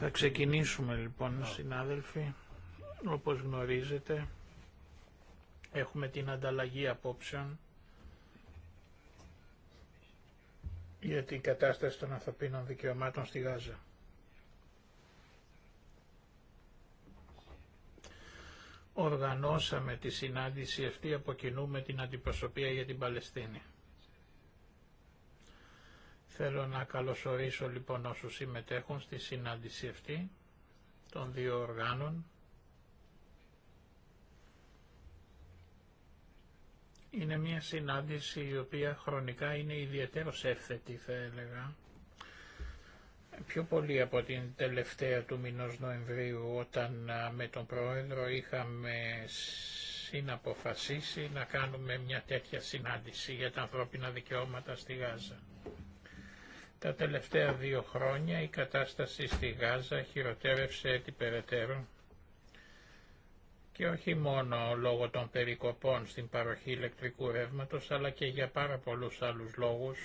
Θα ξεκινήσουμε λοιπόν συνάδελφοι. Όπως γνωρίζετε έχουμε την ανταλλαγή απόψεων για την κατάσταση των ανθρωπίνων δικαιωμάτων στη Γάζα. Οργανώσαμε τη συνάντηση αυτή από κοινού με την αντιπροσωπεία για την Παλαιστίνη. Θέλω να καλωσορίσω λοιπόν όσους συμμετέχουν στη συνάντηση αυτή των δύο οργάνων. Είναι μια συνάντηση η οποία χρονικά είναι ιδιαίτερος εύθετη θα έλεγα. Πιο πολύ από την τελευταία του μηνός Νοεμβρίου όταν με τον Πρόεδρο είχαμε συναποφασίσει να κάνουμε μια τέτοια συνάντηση για τα ανθρώπινα δικαιώματα στη Γάζα. Τα τελευταία δύο χρόνια η κατάσταση στη Γάζα χειροτέρευσε έτσι περαιτέρω και όχι μόνο λόγω των περικοπών στην παροχή ηλεκτρικού ρεύματος, αλλά και για πάρα πολλούς άλλους λόγους,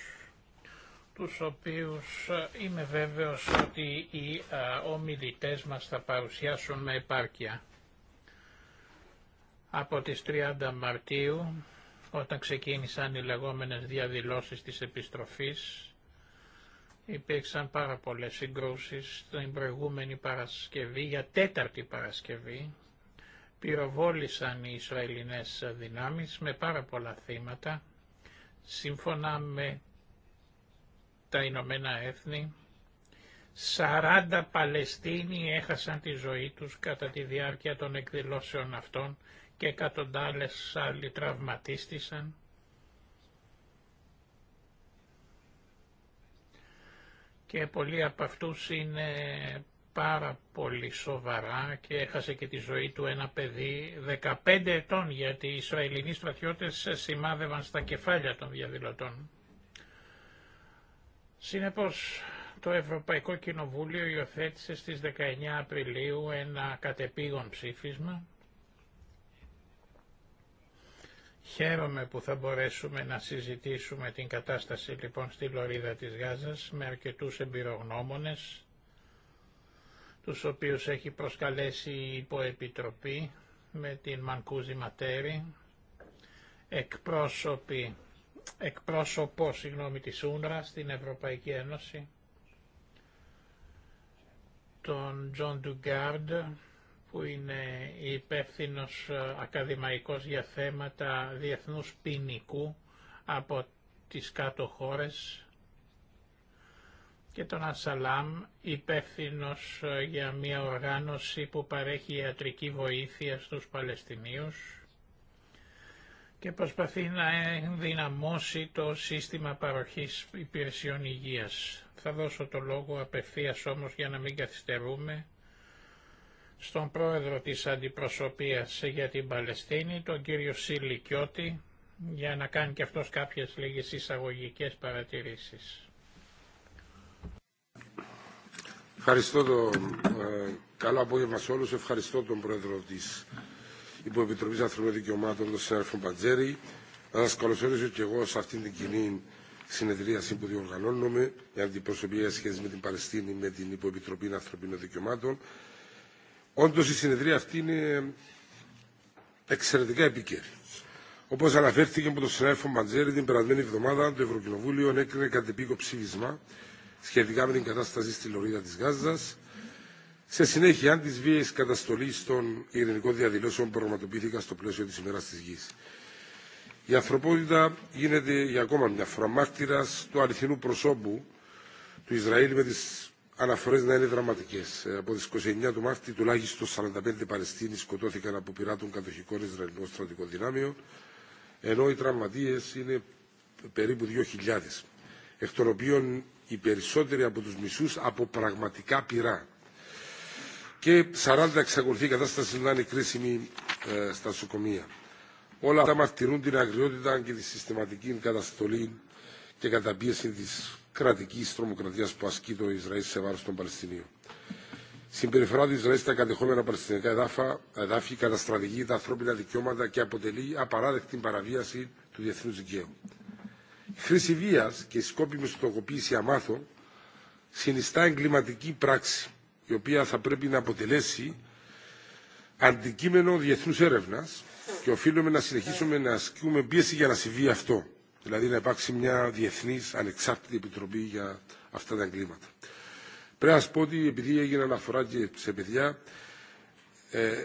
τους οποίους ε, είμαι βέβαιος ότι οι ε, ομιλητές μας θα παρουσιάσουν με επάρκεια. Από τις 30 Μαρτίου, όταν ξεκίνησαν οι λεγόμενες διαδηλώσεις της επιστροφής, Υπήρξαν πάρα πολλές συγκρούσεις την προηγούμενη Παρασκευή, για τέταρτη Παρασκευή, πυροβόλησαν οι Ισραηλινές δυνάμεις με πάρα πολλά θύματα, σύμφωνα με τα Ηνωμένα Έθνη, 40 Παλαιστίνοι έχασαν τη ζωή τους κατά τη διάρκεια των εκδηλώσεων αυτών και εκατοντάλες άλλοι τραυματίστησαν και πολλοί από αυτούς είναι πάρα πολύ σοβαρά και έχασε και τη ζωή του ένα παιδί 15 ετών γιατί οι Ισραηλινοί στρατιώτες σημάδευαν στα κεφάλια των διαδηλωτών. Συνεπώς, το Ευρωπαϊκό Κοινοβούλιο υιοθέτησε στις 19 Απριλίου ένα κατεπήγον ψήφισμα Χαίρομαι που θα μπορέσουμε να συζητήσουμε την κατάσταση λοιπόν στη Λωρίδα της Γάζας με αρκετούς εμπειρογνώμονες, τους οποίους έχει προσκαλέσει η Υποεπιτροπή με την Μανκούζη Ματέρη, εκπρόσωπη, εκπρόσωπο συγγνώμη, της Ούνρα στην Ευρωπαϊκή Ένωση, τον Τζον Ντουγκάρντ, που είναι υπεύθυνο ε, ακαδημαϊκός για θέματα διεθνούς ποινικού από τις κάτω χώρες και τον Ασαλάμ υπεύθυνο ε, για μια οργάνωση που παρέχει ιατρική βοήθεια στους Παλαιστινίους και προσπαθεί να ενδυναμώσει το σύστημα παροχής υπηρεσιών υγείας. Θα δώσω το λόγο απευθείας όμως για να μην καθυστερούμε στον πρόεδρο της αντιπροσωπείας για την Παλαιστίνη, τον κύριο Σιλικιώτη, για να κάνει και αυτός κάποιες λίγες εισαγωγικές παρατηρήσεις. Ευχαριστώ το ε, καλό απόγευμα σε όλους. Ευχαριστώ τον πρόεδρο της Υποεπιτροπής Ανθρωπίνων Δικαιωμάτων, τον Σέρφο Μπατζέρη. Να σας καλωσορίσω και εγώ σε αυτήν την κοινή συνεδρίαση που διοργανώνουμε για αντιπροσωπεία σχέση με την Παλαιστίνη με την Υποεπιτροπή Ανθρωπίνων Δικαιωμάτων. Όντως η συνεδρία αυτή είναι εξαιρετικά επίκαιρη. Όπω αναφέρθηκε από τον συνάδελφο Μαντζέρη την περασμένη εβδομάδα, το Ευρωκοινοβούλιο έκρινε κατεπίκο ψήφισμα σχετικά με την κατάσταση στη Λωρίδα τη Γάζα, σε συνέχεια τη βίαιη καταστολή των ειρηνικών διαδηλώσεων που πραγματοποιήθηκαν στο πλαίσιο τη ημέρα τη γη. Η ανθρωπότητα γίνεται για ακόμα μια φορά μάρτυρα του αληθινού προσώπου του Ισραήλ με τι Αναφορέ να είναι δραματικέ. Ε, από τι 29 του Μάρτη τουλάχιστον 45 Παλαιστίνοι σκοτώθηκαν από πειράτων κατοχικών Ισραηλινών στρατικών δυνάμεων, ενώ οι τραυματίε είναι περίπου 2.000, εκ των οποίων οι περισσότεροι από του μισού από πραγματικά πειρά. Και 40 εξακολουθεί η κατάσταση να είναι κρίσιμη ε, στα νοσοκομεία. Όλα αυτά μαρτυρούν την αγριότητα και τη συστηματική καταστολή και καταπίεση της κρατική τρομοκρατία που ασκεί το Ισραήλ σε βάρο των Παλαιστινίων. Συμπεριφορά του Ισραήλ στα κατεχόμενα παλαιστινικά εδάφη καταστρατηγεί τα ανθρώπινα δικαιώματα και αποτελεί απαράδεκτη παραβίαση του διεθνού δικαίου. Η χρήση βία και η σκόπιμη στοχοποίηση αμάθων συνιστά εγκληματική πράξη, η οποία θα πρέπει να αποτελέσει αντικείμενο διεθνού έρευνα και οφείλουμε να συνεχίσουμε να ασκούμε πίεση για να συμβεί αυτό. Δηλαδή να υπάρξει μια διεθνής ανεξάρτητη επιτροπή για αυτά τα εγκλήματα. Πρέπει να σα πω ότι επειδή έγινε αναφορά και σε παιδιά, ε,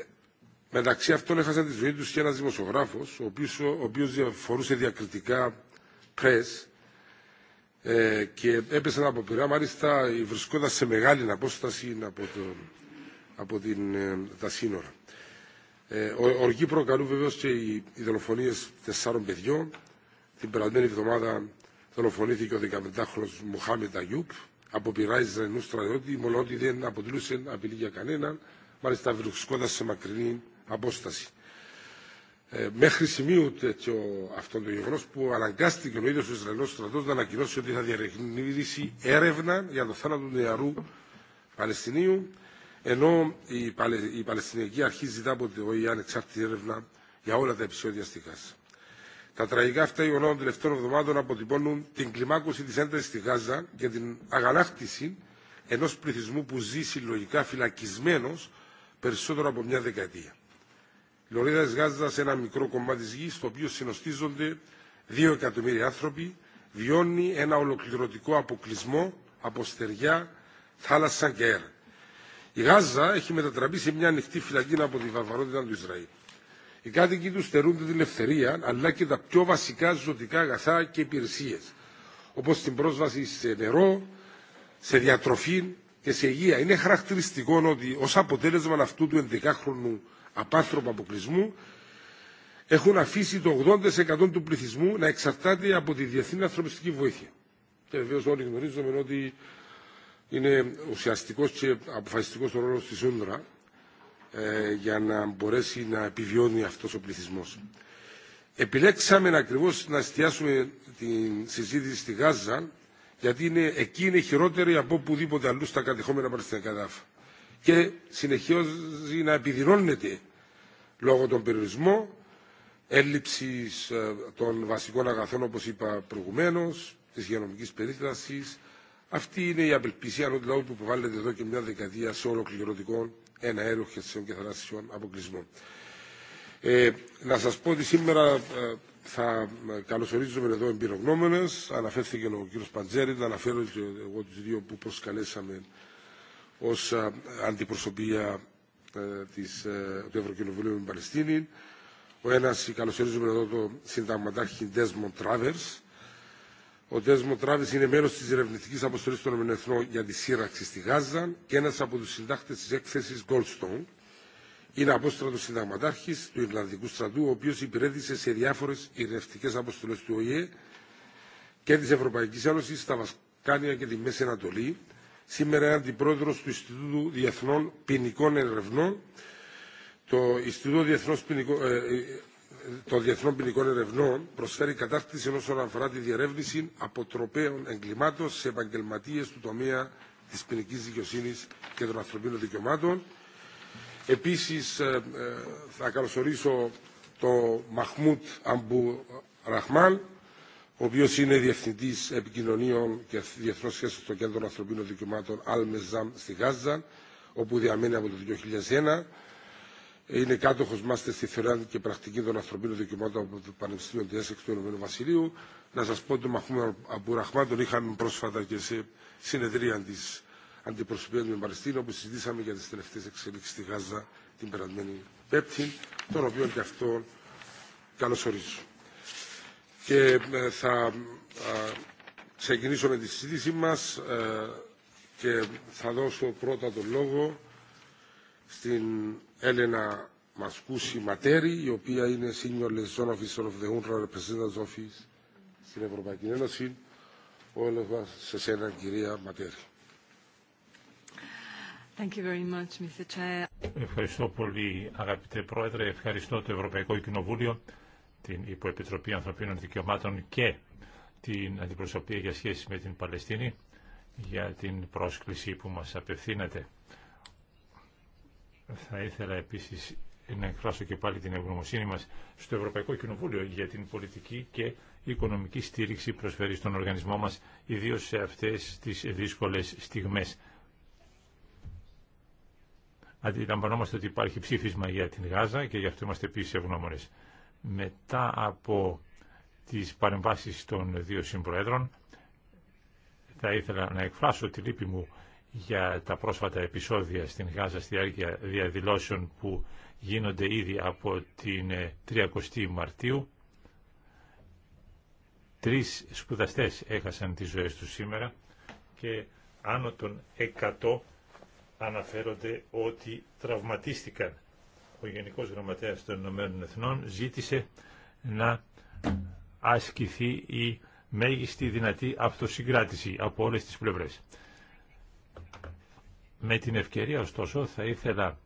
μεταξύ αυτών έχασαν τη ζωή του και ένα δημοσιογράφο, ο οποίο φορούσε διακριτικά πρέσ ε, και έπεσε από πειρά, μάλιστα βρισκόταν σε μεγάλη απόσταση από, το, από την, ε, τα σύνορα. Ε, οργή προκαλούν βεβαίω και οι, οι δολοφονίε τεσσάρων παιδιών την περασμένη εβδομάδα δολοφονήθηκε ο 15 χρονο Μουχάμετ Αγιούπ από πειρά Ισραηλινού στρατιώτη, μόνο ότι δεν αποτελούσε απειλή για κανέναν, μάλιστα βρισκόταν σε μακρινή απόσταση. Ε, μέχρι σημείου τέτοιο αυτό το γεγονό που αναγκάστηκε ο ίδιο ο Ισραηλινό στρατό να ανακοινώσει ότι θα διαρρευνήσει έρευνα για το θάνατο του νεαρού Παλαιστινίου, ενώ η, Παλαι... η Παλαιστινιακή Αρχή ζητά από την ΟΗΑ ανεξάρτητη έρευνα για όλα τα επεισόδια στη Γάζα. Τα τραγικά αυτά γεγονότα των τελευταίων εβδομάδων αποτυπώνουν την κλιμάκωση τη ένταση στη Γάζα και την αγανάκτηση ενό πληθυσμού που ζει συλλογικά φυλακισμένο περισσότερο από μια δεκαετία. Η Λωρίδα τη Γάζα, ένα μικρό κομμάτι τη γη, στο οποίο συνοστίζονται δύο εκατομμύρια άνθρωποι, βιώνει ένα ολοκληρωτικό αποκλεισμό από στεριά, θάλασσα και αέρα. Η Γάζα έχει μετατραπεί σε μια ανοιχτή φυλακή από τη βαβαρότητα του Ισραήλ. Οι κάτοικοι του στερούνται την ελευθερία αλλά και τα πιο βασικά ζωτικά αγαθά και υπηρεσίε, όπω την πρόσβαση σε νερό, σε διατροφή και σε υγεία. Είναι χαρακτηριστικό ότι ω αποτέλεσμα αυτού του 11χρονου απάνθρωπου αποκλεισμού έχουν αφήσει το 80% του πληθυσμού να εξαρτάται από τη διεθνή ανθρωπιστική βοήθεια. Και βεβαίω όλοι γνωρίζουμε ότι είναι ουσιαστικό και αποφασιστικό ο ρόλο τη Ούντρα ε, για να μπορέσει να επιβιώνει αυτός ο πληθυσμός. Επιλέξαμε ακριβώς να εστιάσουμε τη συζήτηση στη Γάζα, γιατί είναι, εκεί είναι χειρότερη από οπουδήποτε αλλού στα κατεχόμενα την εδάφη. Και συνεχίζει να επιδεινώνεται λόγω των περιορισμών, έλλειψης ε, των βασικών αγαθών, όπως είπα προηγουμένως, της υγειονομικής περίστασης. Αυτή είναι η απελπισία του λαού που υποβάλλεται εδώ και μια δεκαετία σε ολοκληρωτικό ένα έργο χερσαίων και θαλάσσιων αποκλεισμών. Ε, να σας πω ότι σήμερα ε, θα ε, καλωσορίζουμε εδώ εμπειρογνώμενες. Αναφέρθηκε ο κύριος Παντζέρη, να αναφέρω και εγώ τους δύο που προσκαλέσαμε ως ε, αντιπροσωπεία της, του Ευρωκοινοβουλίου με Παλαιστίνη. Ο ένας καλωσορίζουμε εδώ το συνταγματάρχη Desmond Travers, ο Δέσμο Τράβη είναι μέλο τη ερευνητική αποστολή των ΕΕ για τη σύραξη στη Γάζα και ένα από του συντάκτε τη έκθεση Goldstone. Είναι απόστρατο συνταγματάρχη του Ιρλανδικού στρατού, ο οποίο υπηρέτησε σε διάφορε ειρηνευτικέ αποστολέ του ΟΗΕ και τη Ευρωπαϊκή Ένωση στα Βασκάνια και τη Μέση Ανατολή. Σήμερα είναι αντιπρόεδρο του Ινστιτούτου Διεθνών Ποινικών Ερευνών. Το Ινστιτούτο Διεθνών Ποινικών ε, των Διεθνών Ποινικών Ερευνών προσφέρει κατάρτιση όσον αφορά τη διερεύνηση αποτροπαίων εγκλημάτων σε επαγγελματίε του τομέα τη ποινική δικαιοσύνη και των ανθρωπίνων δικαιωμάτων. Επίση, ε, ε, θα καλωσορίσω το Μαχμούτ Αμπου Ραχμάν, ο οποίο είναι Διευθυντή Επικοινωνίων και Διεθνών Σχέσεων στο Κέντρο Ανθρωπίνων Δικαιωμάτων Αλ στη Γάζα, όπου διαμένει από το 2001 είναι κάτοχος μάστε στη θεωρία και πρακτική των ανθρωπίνων δικαιωμάτων από το Πανεπιστήμιο τη ΕΣΕΚ του Ηνωμένου Βασιλείου. Να σα πω ότι τον από Αμπουραχμά τον είχαμε πρόσφατα και σε συνεδρία τη αντιπροσωπεία με Παλαιστίνη, όπου συζητήσαμε για τι τελευταίε εξελίξει στη Γάζα την περασμένη Πέμπτη, τον οποίο και αυτό καλωσορίζω. Και ε, θα ξεκινήσω με τη συζήτησή μα ε, και θα δώσω πρώτα τον λόγο στην Έλενα Μασκούση Ματέρη, η οποία είναι Senior Liaison Officer of the UNRWA Representative Office στην Ευρωπαϊκή Ένωση. Όλο μας σε σένα, κυρία Ματέρη. Thank you very much, Mr. Chair. Ευχαριστώ πολύ, αγαπητέ Πρόεδρε. Ευχαριστώ το Ευρωπαϊκό Κοινοβούλιο, την Υποεπιτροπή Ανθρωπίνων Δικαιωμάτων και την Αντιπροσωπεία για σχέση με την Παλαιστίνη για την πρόσκληση που μας απευθύνεται θα ήθελα επίσης να εκφράσω και πάλι την ευγνωμοσύνη μας στο Ευρωπαϊκό Κοινοβούλιο για την πολιτική και οικονομική στήριξη προσφέρει στον οργανισμό μας, ιδίως σε αυτές τις δύσκολες στιγμές. Αντιλαμβανόμαστε ότι υπάρχει ψήφισμα για την Γάζα και γι' αυτό είμαστε επίσης ευγνώμονες. Μετά από τις παρεμβάσεις των δύο συμπροέδρων, θα ήθελα να εκφράσω τη λύπη μου για τα πρόσφατα επεισόδια στην Γάζα στη διάρκεια διαδηλώσεων που γίνονται ήδη από την 30η ε, Μαρτίου. Τρεις σπουδαστές έχασαν τις ζωές τους σήμερα και άνω των 100 αναφέρονται ότι τραυματίστηκαν. Ο Γενικός Γραμματέας των Ηνωμένων Εθνών ζήτησε να ασκηθεί η μέγιστη δυνατή αυτοσυγκράτηση από όλες τις πλευρές. Με την ευκαιρία ωστόσο θα ήθελα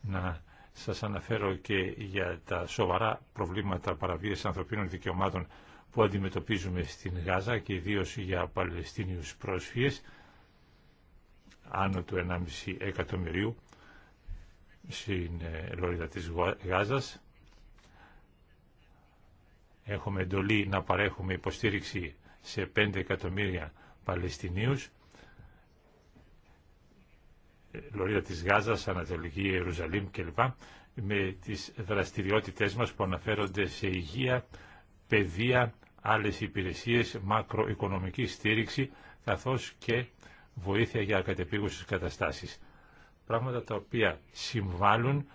να σας αναφέρω και για τα σοβαρά προβλήματα παραβίαση ανθρωπίνων δικαιωμάτων που αντιμετωπίζουμε στην Γάζα και ιδίω για Παλαιστίνιους πρόσφυγες άνω του 1,5 εκατομμυρίου στην ε, Λόριδα της Γάζας. Έχουμε εντολή να παρέχουμε υποστήριξη σε 5 εκατομμύρια Παλαιστινίους Λωρίδα της Γάζας, Ανατολική Ιερουσαλήμ κλπ. με τις δραστηριότητές μας που αναφέρονται σε υγεία, παιδεία, άλλες υπηρεσίες, μακροοικονομική στήριξη, καθώς και βοήθεια για κατεπίγουσες καταστάσεις. Πράγματα τα οποία συμβάλλουν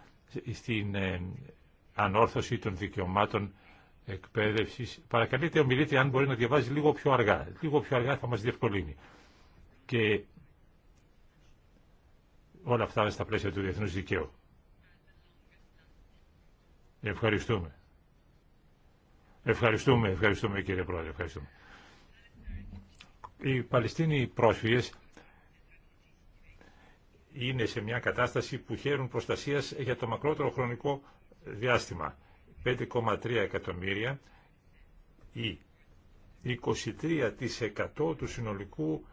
στην ε, ανόρθωση των δικαιωμάτων εκπαίδευσης. Παρακαλείτε ομιλείτε αν μπορεί να διαβάζει λίγο πιο αργά. Λίγο πιο αργά θα μας διευκολύνει όλα αυτά στα πλαίσια του διεθνούς δικαίου. Ευχαριστούμε. Ευχαριστούμε, ευχαριστούμε κύριε Πρόεδρε, ευχαριστούμε. Οι Παλαιστίνοι πρόσφυγες είναι σε μια κατάσταση που χαίρουν προστασίας για το μακρότερο χρονικό διάστημα. 5,3 εκατομμύρια ή 23% του συνολικού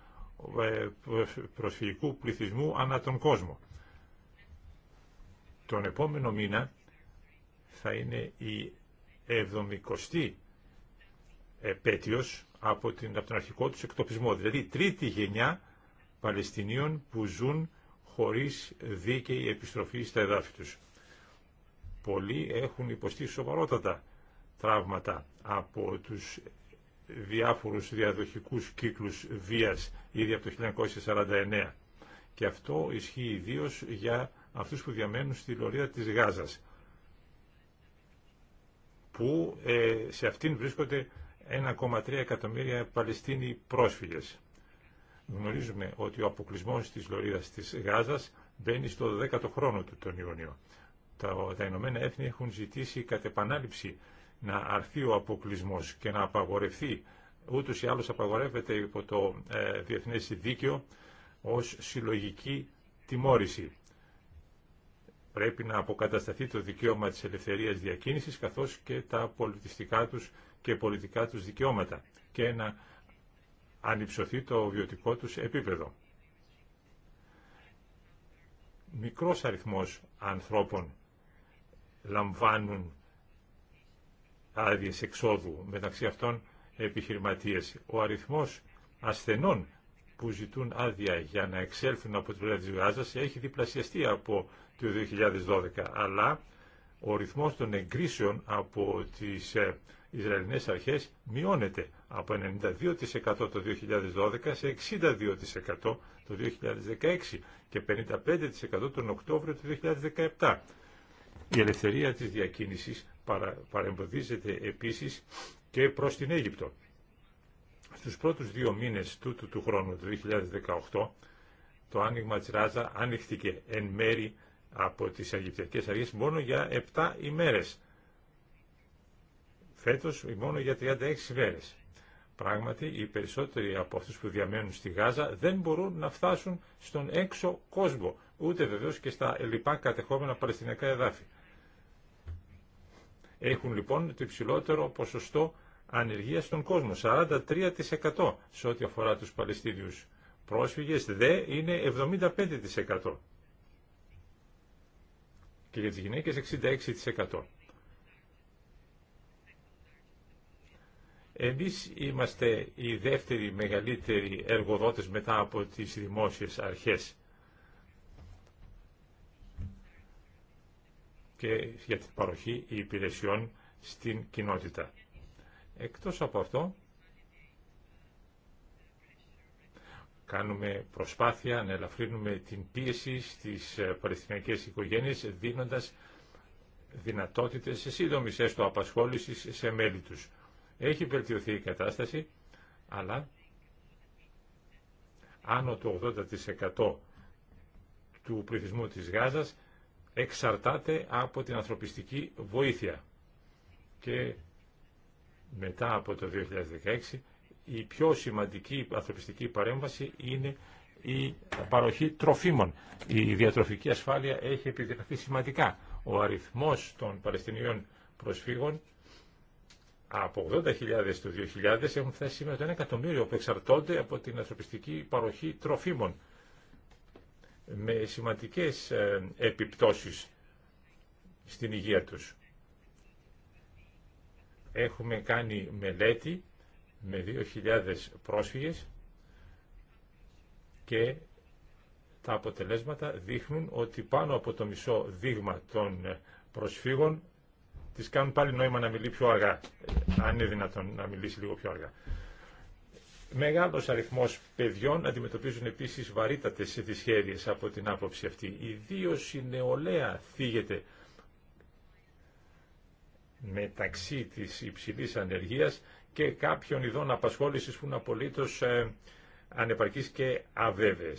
ε, προσφυγικού πληθυσμού ανά τον κόσμο. Τον επόμενο μήνα θα είναι η 70η επέτειος από, την, από τον αρχικό τους εκτοπισμό, δηλαδή τρίτη γενιά Παλαιστινίων που ζουν χωρίς δίκαιη επιστροφή στα εδάφη τους. Πολλοί έχουν υποστεί σοβαρότατα τραύματα από τους διάφορους διαδοχικούς κύκλους βίας ήδη από το 1949. Και αυτό ισχύει ιδίω για αυτούς που διαμένουν στη λωρίδα της Γάζας, που ε, σε αυτήν βρίσκονται 1,3 εκατομμύρια Παλαιστίνοι πρόσφυγες. Γνωρίζουμε ότι ο αποκλεισμό της λωρίδα της Γάζας μπαίνει στο 10ο χρόνο του τον Ιούνιο. Τα, τα Ηνωμένα Έθνη έχουν ζητήσει κατ' επανάληψη να αρθεί ο αποκλεισμό και να απαγορευτεί, ούτως ή άλλως απαγορεύεται υπό το ε, διεθνές δίκαιο ως συλλογική τιμώρηση. Πρέπει να αποκατασταθεί το δικαίωμα της ελευθερίας διακίνησης καθώς και τα πολιτιστικά τους και πολιτικά τους δικαιώματα και να ανυψωθεί το βιωτικό τους επίπεδο. Μικρός αριθμός ανθρώπων λαμβάνουν άδειε εξόδου, μεταξύ αυτών επιχειρηματίες. Ο αριθμός ασθενών που ζητούν άδεια για να εξέλθουν από τη πλευρά της Γάζας έχει διπλασιαστεί από το 2012, αλλά ο ρυθμός των εγκρίσεων από τις ε, Ισραηλινές αρχές μειώνεται από 92% το 2012 σε 62% το 2016 και 55% τον Οκτώβριο του 2017. Η ελευθερία της διακίνησης παρεμποδίζεται επίσης και προς την Αίγυπτο. Στους πρώτους δύο μήνες τούτου του χρόνου, του 2018, το άνοιγμα της Ράζα άνοιχτηκε εν μέρη από τις Αιγυπτιακές Αρχές μόνο για 7 ημέρες. Φέτος μόνο για 36 ημέρες. Πράγματι, οι περισσότεροι από αυτούς που διαμένουν στη Γάζα δεν μπορούν να φτάσουν στον έξω κόσμο, ούτε βεβαίως και στα λοιπά κατεχόμενα παλαιστινιακά εδάφη. Έχουν λοιπόν το υψηλότερο ποσοστό ανεργίας στον κόσμο, 43% σε ό,τι αφορά τους Παλαιστίνιους πρόσφυγες, δε είναι 75% και για τις γυναίκες 66%. Εμείς είμαστε οι δεύτεροι μεγαλύτεροι εργοδότες μετά από τις δημόσιες αρχές και για την παροχή υπηρεσιών στην κοινότητα. Εκτός από αυτό, κάνουμε προσπάθεια να ελαφρύνουμε την πίεση στις ε, παλαιστινιακές οικογένειες, δίνοντας δυνατότητες σε σύντομη έστω απασχόληση σε μέλη τους. Έχει βελτιωθεί η κατάσταση, αλλά άνω του 80% του πληθυσμού της Γάζας εξαρτάται από την ανθρωπιστική βοήθεια. Και μετά από το 2016 η πιο σημαντική ανθρωπιστική παρέμβαση είναι η παροχή τροφίμων. Η διατροφική ασφάλεια έχει επιδεχθεί σημαντικά. Ο αριθμός των Παλαιστινίων προσφύγων από 80.000 το 2000 έχουν φτάσει σήμερα το 1 εκατομμύριο που εξαρτώνται από την ανθρωπιστική παροχή τροφίμων με σημαντικές ε, επιπτώσεις στην υγεία τους. Έχουμε κάνει μελέτη με 2.000 πρόσφυγες και τα αποτελέσματα δείχνουν ότι πάνω από το μισό δείγμα των προσφύγων τις κάνουν πάλι νόημα να μιλεί πιο αργά, ε, αν είναι δυνατόν να μιλήσει λίγο πιο αργά. Μεγάλος αριθμός παιδιών αντιμετωπίζουν επίση βαρύτατε δυσχέρειε από την άποψη αυτή. Ιδίω η νεολαία θίγεται μεταξύ τη υψηλή ανεργίας και κάποιων ειδών απασχόλησης που είναι απολύτω ε, ανεπαρκείς και αβέβαιε.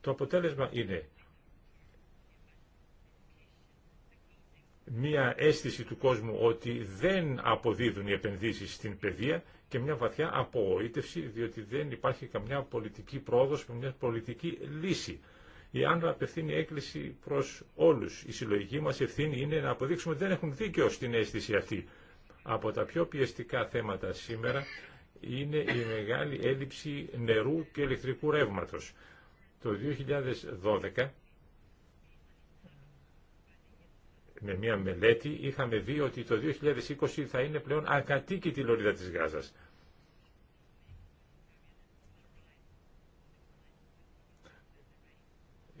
Το αποτέλεσμα είναι μία αίσθηση του κόσμου ότι δεν αποδίδουν οι επενδύσεις στην παιδεία και μια βαθιά απογοήτευση διότι δεν υπάρχει καμιά πολιτική πρόοδος, μια πολιτική λύση. Η Άννα απευθύνει έκκληση προ όλου. Η συλλογική μα ευθύνη είναι να αποδείξουμε ότι δεν έχουν δίκιο στην αίσθηση αυτή. Από τα πιο πιεστικά θέματα σήμερα είναι η μεγάλη έλλειψη νερού και ηλεκτρικού ρεύματο. Το 2012 με μια μελέτη είχαμε δει ότι το 2020 θα είναι πλέον ακατοίκητη η λωρίδα της Γάζας.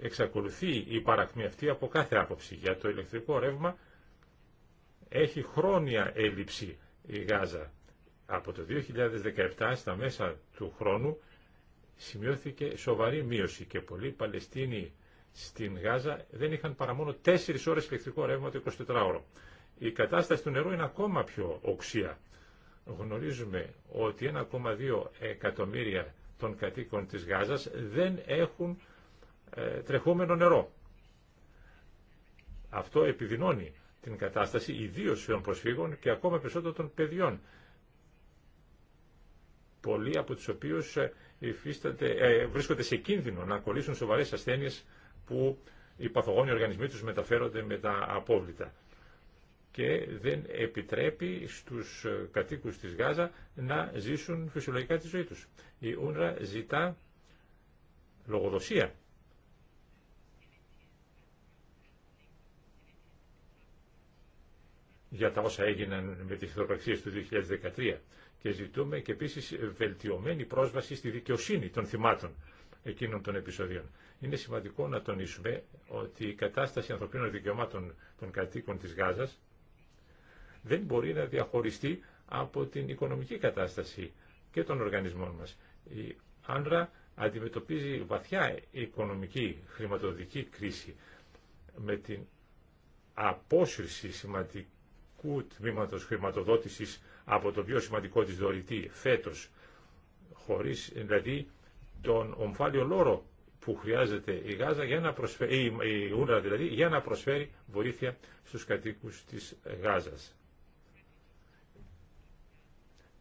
Εξακολουθεί η παρακμή αυτή από κάθε άποψη. Για το ηλεκτρικό ρεύμα έχει χρόνια έλλειψη η Γάζα. Από το 2017 στα μέσα του χρόνου σημειώθηκε σοβαρή μείωση και πολλοί Παλαιστίνοι στην Γάζα δεν είχαν παρά μόνο 4 ώρες ηλεκτρικό ρεύμα το 24ωρο. Η κατάσταση του νερού είναι ακόμα πιο οξία. Γνωρίζουμε ότι 1,2 εκατομμύρια των κατοίκων της Γάζας δεν έχουν ε, τρεχόμενο νερό. Αυτό επιδεινώνει την κατάσταση ιδίως των προσφύγων και ακόμα περισσότερο των παιδιών. Πολλοί από τους οποίους ε, ε βρίσκονται σε κίνδυνο να κολλήσουν σοβαρές ασθένειες που οι παθογόνοι οργανισμοί τους μεταφέρονται με τα απόβλητα και δεν επιτρέπει στους κατοίκους της Γάζα να ζήσουν φυσιολογικά τη ζωή τους. Η Ούνρα ζητά λογοδοσία. για τα όσα έγιναν με τις θεοπραξίες του 2013 και ζητούμε και επίσης βελτιωμένη πρόσβαση στη δικαιοσύνη των θυμάτων εκείνων των επεισοδίων. Είναι σημαντικό να τονίσουμε ότι η κατάσταση ανθρωπίνων δικαιωμάτων των κατοίκων της Γάζας δεν μπορεί να διαχωριστεί από την οικονομική κατάσταση και των οργανισμών μας. Η Άνρα αντιμετωπίζει βαθιά οικονομική χρηματοδοτική κρίση με την απόσυρση σημαντικού τμήματος χρηματοδότησης από το πιο σημαντικό της δωρητή φέτος, χωρίς δηλαδή τον ομφάλιο λόρο που χρειάζεται η Γάζα για να προσφέρει, η Ούρα δηλαδή, για να προσφέρει βοήθεια στους κατοίκους της Γάζας.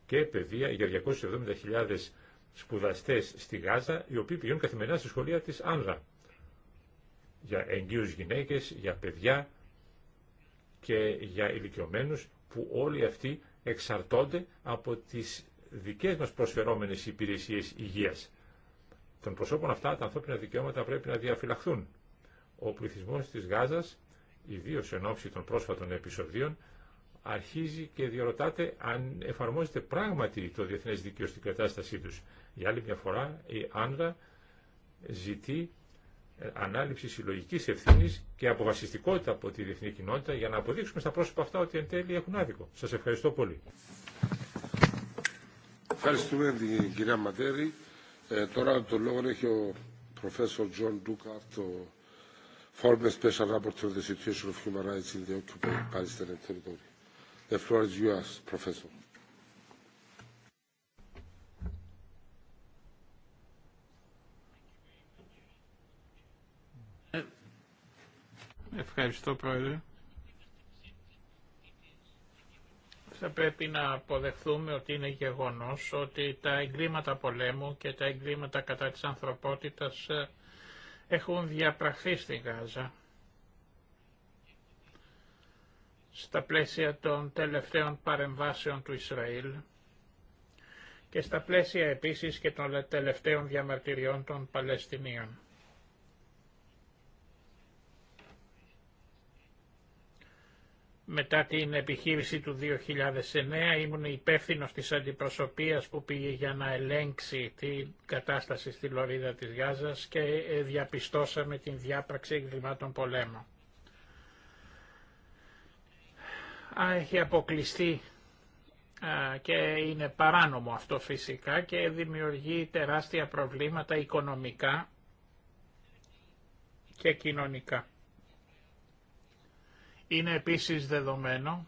Και παιδεία για 270.000 σπουδαστές στη Γάζα, οι οποίοι πηγαίνουν καθημερινά στη σχολεία της Άνδρα. Για εγγύους γυναίκες, για παιδιά και για ηλικιωμένους που όλοι αυτοί εξαρτώνται από τις δικές μας προσφερόμενες υπηρεσίες υγείας των προσώπων αυτά τα ανθρώπινα δικαιώματα πρέπει να διαφυλαχθούν. Ο πληθυσμό τη Γάζα, ιδίω εν ώψη των πρόσφατων επεισοδίων, αρχίζει και διαρωτάται αν εφαρμόζεται πράγματι το διεθνέ δίκαιο στην κατάστασή του. Για άλλη μια φορά η Άνδρα ζητεί ε, ανάληψη συλλογική ευθύνη και αποφασιστικότητα από τη διεθνή κοινότητα για να αποδείξουμε στα πρόσωπα αυτά ότι εν τέλει έχουν άδικο. Σα ευχαριστώ πολύ. Ευχαριστούμε την κυρία Ματέρη τώρα το λόγο έχει ο Professor John Dukart, το former Special Rapporteur of the Situation of Human Rights in the Occupied Palestinian Territory. The floor is yours, Professor. Ευχαριστώ, Πρόεδρε. θα πρέπει να αποδεχθούμε ότι είναι γεγονός ότι τα εγκλήματα πολέμου και τα εγκλήματα κατά της ανθρωπότητας ε, έχουν διαπραχθεί στη Γάζα. Στα πλαίσια των τελευταίων παρεμβάσεων του Ισραήλ και στα πλαίσια επίσης και των τελευταίων διαμαρτυριών των Παλαιστινίων. Μετά την επιχείρηση του 2009 ήμουν υπεύθυνο της αντιπροσωπείας που πήγε για να ελέγξει την κατάσταση στη Λωρίδα της Γάζας και ε, διαπιστώσαμε την διάπραξη εγκλημάτων πολέμου. Έχει αποκλειστεί και είναι παράνομο αυτό φυσικά και δημιουργεί τεράστια προβλήματα οικονομικά και κοινωνικά. Είναι επίσης δεδομένο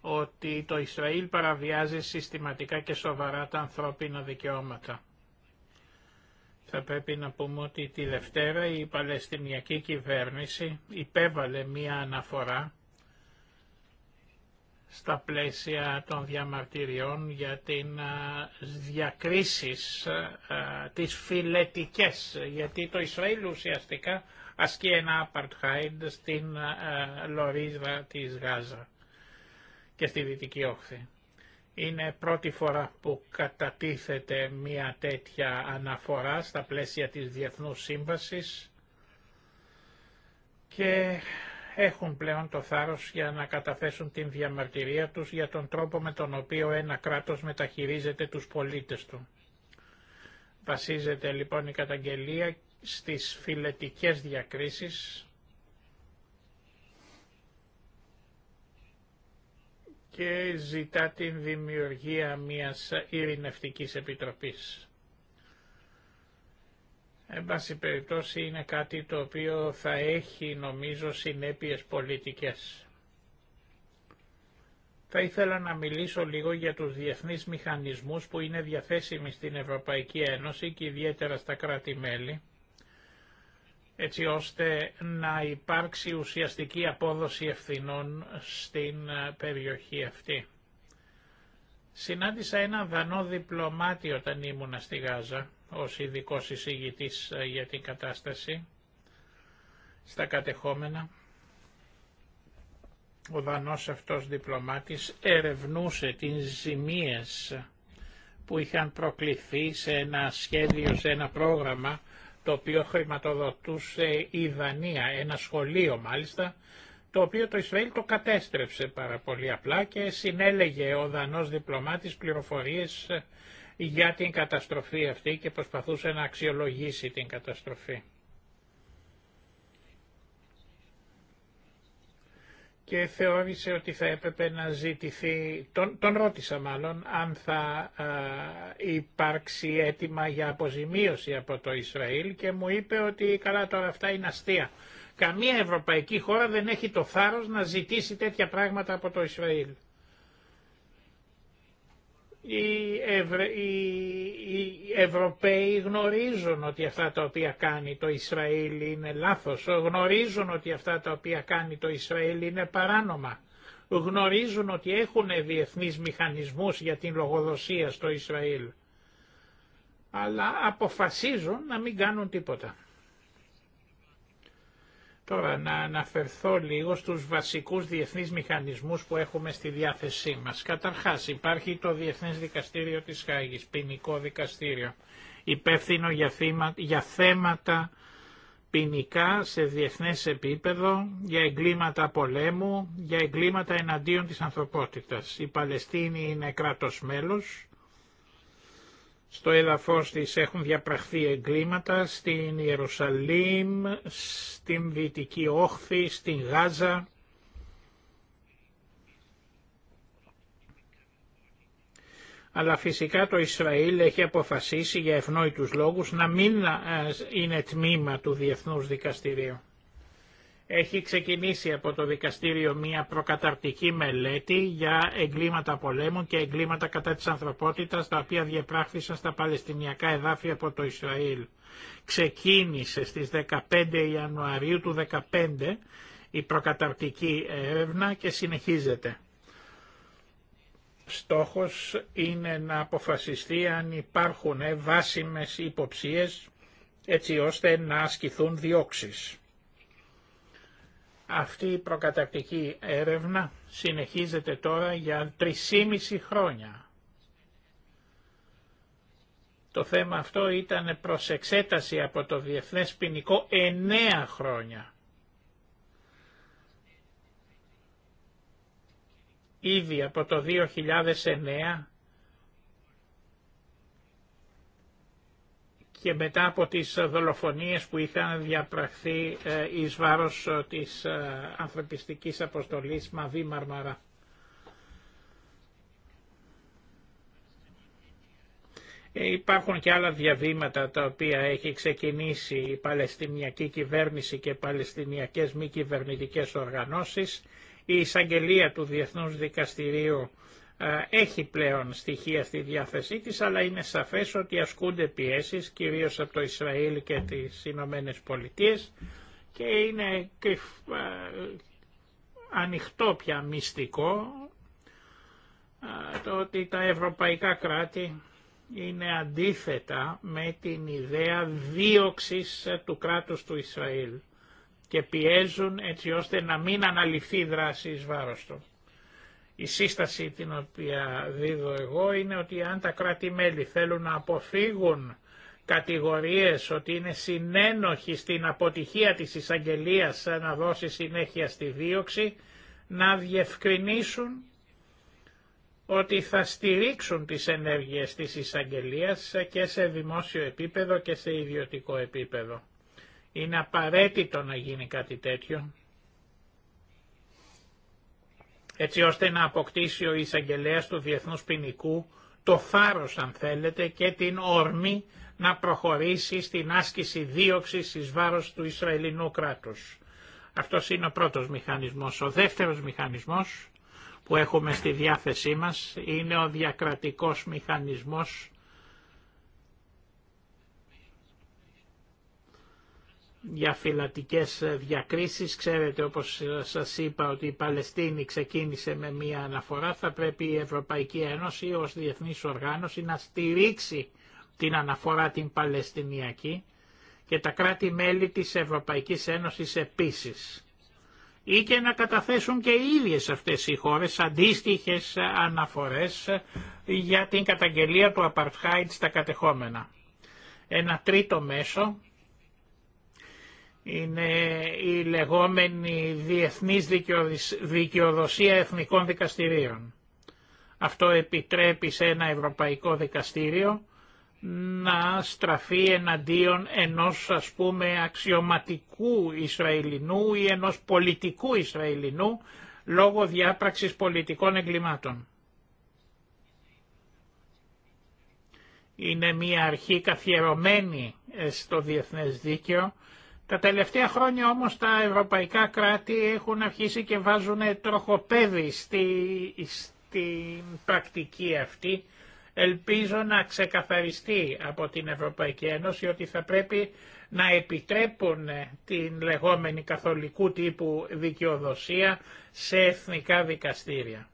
ότι το Ισραήλ παραβιάζει συστηματικά και σοβαρά τα ανθρώπινα δικαιώματα. Θα πρέπει να πούμε ότι τη Δευτέρα η Παλαιστινιακή κυβέρνηση υπέβαλε μία αναφορά στα πλαίσια των διαμαρτυριών για την διακρίσεις, τις φιλετικές, γιατί το Ισραήλ ουσιαστικά ασκεί ένα απαρτχάιντ στην ε, Λωρίδα της Γάζα και στη Δυτική Όχθη. Είναι πρώτη φορά που κατατίθεται μια τέτοια αναφορά στα πλαίσια της Διεθνούς Σύμβασης και έχουν πλέον το θάρρος για να καταθέσουν την διαμαρτυρία τους για τον τρόπο με τον οποίο ένα κράτος μεταχειρίζεται τους πολίτες του. Βασίζεται λοιπόν η καταγγελία στις φιλετικές διακρίσεις και ζητά την δημιουργία μιας ειρηνευτικής επιτροπής. Εν πάση περιπτώσει είναι κάτι το οποίο θα έχει νομίζω συνέπειες πολιτικές. Θα ήθελα να μιλήσω λίγο για τους διεθνείς μηχανισμούς που είναι διαθέσιμοι στην Ευρωπαϊκή Ένωση και ιδιαίτερα στα κράτη-μέλη έτσι ώστε να υπάρξει ουσιαστική απόδοση ευθυνών στην ε, περιοχή αυτή. Συνάντησα έναν δανό διπλωμάτη όταν ήμουνα στη Γάζα, ως ειδικό εισηγητής ε, για την κατάσταση, στα κατεχόμενα. Ο δανός αυτός διπλωμάτης ερευνούσε τις ζημίες που είχαν προκληθεί σε ένα σχέδιο, σε ένα πρόγραμμα το οποίο χρηματοδοτούσε η Δανία, ένα σχολείο μάλιστα, το οποίο το Ισραήλ το κατέστρεψε πάρα πολύ απλά και συνέλεγε ο Δανός διπλωμάτης πληροφορίες ε, για την καταστροφή αυτή και προσπαθούσε να αξιολογήσει την καταστροφή. και θεώρησε ότι θα έπρεπε να ζητηθεί, τον, τον ρώτησα μάλλον, αν θα α, υπάρξει αίτημα για αποζημίωση από το Ισραήλ και μου είπε ότι καλά τώρα αυτά είναι αστεία. Καμία ευρωπαϊκή χώρα δεν έχει το θάρρος να ζητήσει τέτοια πράγματα από το Ισραήλ. Οι, οι Ευρωπαίοι γνωρίζουν ότι αυτά τα οποία κάνει το Ισραήλ είναι λάθος, γνωρίζουν ότι αυτά τα οποία κάνει το Ισραήλ είναι παράνομα, γνωρίζουν ότι έχουν διεθνείς μηχανισμούς για την λογοδοσία στο Ισραήλ, αλλά αποφασίζουν να μην κάνουν τίποτα. Τώρα να αναφερθώ λίγο στους βασικούς διεθνείς μηχανισμούς που έχουμε στη διάθεσή μας. Καταρχάς υπάρχει το Διεθνές Δικαστήριο της Χάγης, ποινικό δικαστήριο, υπεύθυνο για, για θέματα ποινικά σε διεθνές επίπεδο, για εγκλήματα πολέμου, για εγκλήματα εναντίον της ανθρωπότητας. Η Παλαιστίνη είναι κράτος μέλος, στο έδαφος της έχουν διαπραχθεί εγκλήματα στην Ιερουσαλήμ, στην Δυτική Όχθη, στην Γάζα. Αλλά φυσικά το Ισραήλ έχει αποφασίσει για ευνόητους λόγους να μην ε, είναι τμήμα του Διεθνούς Δικαστηρίου έχει ξεκινήσει από το δικαστήριο μία προκαταρτική μελέτη για εγκλήματα πολέμου και εγκλήματα κατά της ανθρωπότητας τα οποία διεπράχθησαν στα Παλαιστινιακά εδάφη από το Ισραήλ. Ξεκίνησε στις 15 Ιανουαρίου του 2015 η προκαταρτική έρευνα και συνεχίζεται. Στόχος είναι να αποφασιστεί αν υπάρχουν βάσιμες υποψίες έτσι ώστε να ασκηθούν διώξεις. Αυτή η προκατακτική έρευνα συνεχίζεται τώρα για 3,5 χρόνια. Το θέμα αυτό ήταν προς εξέταση από το Διεθνές Ποινικό 9 χρόνια. Ήδη από το 2009 και μετά από τις δολοφονίες που είχαν διαπραχθεί ε, εις βάρος ε, της ε, ανθρωπιστικής αποστολής Μαβή Μαρμαρά. Υπάρχουν και άλλα διαβήματα τα οποία έχει ξεκινήσει η Παλαιστινιακή Κυβέρνηση και Παλαιστινιακές Μη Κυβερνητικές Οργανώσεις. Η εισαγγελία του Διεθνούς Δικαστηρίου ε, έχει πλέον στοιχεία στη διάθεσή της, αλλά είναι σαφές ότι ασκούνται πιέσεις, κυρίως από το Ισραήλ και τις Ηνωμένε Πολιτείες και είναι ε, ανοιχτό πια μυστικό ε, το ότι τα ευρωπαϊκά κράτη είναι αντίθετα με την ιδέα δίωξης του κράτους του Ισραήλ και πιέζουν έτσι ώστε να μην αναλυθεί δράση εις βάρος του. Η σύσταση την οποία δίδω εγώ είναι ότι αν τα κράτη-μέλη θέλουν να αποφύγουν κατηγορίες ότι είναι συνένοχοι στην αποτυχία της εισαγγελία να δώσει συνέχεια στη δίωξη, να διευκρινίσουν ότι θα στηρίξουν τις ενέργειες της εισαγγελία και σε δημόσιο επίπεδο και σε ιδιωτικό επίπεδο. Είναι απαραίτητο να γίνει κάτι τέτοιο έτσι ώστε να αποκτήσει ο εισαγγελέα του Διεθνούς Ποινικού το φάρος αν θέλετε και την όρμη να προχωρήσει στην άσκηση δίωξης εις βάρος του Ισραηλινού κράτους. Αυτός είναι ο πρώτος μηχανισμός. Ο δεύτερος μηχανισμός που έχουμε στη διάθεσή μας είναι ο διακρατικός μηχανισμός για φυλατικές διακρίσεις. Ξέρετε όπως σας είπα ότι η Παλαιστίνη ξεκίνησε με μία αναφορά. Θα πρέπει η Ευρωπαϊκή Ένωση ως διεθνής οργάνωση να στηρίξει την αναφορά την Παλαιστινιακή και τα κράτη-μέλη της Ευρωπαϊκής Ένωσης επίσης. Ή και να καταθέσουν και οι ίδιες αυτές οι χώρες αντίστοιχες αναφορές για την καταγγελία του Απαρτχάιντ στα κατεχόμενα. Ένα τρίτο μέσο είναι η λεγόμενη διεθνής δικαιοδοσία εθνικών δικαστηρίων. Αυτό επιτρέπει σε ένα ευρωπαϊκό δικαστήριο να στραφεί εναντίον ενός ας πούμε αξιωματικού Ισραηλινού ή ενός πολιτικού Ισραηλινού λόγω διάπραξης πολιτικών εγκλημάτων. Είναι μια αρχή καθιερωμένη ε, στο διεθνές δίκαιο τα τελευταία χρόνια όμως τα ευρωπαϊκά κράτη έχουν αρχίσει και βάζουν τροχοπέδι στη, στην πρακτική αυτή. Ελπίζω να ξεκαθαριστεί από την Ευρωπαϊκή Ένωση ότι θα πρέπει να επιτρέπουν την λεγόμενη καθολικού τύπου δικαιοδοσία σε εθνικά δικαστήρια.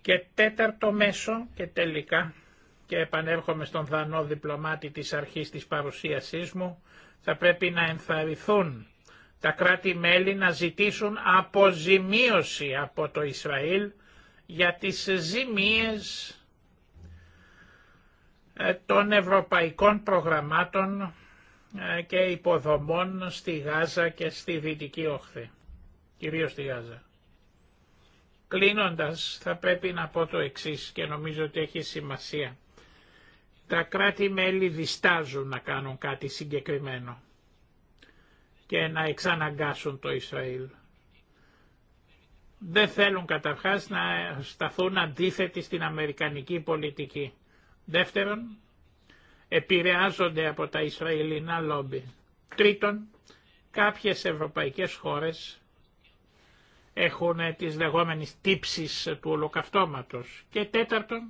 Και τέταρτο μέσο και τελικά και επανέρχομαι στον δανό διπλωμάτη της αρχής της παρουσίασής μου, θα πρέπει να ενθαρρυθούν τα κράτη-μέλη να ζητήσουν αποζημίωση από το Ισραήλ για τις ζημίες ε, των ευρωπαϊκών προγραμμάτων ε, και υποδομών στη Γάζα και στη Δυτική Όχθη, κυρίως στη Γάζα. Κλείνοντας θα πρέπει να πω το εξής και νομίζω ότι έχει σημασία. Τα κράτη-μέλη διστάζουν να κάνουν κάτι συγκεκριμένο και να εξαναγκάσουν το Ισραήλ. Δεν θέλουν καταρχάς να σταθούν αντίθετοι στην Αμερικανική πολιτική. Δεύτερον, επηρεάζονται από τα Ισραηλινά λόμπι. Τρίτον, κάποιες ευρωπαϊκές χώρες έχουν τις λεγόμενες τύψεις του ολοκαυτώματος. Και τέταρτον,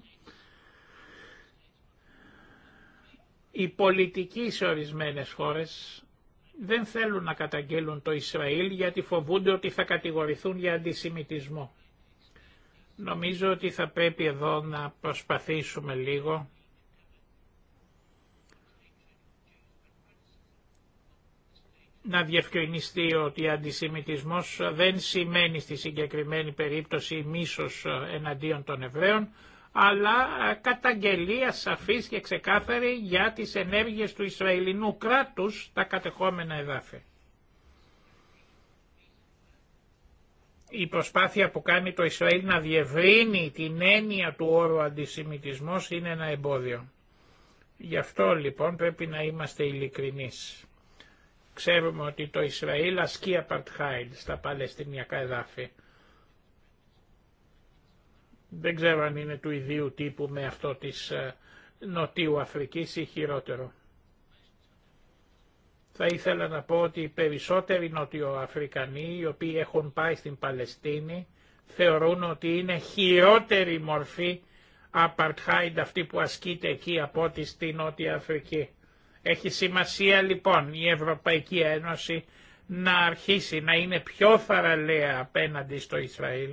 Οι πολιτικοί σε ορισμένες χώρες δεν θέλουν να καταγγέλουν το Ισραήλ γιατί φοβούνται ότι θα κατηγορηθούν για αντισημιτισμό. Νομίζω ότι θα πρέπει εδώ να προσπαθήσουμε λίγο να διευκρινιστεί ότι αντισημιτισμός δεν σημαίνει στη συγκεκριμένη περίπτωση μίσος εναντίον των Εβραίων, αλλά ε, καταγγελία σαφής και ξεκάθαρη για τις ενέργειες του Ισραηλινού κράτους τα κατεχόμενα εδάφη. Η προσπάθεια που κάνει το Ισραήλ να διευρύνει την έννοια του όρου αντισημιτισμός είναι ένα εμπόδιο. Γι' αυτό λοιπόν πρέπει να είμαστε ειλικρινεί. Ξέρουμε ότι το Ισραήλ ασκεί apartheid στα Παλαιστινιακά εδάφη. Δεν ξέρω αν είναι του ιδίου τύπου με αυτό της ε, Νοτιού Αφρικής ή χειρότερο. Θα ήθελα να πω ότι οι περισσότεροι Νοτιοαφρικανοί οι οποίοι έχουν πάει στην Παλαιστίνη θεωρούν ότι είναι χειρότερη μορφή apartheid αυτή που ασκείται εκεί από ό,τι στη Νότια Αφρική. Έχει σημασία λοιπόν η Ευρωπαϊκή Ένωση να αρχίσει να είναι πιο θαραλέα απέναντι στο Ισραήλ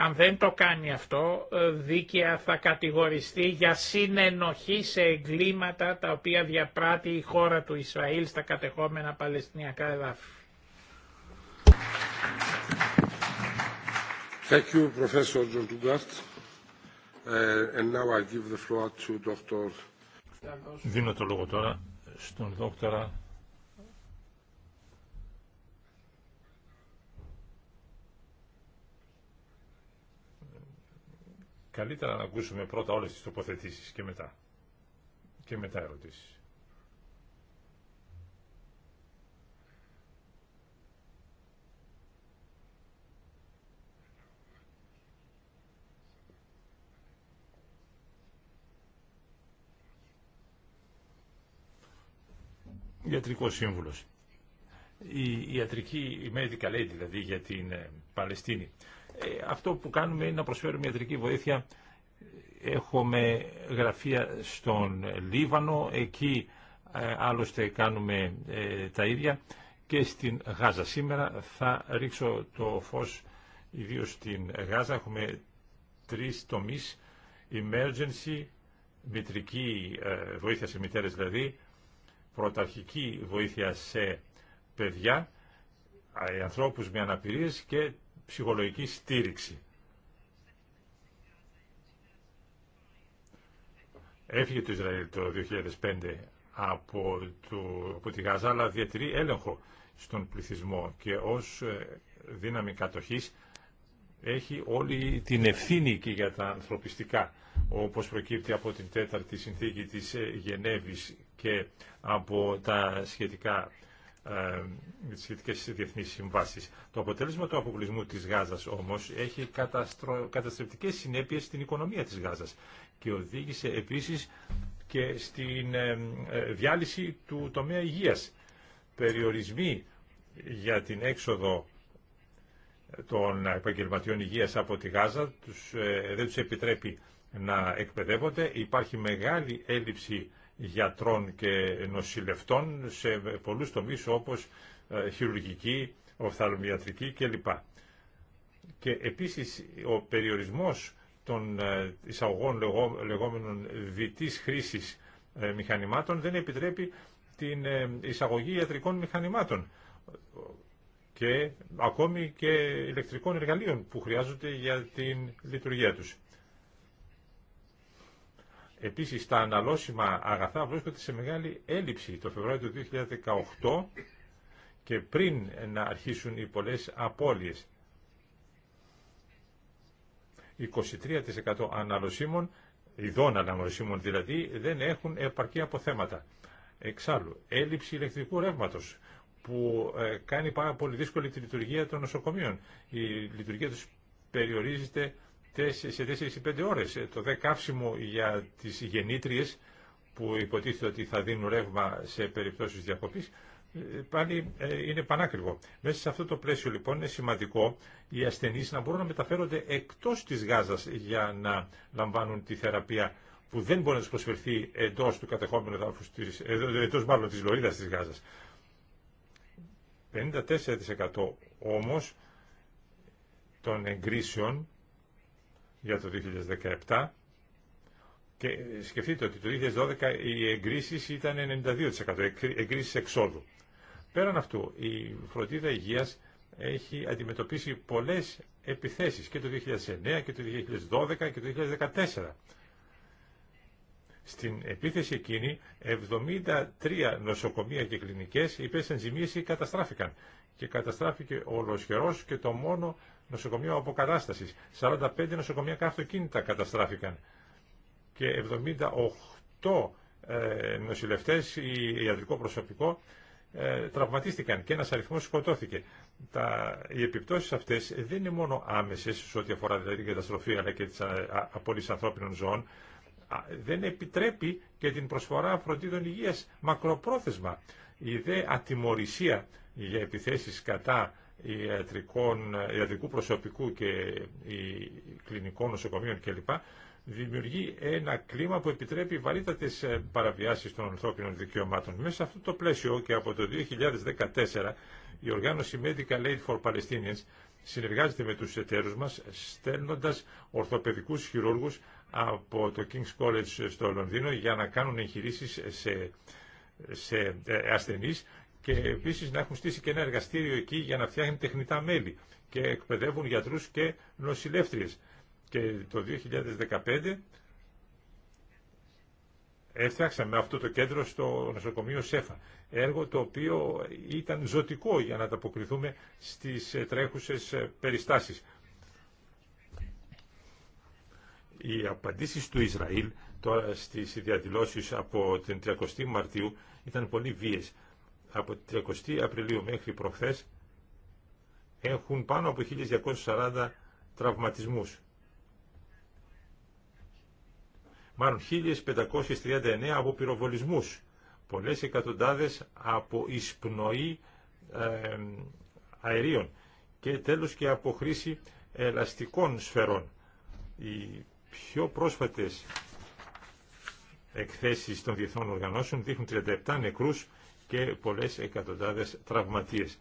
αν δεν το κάνει αυτό, ε, δίκαια θα κατηγοριστεί για συνενοχή σε εγκλήματα τα οποία διαπράττει η χώρα του Ισραήλ στα κατεχόμενα Παλαιστινιακά εδάφη. Thank you, Professor John Dugart. Uh, and now I give the floor to Dr. Δίνω το λόγο τώρα στον δόκτωρα Καλύτερα να ακούσουμε πρώτα όλες τις τοποθετήσεις και μετά. Και μετά ερωτήσεις. Ιατρικό σύμβουλος. Η ιατρική, η medical aid δηλαδή για την ε, Παλαιστίνη. Ε, αυτό που κάνουμε είναι να προσφέρουμε ιατρική βοήθεια. Έχουμε γραφεία στον Λίβανο, εκεί ε, άλλωστε κάνουμε ε, τα ίδια και στην Γάζα. Σήμερα θα ρίξω το φως ιδίως στην Γάζα. Έχουμε τρεις τομείς, emergency, μητρική βοήθεια σε μητέρες δηλαδή, πρωταρχική βοήθεια σε παιδιά, ανθρώπους με αναπηρίες και ψυχολογική στήριξη. Έφυγε το Ισραήλ το 2005 από, το, από τη Γάζα, αλλά διατηρεί έλεγχο στον πληθυσμό και ως ε, δύναμη κατοχής έχει όλη την ευθύνη και για τα ανθρωπιστικά, όπως προκύπτει από την τέταρτη συνθήκη της ε, Γενέβης και από τα σχετικά με τις σχετικές διεθνείς συμβάσεις. Το αποτέλεσμα του αποκλεισμού της Γάζας όμως έχει καταστρο... καταστρεπτικές συνέπειες στην οικονομία της Γάζας και οδήγησε επίσης και στην ε, ε, διάλυση του τομέα υγείας. Περιορισμοί για την έξοδο των επαγγελματιών υγείας από τη Γάζα τους, ε, δεν τους επιτρέπει να εκπαιδεύονται. Υπάρχει μεγάλη έλλειψη γιατρών και νοσηλευτών σε πολλούς τομείς όπως ε, χειρουργική, οφθαλμιατρική κλπ. Και επίσης ο περιορισμός των ε, εισαγωγών λεγόμενων δυτής χρήσης ε, μηχανημάτων δεν επιτρέπει την εισαγωγή ιατρικών μηχανημάτων και ακόμη και ηλεκτρικών εργαλείων που χρειάζονται για την λειτουργία τους. Επίσης τα αναλώσιμα αγαθά βρίσκονται σε μεγάλη έλλειψη το Φεβρουάριο του 2018 και πριν να αρχίσουν οι πολλές απώλειες. 23% αναλωσίμων, ειδών αναλωσίμων δηλαδή, δεν έχουν επαρκή αποθέματα. Εξάλλου, έλλειψη ηλεκτρικού ρεύματος που ε, κάνει πάρα πολύ δύσκολη τη λειτουργία των νοσοκομείων. Η λειτουργία τους περιορίζεται σε 4-5 ώρες. Ε, το δε καύσιμο για τις γεννήτριες που υποτίθεται ότι θα δίνουν ρεύμα σε περιπτώσεις διακοπής, ε, πάλι ε, είναι πανάκριβο. Μέσα σε αυτό το πλαίσιο λοιπόν είναι σημαντικό οι ασθενείς να μπορούν να μεταφέρονται εκτός της Γάζας για να λαμβάνουν τη θεραπεία που δεν μπορεί να τους προσφερθεί εντός του κατεχόμενου δάφους της, εντός μάλλον της Λωρίδας της Γάζας. 54% όμως των εγκρίσεων για το 2017 και σκεφτείτε ότι το 2012 οι εγκρίσεις ήταν 92% εγκρίσεις εξόδου. Πέραν αυτού, η φροντίδα υγείας έχει αντιμετωπίσει πολλές επιθέσεις και το 2009 και το 2012 και το 2014. Στην επίθεση εκείνη, 73 νοσοκομεία και κλινικές υπέστησαν ζημίες και καταστράφηκαν. Και καταστράφηκε ολοσχερός και το μόνο νοσοκομείο αποκατάσταση. 45 νοσοκομιακά αυτοκίνητα καταστράφηκαν και 78 ε, νοσηλευτές ή ιατρικό προσωπικό ε, τραυματίστηκαν και ένα αριθμό σκοτώθηκε. Τα, οι επιπτώσει αυτέ δεν είναι μόνο άμεσες σε ό,τι αφορά δηλαδή, την καταστροφή αλλά και τις απόλυσεις ανθρώπινων ζώων. Δεν επιτρέπει και την προσφορά φροντίδων υγεία, μακροπρόθεσμα. Η δε ατιμορρησία για επιθέσει κατά ιατρικών, ιατρικού προσωπικού και κλινικών νοσοκομείων κλπ. δημιουργεί ένα κλίμα που επιτρέπει βαρύτατες ε, παραβιάσεις των ανθρώπινων δικαιωμάτων. Μέσα σε αυτό το πλαίσιο και από το 2014 η οργάνωση Medical Aid for Palestinians συνεργάζεται με τους εταίρους μας στέλνοντας ορθοπαιδικούς χειρούργους από το King's College στο Λονδίνο για να κάνουν εγχειρήσεις σε, σε ε, ασθενείς και επίση να έχουν στήσει και ένα εργαστήριο εκεί για να φτιάχνουν τεχνητά μέλη και εκπαιδεύουν γιατρού και νοσηλεύτριες. Και το 2015 με αυτό το κέντρο στο νοσοκομείο ΣΕΦΑ. Έργο το οποίο ήταν ζωτικό για να ανταποκριθούμε στις ε, τρέχουσες ε, περιστάσεις. Οι απαντήσεις του Ισραήλ τώρα στις διαδηλώσεις από την 30η Μαρτίου ήταν πολύ βίες από την 30 Απριλίου μέχρι προχθές έχουν πάνω από 1240 τραυματισμούς. Μάλλον 1539 από πυροβολισμούς, πολλές εκατοντάδες από εισπνοή αερίων και τέλος και από χρήση ελαστικών σφαιρών. Οι πιο πρόσφατες εκθέσεις των διεθνών οργανώσεων δείχνουν 37 νεκρούς και πολλές εκατοντάδες τραυματίες.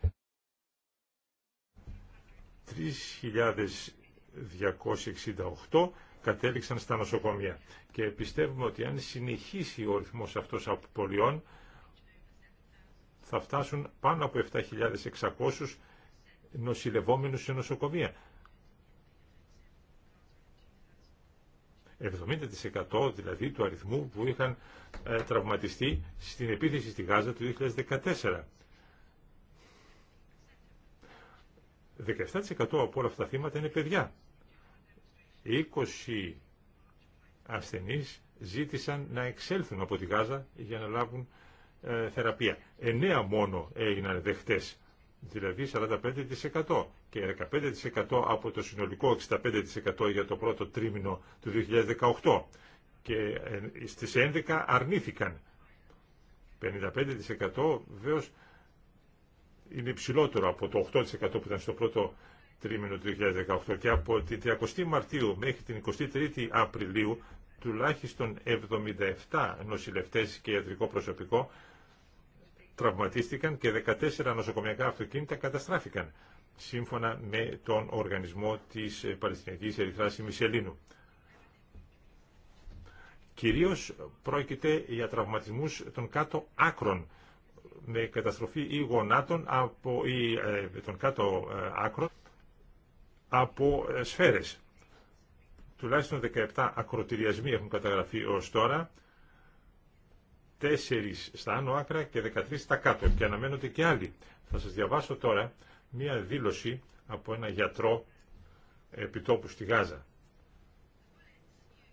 3.268 κατέληξαν στα νοσοκομεία και πιστεύουμε ότι αν συνεχίσει ο ρυθμός αυτός από πολιών θα φτάσουν πάνω από 7.600 νοσηλευόμενους σε νοσοκομεία. 70% δηλαδή του αριθμού που είχαν ε, τραυματιστεί στην επίθεση στη Γάζα του 2014. 17% από όλα αυτά τα θύματα είναι παιδιά. 20 ασθενείς ζήτησαν να εξέλθουν από τη Γάζα για να λάβουν ε, θεραπεία. 9 μόνο έγιναν δεχτές, δηλαδή 45% και 15% από το συνολικό 65% για το πρώτο τρίμηνο του 2018 και ε, στις 11 αρνήθηκαν. 55% βεβαίω είναι υψηλότερο από το 8% που ήταν στο πρώτο τρίμηνο του 2018 και από την 30 Μαρτίου μέχρι την 23η Απριλίου τουλάχιστον 77 νοσηλευτές και ιατρικό προσωπικό τραυματίστηκαν και 14 νοσοκομιακά αυτοκίνητα καταστράφηκαν σύμφωνα με τον οργανισμό της Παλαιστινιακής Ερυθράς Μισελίνου. Κυρίως πρόκειται για τραυματισμούς των κάτω άκρων με καταστροφή ή γονάτων από, ή, ε, των κάτω ε, άκρων από ε, σφαίρες. Τουλάχιστον 17 ακροτηριασμοί έχουν καταγραφεί ως τώρα, 4 στα άνω άκρα και 13 στα κάτω και αναμένονται και άλλοι. Θα σας διαβάσω τώρα μία δήλωση από ένα γιατρό επιτόπου στη Γάζα.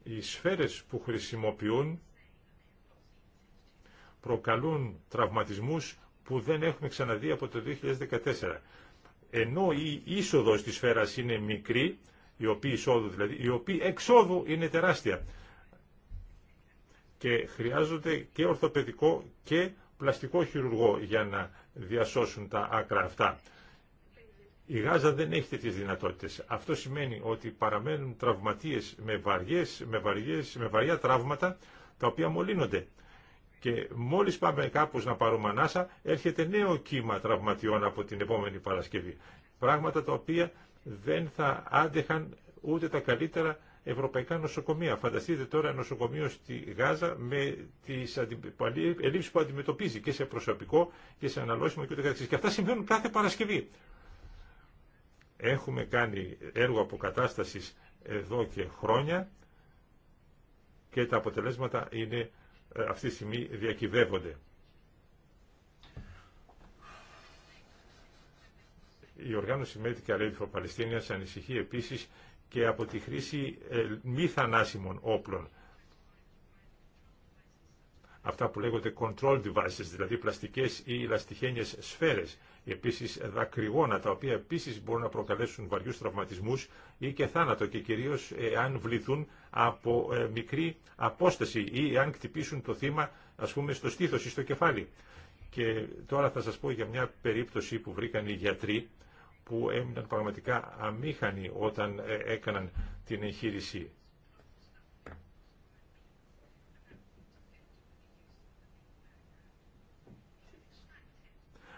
Οι σφαίρες που χρησιμοποιούν προκαλούν τραυματισμούς που δεν έχουμε ξαναδεί από το 2014. Ενώ η είσοδος της σφαίρας είναι μικρή, η οποία εισόδου δηλαδή, η οποία εξόδου είναι τεράστια. Και χρειάζονται και ορθοπαιδικό και πλαστικό χειρουργό για να διασώσουν τα άκρα αυτά. Η Γάζα δεν έχει τέτοιε δυνατότητε. Αυτό σημαίνει ότι παραμένουν τραυματίε με, βαριές, με, βαριές, με βαριά τραύματα τα οποία μολύνονται. Και μόλι πάμε κάπω να πάρουμε ανάσα, έρχεται νέο κύμα τραυματιών από την επόμενη Παρασκευή. Πράγματα τα οποία δεν θα άντεχαν ούτε τα καλύτερα ευρωπαϊκά νοσοκομεία. Φανταστείτε τώρα νοσοκομείο στη Γάζα με τι ελλείψει που αντιμετωπίζει και σε προσωπικό και σε αναλώσιμο και Και αυτά συμβαίνουν κάθε Παρασκευή. Έχουμε κάνει έργο αποκατάστασης εδώ και χρόνια και τα αποτελέσματα είναι ε, αυτή τη στιγμή διακυβεύονται. Η οργάνωση Medical Aid for Palestinians ανησυχεί επίσης και από τη χρήση ε, μη θανάσιμων όπλων. Αυτά που λέγονται control devices, δηλαδή πλαστικές ή λαστιχένιες σφαίρες επίσης δακρυγόνα, τα οποία επίσης μπορούν να προκαλέσουν βαριούς τραυματισμούς ή και θάνατο και κυρίως αν βληθούν από ε, μικρή απόσταση ή αν κτυπήσουν το θύμα ας πούμε στο στήθος ή στο κεφάλι. Και τώρα θα σας πω για μια περίπτωση που βρήκαν οι γιατροί που έμειναν πραγματικά αμήχανοι όταν ε, έκαναν την εγχείρηση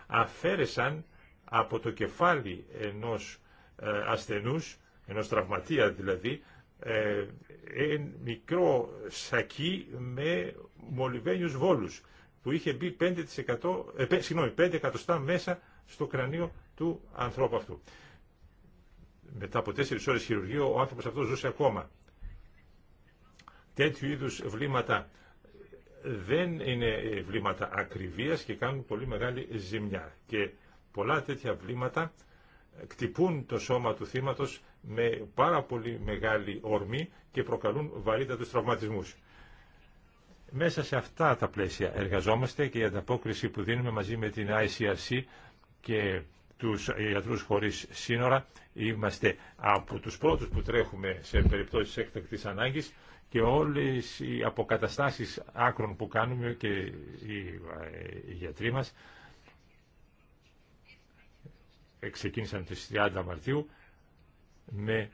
αφαίρεσαν από το κεφάλι ενός ε, ασθενούς, ενός τραυματία δηλαδή, ε, μικρό σακί με μολυβένιους βόλους που είχε μπει 5%, ε, 5 εκατοστά μέσα στο κρανίο του ανθρώπου αυτού. Μετά από 4 ώρες χειρουργείο ο άνθρωπος αυτός ζούσε ακόμα. Τέτοιου είδους βλήματα δεν είναι βλήματα ακριβίας και κάνουν πολύ μεγάλη ζημιά. Και πολλά τέτοια βλήματα κτυπούν το σώμα του θύματος με πάρα πολύ μεγάλη ορμή και προκαλούν βαρύτατους τραυματισμούς. Μέσα σε αυτά τα πλαίσια εργαζόμαστε και η ανταπόκριση που δίνουμε μαζί με την ICRC και τους ιατρούς χωρίς σύνορα είμαστε από τους πρώτους που τρέχουμε σε περιπτώσεις έκτακτης ανάγκης και όλες οι αποκαταστάσεις άκρων που κάνουμε και οι ε, γιατροί μας ξεκίνησαν τις 30 Μαρτίου με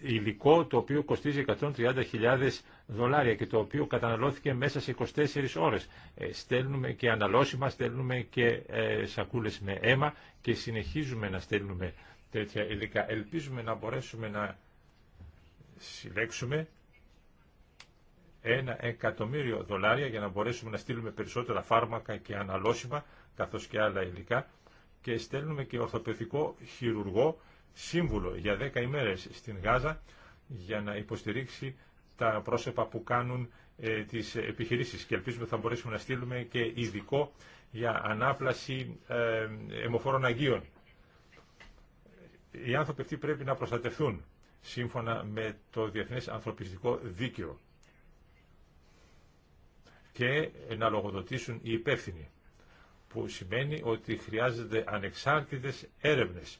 υλικό το οποίο κοστίζει 130.000 δολάρια και το οποίο καταναλώθηκε μέσα σε 24 ώρες. Ε, στέλνουμε και αναλώσιμα, στέλνουμε και ε, σακούλες με αίμα και συνεχίζουμε να στέλνουμε τέτοια υλικά. Ελπίζουμε να μπορέσουμε να συλλέξουμε ένα εκατομμύριο δολάρια για να μπορέσουμε να στείλουμε περισσότερα φάρμακα και αναλώσιμα καθώς και άλλα υλικά και στέλνουμε και ορθοπαιδικό χειρουργό σύμβουλο για 10 ημέρες στην Γάζα για να υποστηρίξει τα πρόσωπα που κάνουν ε, τις επιχειρήσεις και ελπίζουμε θα μπορέσουμε να στείλουμε και ειδικό για ανάπλαση ε, αιμοφόρων αγίων. Οι άνθρωποι αυτοί πρέπει να προστατευτούν σύμφωνα με το Διεθνές Ανθρωπιστικό Δίκαιο και να λογοδοτήσουν οι υπεύθυνοι, που σημαίνει ότι χρειάζεται ανεξάρτητες έρευνες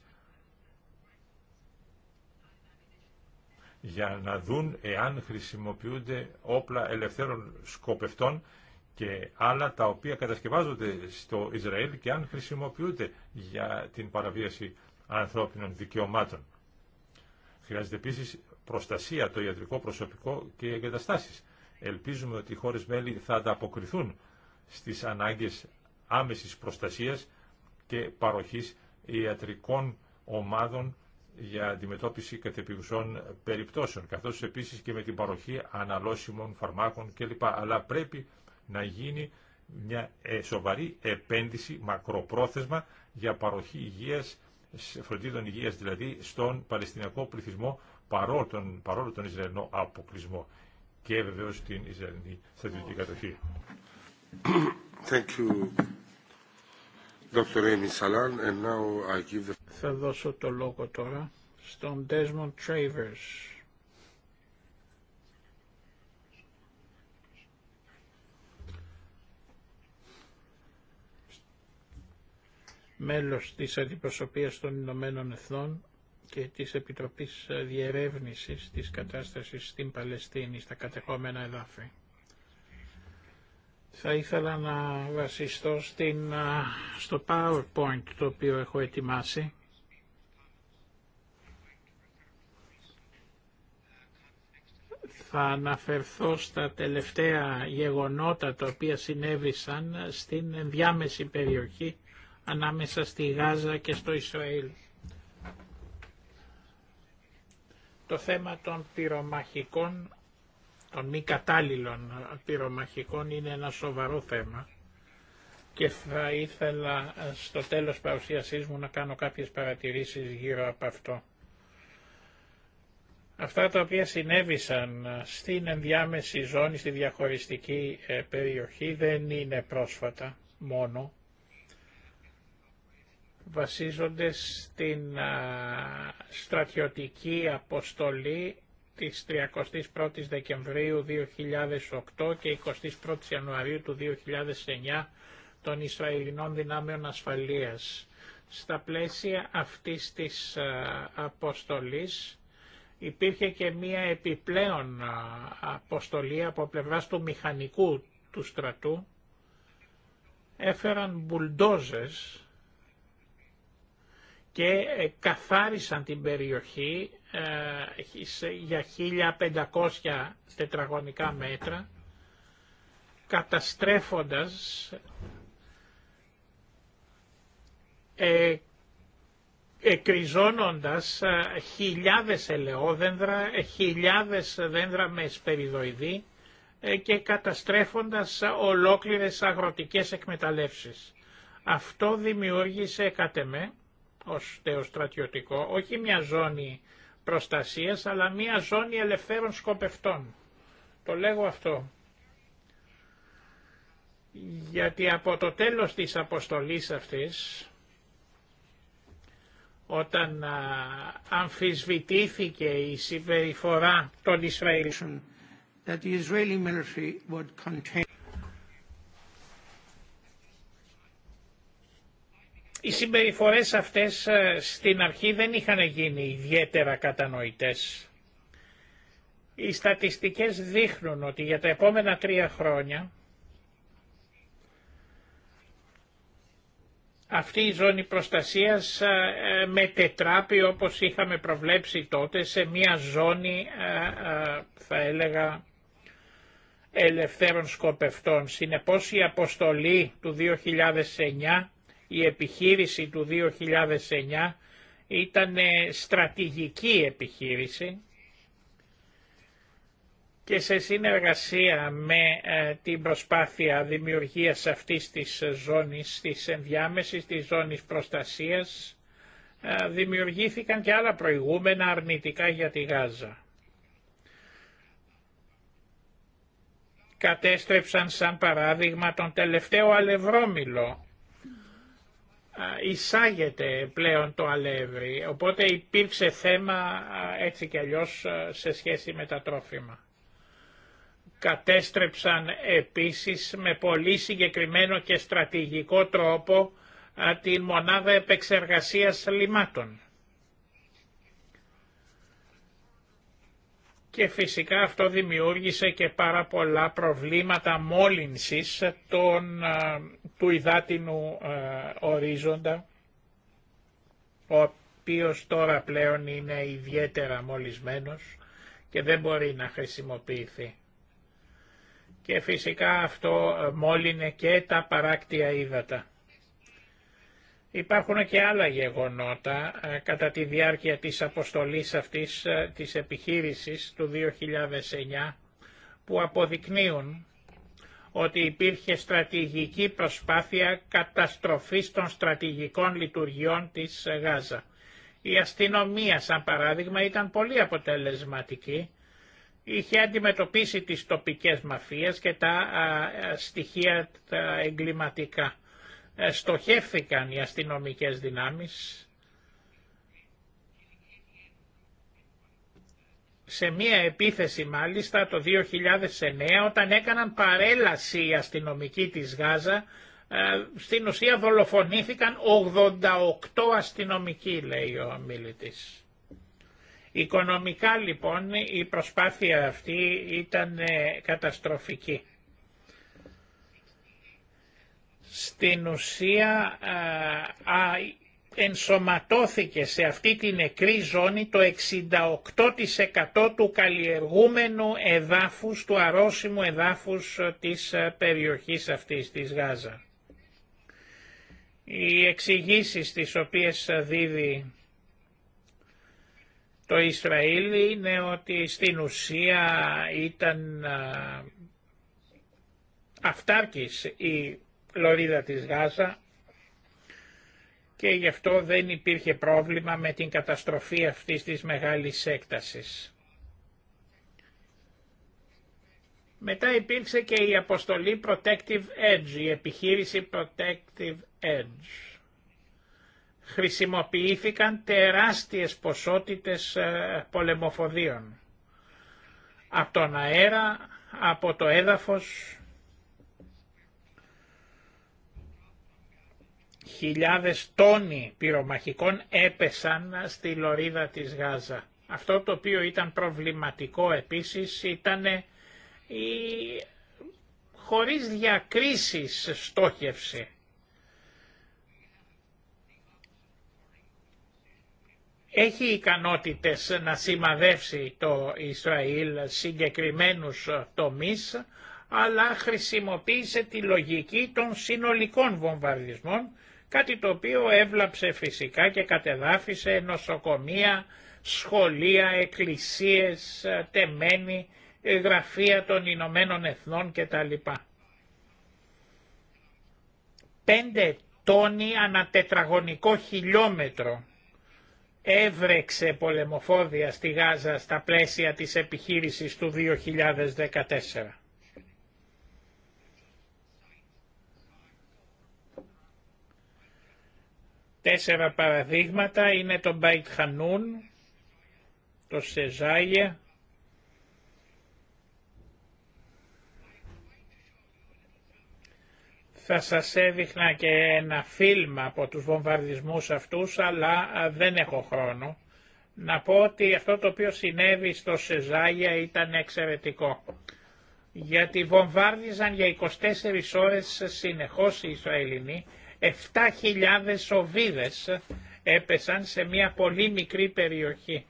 για να δουν εάν χρησιμοποιούνται όπλα ελευθέρων σκοπευτών και άλλα τα οποία κατασκευάζονται στο Ισραήλ και αν χρησιμοποιούνται για την παραβίαση ανθρώπινων δικαιωμάτων. Χρειάζεται επίσης προστασία το ιατρικό προσωπικό και εγκαταστάσεις Ελπίζουμε ότι οι χώρες μέλη θα ανταποκριθούν στις ανάγκες άμεσης προστασίας και παροχής ιατρικών ομάδων για αντιμετώπιση κατεπιγουσών περιπτώσεων, καθώς επίσης και με την παροχή αναλώσιμων φαρμάκων κλπ. Αλλά πρέπει να γίνει μια ε, σοβαρή επένδυση μακροπρόθεσμα για παροχή υγείας, φροντίδων υγεία δηλαδή, στον Παλαιστινιακό πληθυσμό παρόλο τον, παρόλο τον Ισραηλινό αποκλεισμό και βεβαίως την Ισραηλινή στρατιωτική κατοχή. Θα δώσω το λόγο τώρα στον Desmond Travers. μέλος της αντιπροσωπείας των Ηνωμένων Εθνών και της Επιτροπής Διερεύνησης της κατάστασης στην Παλαιστίνη, στα κατεχόμενα εδάφη. Θα ήθελα να βασιστώ στην, στο PowerPoint το οποίο έχω ετοιμάσει. Θα αναφερθώ στα τελευταία γεγονότα τα οποία συνέβησαν στην διάμεση περιοχή ανάμεσα στη Γάζα και στο Ισραήλ. το θέμα των πυρομαχικών, των μη κατάλληλων πυρομαχικών είναι ένα σοβαρό θέμα και θα ήθελα στο τέλος παρουσίασής μου να κάνω κάποιες παρατηρήσεις γύρω από αυτό. Αυτά τα οποία συνέβησαν στην ενδιάμεση ζώνη, στη διαχωριστική ε, περιοχή δεν είναι πρόσφατα μόνο βασίζονται στην στρατιωτική αποστολή της 31ης Δεκεμβρίου 2008 και 21ης Ιανουαρίου του 2009 των Ισραηλινών Δυνάμεων Ασφαλείας. Στα πλαίσια αυτής της αποστολής υπήρχε και μία επιπλέον αποστολή από πλευράς του μηχανικού του στρατού. Έφεραν μπουλντόζες και ε, καθάρισαν την περιοχή ε, για 1500 τετραγωνικά μέτρα, καταστρέφοντας ε, εκριζώνοντας χιλιάδες ελαιόδένδρα, χιλιάδες δέντρα με σπεριδοειδή και καταστρέφοντας ολόκληρες αγροτικές εκμεταλλεύσεις. Αυτό δημιούργησε κατ' ως στρατιωτικό. όχι μια ζώνη προστασίας, αλλά μια ζώνη ελευθέρων σκοπευτών. Το λέγω αυτό. Γιατί από το τέλος της αποστολής αυτής, όταν αμφισβητήθηκε η συμπεριφορά των Ισραηλών, that Israeli military would contain... Οι συμπεριφορές αυτές ε, στην αρχή δεν είχαν γίνει ιδιαίτερα κατανοητές. Οι στατιστικές δείχνουν ότι για τα επόμενα τρία χρόνια αυτή η ζώνη προστασίας ε, ε, μετετράπει όπως είχαμε προβλέψει τότε σε μια ζώνη θα έλεγα ελευθέρων σκοπευτών. Συνεπώς η αποστολή του 2009 η επιχείρηση του 2009 ήταν στρατηγική επιχείρηση και σε συνεργασία με ε, την προσπάθεια δημιουργίας αυτής της ζώνης, της ενδιάμεσης, της ζώνης προστασίας, ε, δημιουργήθηκαν και άλλα προηγούμενα αρνητικά για τη Γάζα. Κατέστρεψαν σαν παράδειγμα τον τελευταίο αλευρόμιλο εισάγεται πλέον το αλεύρι, οπότε υπήρξε θέμα έτσι κι αλλιώς σε σχέση με τα τρόφιμα. Κατέστρεψαν επίσης με πολύ συγκεκριμένο και στρατηγικό τρόπο την μονάδα επεξεργασίας λιμάτων. Και φυσικά αυτό δημιούργησε και πάρα πολλά προβλήματα μόλυνσης των του υδάτινου ε, ορίζοντα, ο οποίος τώρα πλέον είναι ιδιαίτερα μολυσμένος και δεν μπορεί να χρησιμοποιηθεί. Και φυσικά αυτό ε, μόλυνε και τα παράκτια ύδατα. Υπάρχουν και άλλα γεγονότα ε, κατά τη διάρκεια της αποστολής αυτής της επιχείρησης του 2009 που αποδεικνύουν ότι υπήρχε στρατηγική προσπάθεια καταστροφής των στρατηγικών λειτουργιών της Γάζα. Η αστυνομία, σαν παράδειγμα, ήταν πολύ αποτελεσματική. Είχε αντιμετωπίσει τις τοπικές μαφίες και τα στοιχεία τα εγκληματικά. Ε, στοχεύθηκαν οι αστυνομικές δυνάμεις σε μία επίθεση μάλιστα το 2009 όταν έκαναν παρέλαση οι αστυνομικοί της Γάζα ε, στην ουσία δολοφονήθηκαν 88 αστυνομικοί λέει ο μιλητής. Οικονομικά λοιπόν η προσπάθεια αυτή ήταν ε, καταστροφική. Στην ουσία ε, ενσωματώθηκε σε αυτή την νεκρή ζώνη το 68% του καλλιεργούμενου εδάφους, του αρρώσιμου εδάφους ε, της ε, περιοχής αυτής της Γάζα. Οι εξηγήσει τις οποίες ε, δίδει το Ισραήλ είναι ότι στην ουσία ήταν αυτάρκης η λωρίδα της Γάζα και γι' αυτό δεν υπήρχε πρόβλημα με την καταστροφή αυτής της μεγάλης έκτασης. Μετά υπήρξε και η αποστολή Protective Edge, η επιχείρηση Protective Edge. Χρησιμοποιήθηκαν τεράστιες ποσότητες ε, πολεμοφοδίων. Από τον αέρα, από το έδαφος, χιλιάδες τόνοι πυρομαχικών έπεσαν στη λωρίδα της Γάζα. Αυτό το οποίο ήταν προβληματικό επίσης ήταν η χωρίς διακρίσεις στόχευση. Έχει ικανότητες να σημαδεύσει το Ισραήλ συγκεκριμένους τομείς, αλλά χρησιμοποίησε τη λογική των συνολικών βομβαρδισμών Κάτι το οποίο έβλαψε φυσικά και κατεδάφισε νοσοκομεία, σχολεία, εκκλησίες, ε, τεμένη, ε, γραφεία των Ηνωμένων Εθνών κτλ. Πέντε τόνοι ανά τετραγωνικό χιλιόμετρο έβρεξε πολεμοφόδια στη Γάζα στα πλαίσια της επιχείρησης του 2014. Τέσσερα παραδείγματα είναι το Μπαϊτ Χανούν, το Σεζάγια, θα σας έδειχνα και ένα φιλμ από τους βομβαρδισμούς αυτούς, αλλά δεν έχω χρόνο. Να πω ότι αυτό το οποίο συνέβη στο Σεζάγια ήταν εξαιρετικό. Γιατί βομβάρδιζαν για 24 ώρες συνεχώς οι Ισραηλινοί 7.000 οβίδες έπεσαν σε μια πολύ μικρή περιοχή.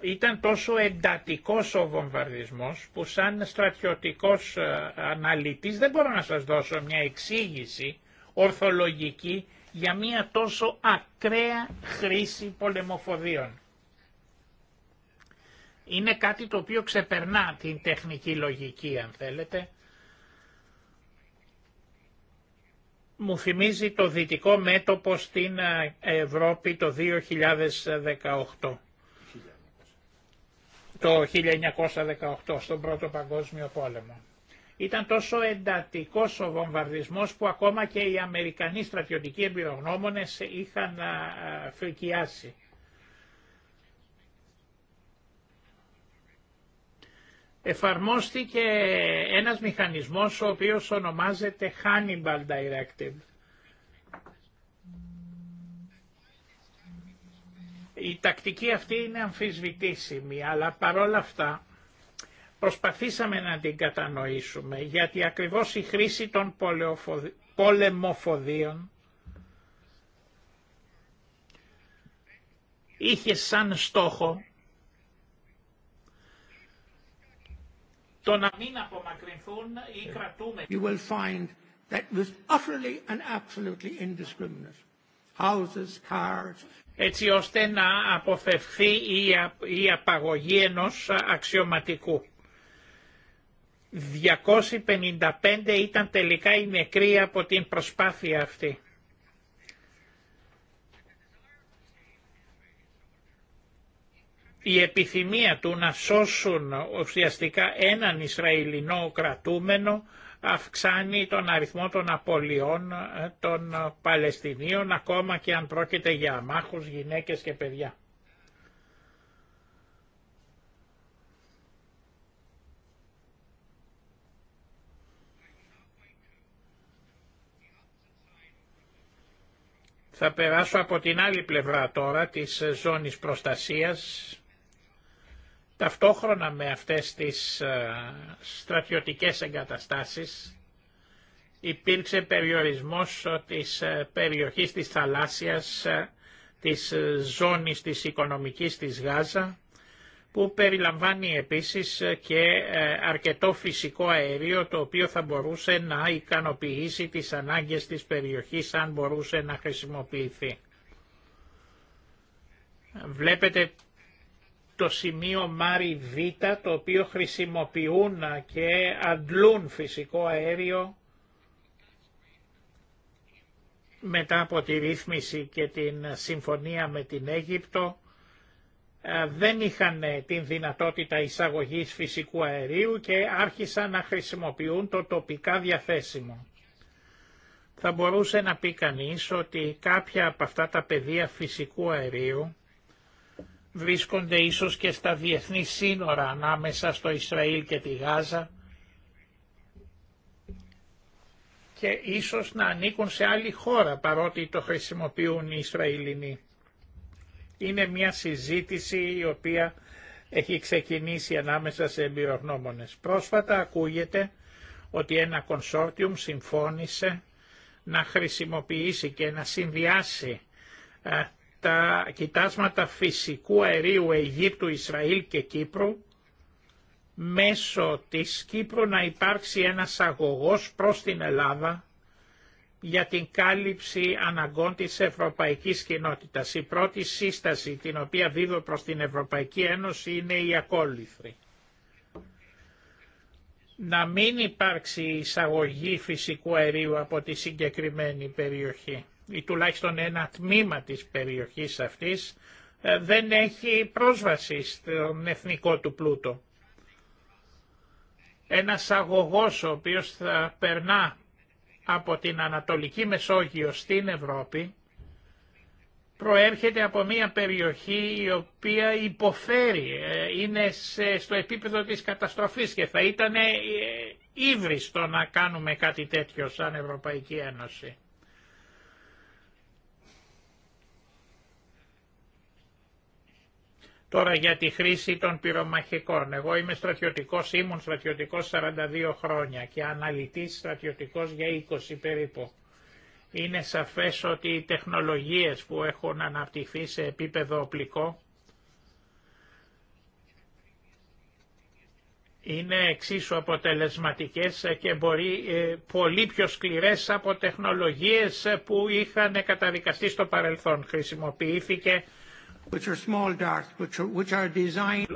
Ήταν τόσο εντατικός ο βομβαρδισμός που σαν στρατιωτικός ε, αναλυτής δεν μπορώ να σας δώσω μια εξήγηση ορθολογική για μια τόσο ακραία χρήση πολεμοφοδίων. Είναι κάτι το οποίο ξεπερνά την τεχνική λογική αν θέλετε μου θυμίζει το δυτικό μέτωπο στην ε, Ευρώπη το 2018. Το 1918, στον Πρώτο Παγκόσμιο Πόλεμο. Ήταν τόσο εντατικός ο βομβαρδισμός που ακόμα και οι Αμερικανοί στρατιωτικοί εμπειρογνώμονες είχαν ε, φρικιάσει. εφαρμόστηκε ένας μηχανισμός ο οποίος ονομάζεται Hannibal Directive. Η τακτική αυτή είναι αμφισβητήσιμη, αλλά παρόλα αυτά προσπαθήσαμε να την κατανοήσουμε, γιατί ακριβώς η χρήση των πολεμοφοδίων είχε σαν στόχο το να μην απομακρυνθούν η κρατούμενοι. You will find that was utterly and absolutely indiscriminate. Houses, cars. Έτσι ώστε να αποφευθεί η απαγωγή ενός αξιωματικού. 255 ήταν τελικά οι νεκροί από την προσπάθεια αυτή. η επιθυμία του να σώσουν ουσιαστικά έναν Ισραηλινό κρατούμενο αυξάνει τον αριθμό των απολειών ε, των ε, Παλαιστινίων ακόμα και αν πρόκειται για μάχους γυναίκες και παιδιά. Θα περάσω από την άλλη πλευρά τώρα της ε, ζώνης προστασίας Ταυτόχρονα με αυτές τις ε, στρατιωτικές εγκαταστάσεις υπήρξε περιορισμός ε, της ε, περιοχής της θαλάσσιας, της ζώνης της οικονομικής της Γάζα, που περιλαμβάνει επίσης και αρκετό φυσικό αερίο το οποίο θα μπορούσε να ικανοποιήσει τις ανάγκες της περιοχής αν μπορούσε να χρησιμοποιηθεί. Βλέπετε το σημείο Μάρι Β, το οποίο χρησιμοποιούν και αντλούν φυσικό αέριο μετά από τη ρύθμιση και την συμφωνία με την Αίγυπτο, ε, δεν είχαν την δυνατότητα εισαγωγής φυσικού αερίου και άρχισαν να χρησιμοποιούν το τοπικά διαθέσιμο. Θα μπορούσε να πει κανείς ότι κάποια από αυτά τα πεδία φυσικού αερίου βρίσκονται ίσως και στα διεθνή σύνορα ανάμεσα στο Ισραήλ και τη Γάζα και ίσως να ανήκουν σε άλλη χώρα παρότι το χρησιμοποιούν οι Ισραηλινοί. Είναι μια συζήτηση η οποία έχει ξεκινήσει ανάμεσα σε εμπειρογνώμονες. Πρόσφατα ακούγεται ότι ένα κονσόρτιουμ συμφώνησε να χρησιμοποιήσει και να συνδυάσει τα κοιτάσματα φυσικού αερίου Αιγύπτου, Ισραήλ και Κύπρου, μέσω της Κύπρου να υπάρξει ένας αγωγός προς την Ελλάδα για την κάλυψη αναγκών της Ευρωπαϊκής Κοινότητας. Η πρώτη σύσταση την οποία δίδω προς την Ευρωπαϊκή Ένωση είναι η ακόλυθρη. Να μην υπάρξει εισαγωγή φυσικού αερίου από τη συγκεκριμένη περιοχή ή τουλάχιστον ένα τμήμα της περιοχής αυτής ε, δεν έχει πρόσβαση στον εθνικό του πλούτο. Ένας αγωγός ο οποίος θα περνά από την Ανατολική Μεσόγειο στην Ευρώπη προέρχεται από μια περιοχή η οποία υποφέρει, ε, είναι στο επίπεδο της καταστροφής και θα ήταν ε, ύβριστο να κάνουμε κάτι τέτοιο σαν Ευρωπαϊκή Ένωση. Τώρα για τη χρήση των πυρομαχικών. Εγώ είμαι στρατιωτικός, ήμουν στρατιωτικός 42 χρόνια και αναλυτής στρατιωτικός για 20 περίπου. Είναι σαφές ότι οι τεχνολογίες που έχουν αναπτυχθεί σε επίπεδο οπλικό είναι εξίσου αποτελεσματικές και μπορεί ε, πολύ πιο σκληρές από τεχνολογίες που είχαν καταδικαστεί στο παρελθόν. Χρησιμοποιήθηκε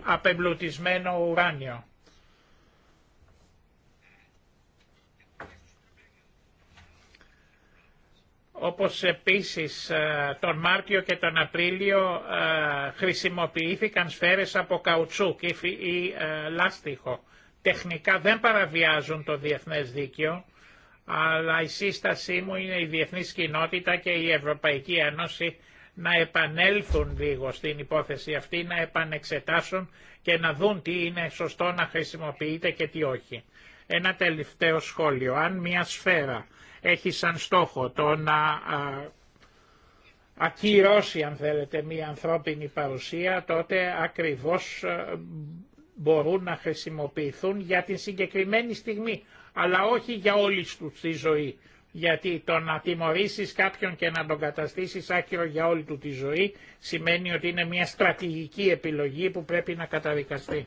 Απεμπλουτισμένο ουράνιο. όπως επίσης ε, τον Μάρτιο και τον Απρίλιο ε, χρησιμοποιήθηκαν σφαίρες από καουτσούκ ή ε, λάστιχο. Τεχνικά δεν παραβιάζουν το διεθνές δίκαιο, αλλά η σύστασή μου είναι η διεθνής κοινότητα και η Ευρωπαϊκή Ένωση να επανέλθουν λίγο στην υπόθεση αυτή, να επανεξετάσουν και να δουν τι είναι σωστό να χρησιμοποιείται και τι όχι. Ένα τελευταίο σχόλιο. Αν μια σφαίρα έχει σαν στόχο το να ακυρώσει αν θέλετε μια ανθρώπινη παρουσία, τότε ακριβώς μπορούν να χρησιμοποιηθούν για την συγκεκριμένη στιγμή, αλλά όχι για όλη του τη ζωή γιατί το να τιμωρήσει κάποιον και να τον καταστήσεις άκυρο για όλη του τη ζωή σημαίνει ότι είναι μια στρατηγική επιλογή που πρέπει να καταδικαστεί.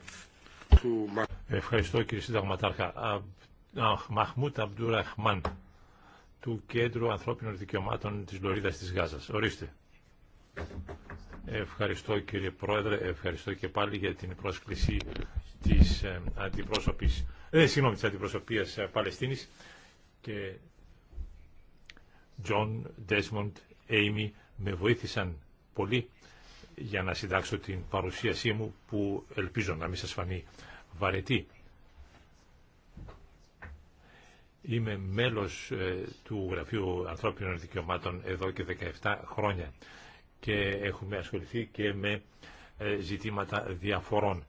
Ευχαριστώ κύριε Συνταγματάρχα. Μαχμούτ Αμπτουραχμάν του Κέντρου Ανθρώπινων Δικαιωμάτων της Λωρίδας της Γάζας. Ορίστε. Ευχαριστώ κύριε Πρόεδρε, ευχαριστώ και πάλι για την πρόσκληση της ε, αντιπρόσωπης, ε, συγγνώμη, της ε, Παλαιστίνης και Τζον, Ντέσμοντ, Έιμι με βοήθησαν πολύ για να συντάξω την παρουσίασή μου που ελπίζω να μην σας φανεί βαρετή. Είμαι μέλος ε, του Γραφείου Ανθρώπινων Δικαιωμάτων εδώ και 17 χρόνια και έχουμε ασχοληθεί και με ε, ζητήματα διαφορών.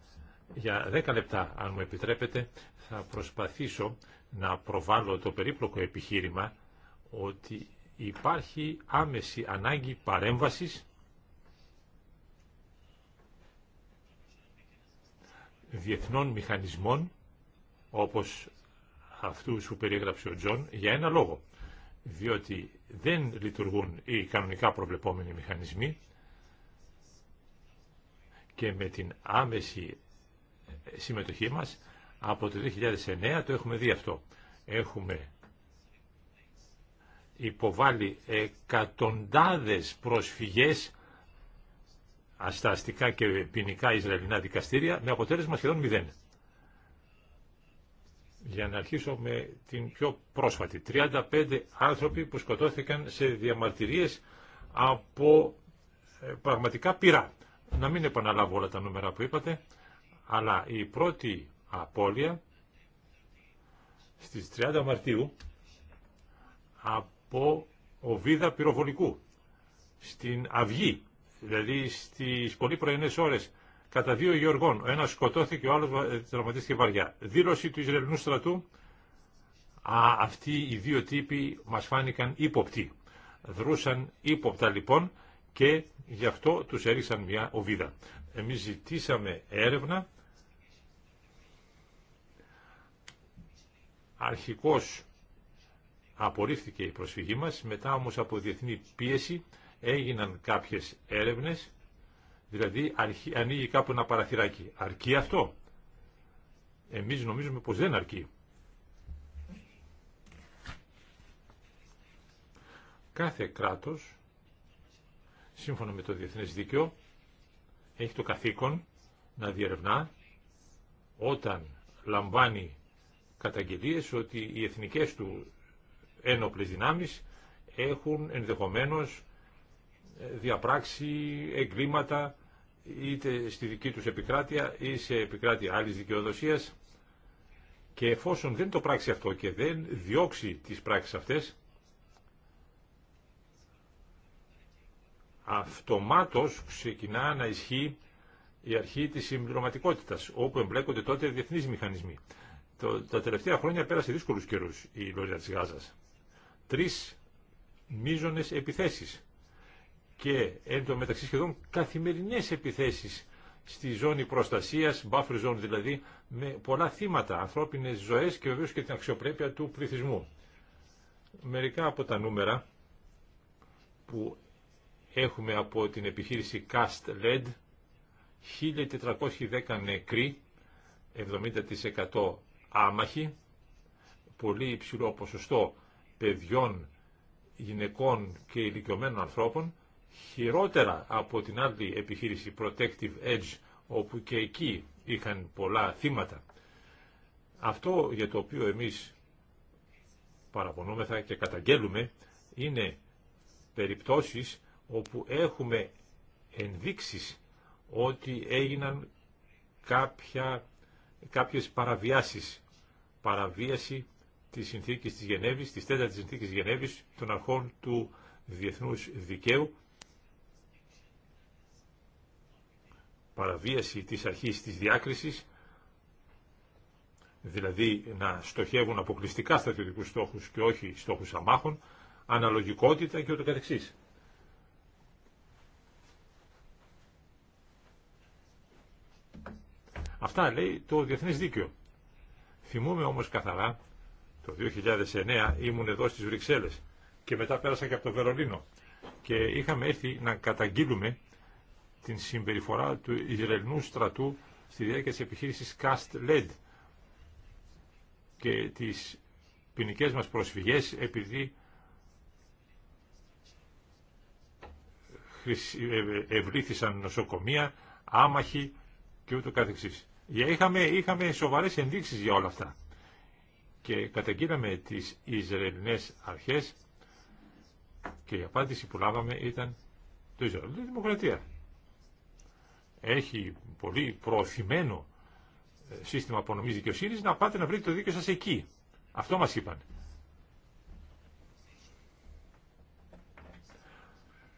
Για 10 λεπτά, αν μου επιτρέπετε, θα προσπαθήσω να προβάλλω το περίπλοκο επιχείρημα ότι υπάρχει άμεση ανάγκη παρέμβασης διεθνών μηχανισμών όπως αυτούς που περιέγραψε ο Τζον για ένα λόγο διότι δεν λειτουργούν οι κανονικά προβλεπόμενοι μηχανισμοί και με την άμεση συμμετοχή μας από το 2009 το έχουμε δει αυτό. Έχουμε υποβάλλει εκατοντάδες προσφυγές ασταστικά και ποινικά Ισραηλινά δικαστήρια με αποτέλεσμα σχεδόν μηδέν. Για να αρχίσω με την πιο πρόσφατη. 35 άνθρωποι που σκοτώθηκαν σε διαμαρτυρίες από ε, πραγματικά πειρά. Να μην επαναλάβω όλα τα νούμερα που είπατε, αλλά η πρώτη απώλεια στις 30 Μαρτίου από οβίδα πυροβολικού στην αυγή, δηλαδή στις πολύ πρωινές ώρες κατά δύο γεωργών. Ο ένας σκοτώθηκε, ο άλλος τραυματίστηκε βαριά. Δήλωση του Ισραηλινού στρατού. Α, αυτοί οι δύο τύποι μας φάνηκαν ύποπτοι. Δρούσαν ύποπτα λοιπόν και γι' αυτό τους έριξαν μια οβίδα. Εμείς ζητήσαμε έρευνα. Αρχικός Απορρίφθηκε η προσφυγή μας, μετά όμως από διεθνή πίεση έγιναν κάποιες έρευνες, δηλαδή ανοίγει κάπου ένα παραθυράκι. Αρκεί αυτό. Εμείς νομίζουμε πως δεν αρκεί. Κάθε κράτος, σύμφωνα με το Διεθνές Δίκαιο, έχει το καθήκον να διερευνά όταν λαμβάνει καταγγελίες ότι οι εθνικές του ένοπλες δυνάμεις έχουν ενδεχομένως ε, διαπράξει εγκλήματα είτε στη δική τους επικράτεια ή σε επικράτεια άλλης δικαιοδοσίας και εφόσον δεν το πράξει αυτό και δεν διώξει τις πράξεις αυτές αυτομάτως ξεκινά να ισχύει η αρχή της συμπληρωματικότητας όπου εμπλέκονται τότε διεθνείς μηχανισμοί. τα τελευταία χρόνια πέρασε δύσκολους καιρούς η λόγια της Γάζας τρεις μίζονες επιθέσεις και εν τω μεταξύ σχεδόν καθημερινές επιθέσεις στη ζώνη προστασίας, buffer zone δηλαδή, με πολλά θύματα, ανθρώπινες ζωές και βεβαίως και την αξιοπρέπεια του πληθυσμού. Μερικά από τα νούμερα που έχουμε από την επιχείρηση Cast LED, 1410 νεκροί, 70% άμαχοι, πολύ υψηλό ποσοστό παιδιών, γυναικών και ηλικιωμένων ανθρώπων, χειρότερα από την άλλη επιχείρηση Protective Edge, όπου και εκεί είχαν πολλά θύματα. Αυτό για το οποίο εμείς παραπονούμεθα και καταγγέλουμε είναι περιπτώσεις όπου έχουμε ενδείξεις ότι έγιναν κάποια, κάποιες παραβιάσεις, παραβίαση της συνθήκης της Γενέβης, της τέταρτης συνθήκης των αρχών του διεθνού δικαίου, παραβίαση της αρχής της διάκρισης, δηλαδή να στοχεύουν αποκλειστικά στρατιωτικούς στόχους και όχι στόχους αμάχων, αναλογικότητα και ούτω καθεξής. Αυτά λέει το διεθνές δίκαιο. Θυμούμε όμως καθαρά το 2009 ήμουν εδώ στις Βρυξέλλες και μετά πέρασα και από το Βερολίνο και είχαμε έρθει να καταγγείλουμε την συμπεριφορά του Ισραηλινού στρατού στη διάρκεια της επιχείρησης Cast Led και τις ποινικέ μας προσφυγές επειδή ε, ε, ευλήθησαν νοσοκομεία, άμαχοι και ούτω καθεξής. Είχαμε, είχαμε σοβαρές ενδείξεις για όλα αυτά και καταγγείλαμε τις Ισραηλινές αρχές και η απάντηση που λάβαμε ήταν το Ισραήλ δημοκρατία. Έχει πολύ προωθημένο ε, σύστημα απονομής δικαιοσύνης να πάτε να βρείτε το δίκαιο σας εκεί. Αυτό μας είπαν.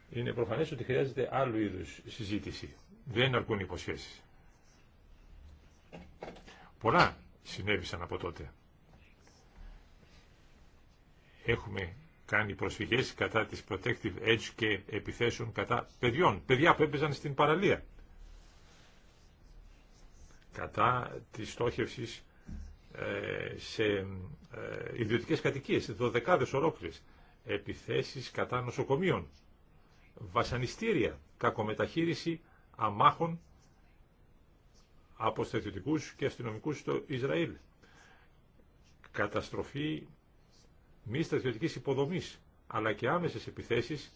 Είναι προφανές ότι χρειάζεται άλλου είδους συζήτηση. Δεν αρκούν υποσχέσεις. Πολλά συνέβησαν από τότε έχουμε κάνει προσφυγές κατά της Protective Edge και επιθέσεων κατά παιδιών, παιδιά που έπαιζαν στην παραλία, κατά της στόχευσης ε, σε ε, ιδιωτικές κατοικίες, δωδεκάδες ολόκληρες, επιθέσεις κατά νοσοκομείων, βασανιστήρια, κακομεταχείριση αμάχων από στρατιωτικούς και αστυνομικούς στο Ισραήλ, καταστροφή μη στρατιωτική υποδομή, αλλά και άμεσε επιθέσει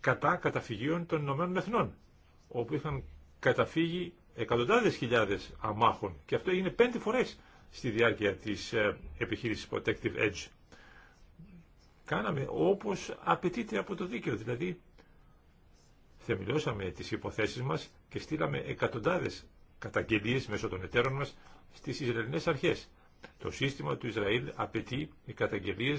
κατά καταφυγίων των Ηνωμένων Εθνών, όπου είχαν καταφύγει εκατοντάδε χιλιάδε αμάχων και αυτό έγινε πέντε φορέ στη διάρκεια τη ε, επιχείρηση Protective Edge. Κάναμε όπως απαιτείται από το δίκαιο, δηλαδή θεμελιώσαμε τι υποθέσει μα και στείλαμε εκατοντάδε καταγγελίε μέσω των εταίρων μα στι Ισραηλινέ αρχές το σύστημα του Ισραήλ απαιτεί οι καταγγελίε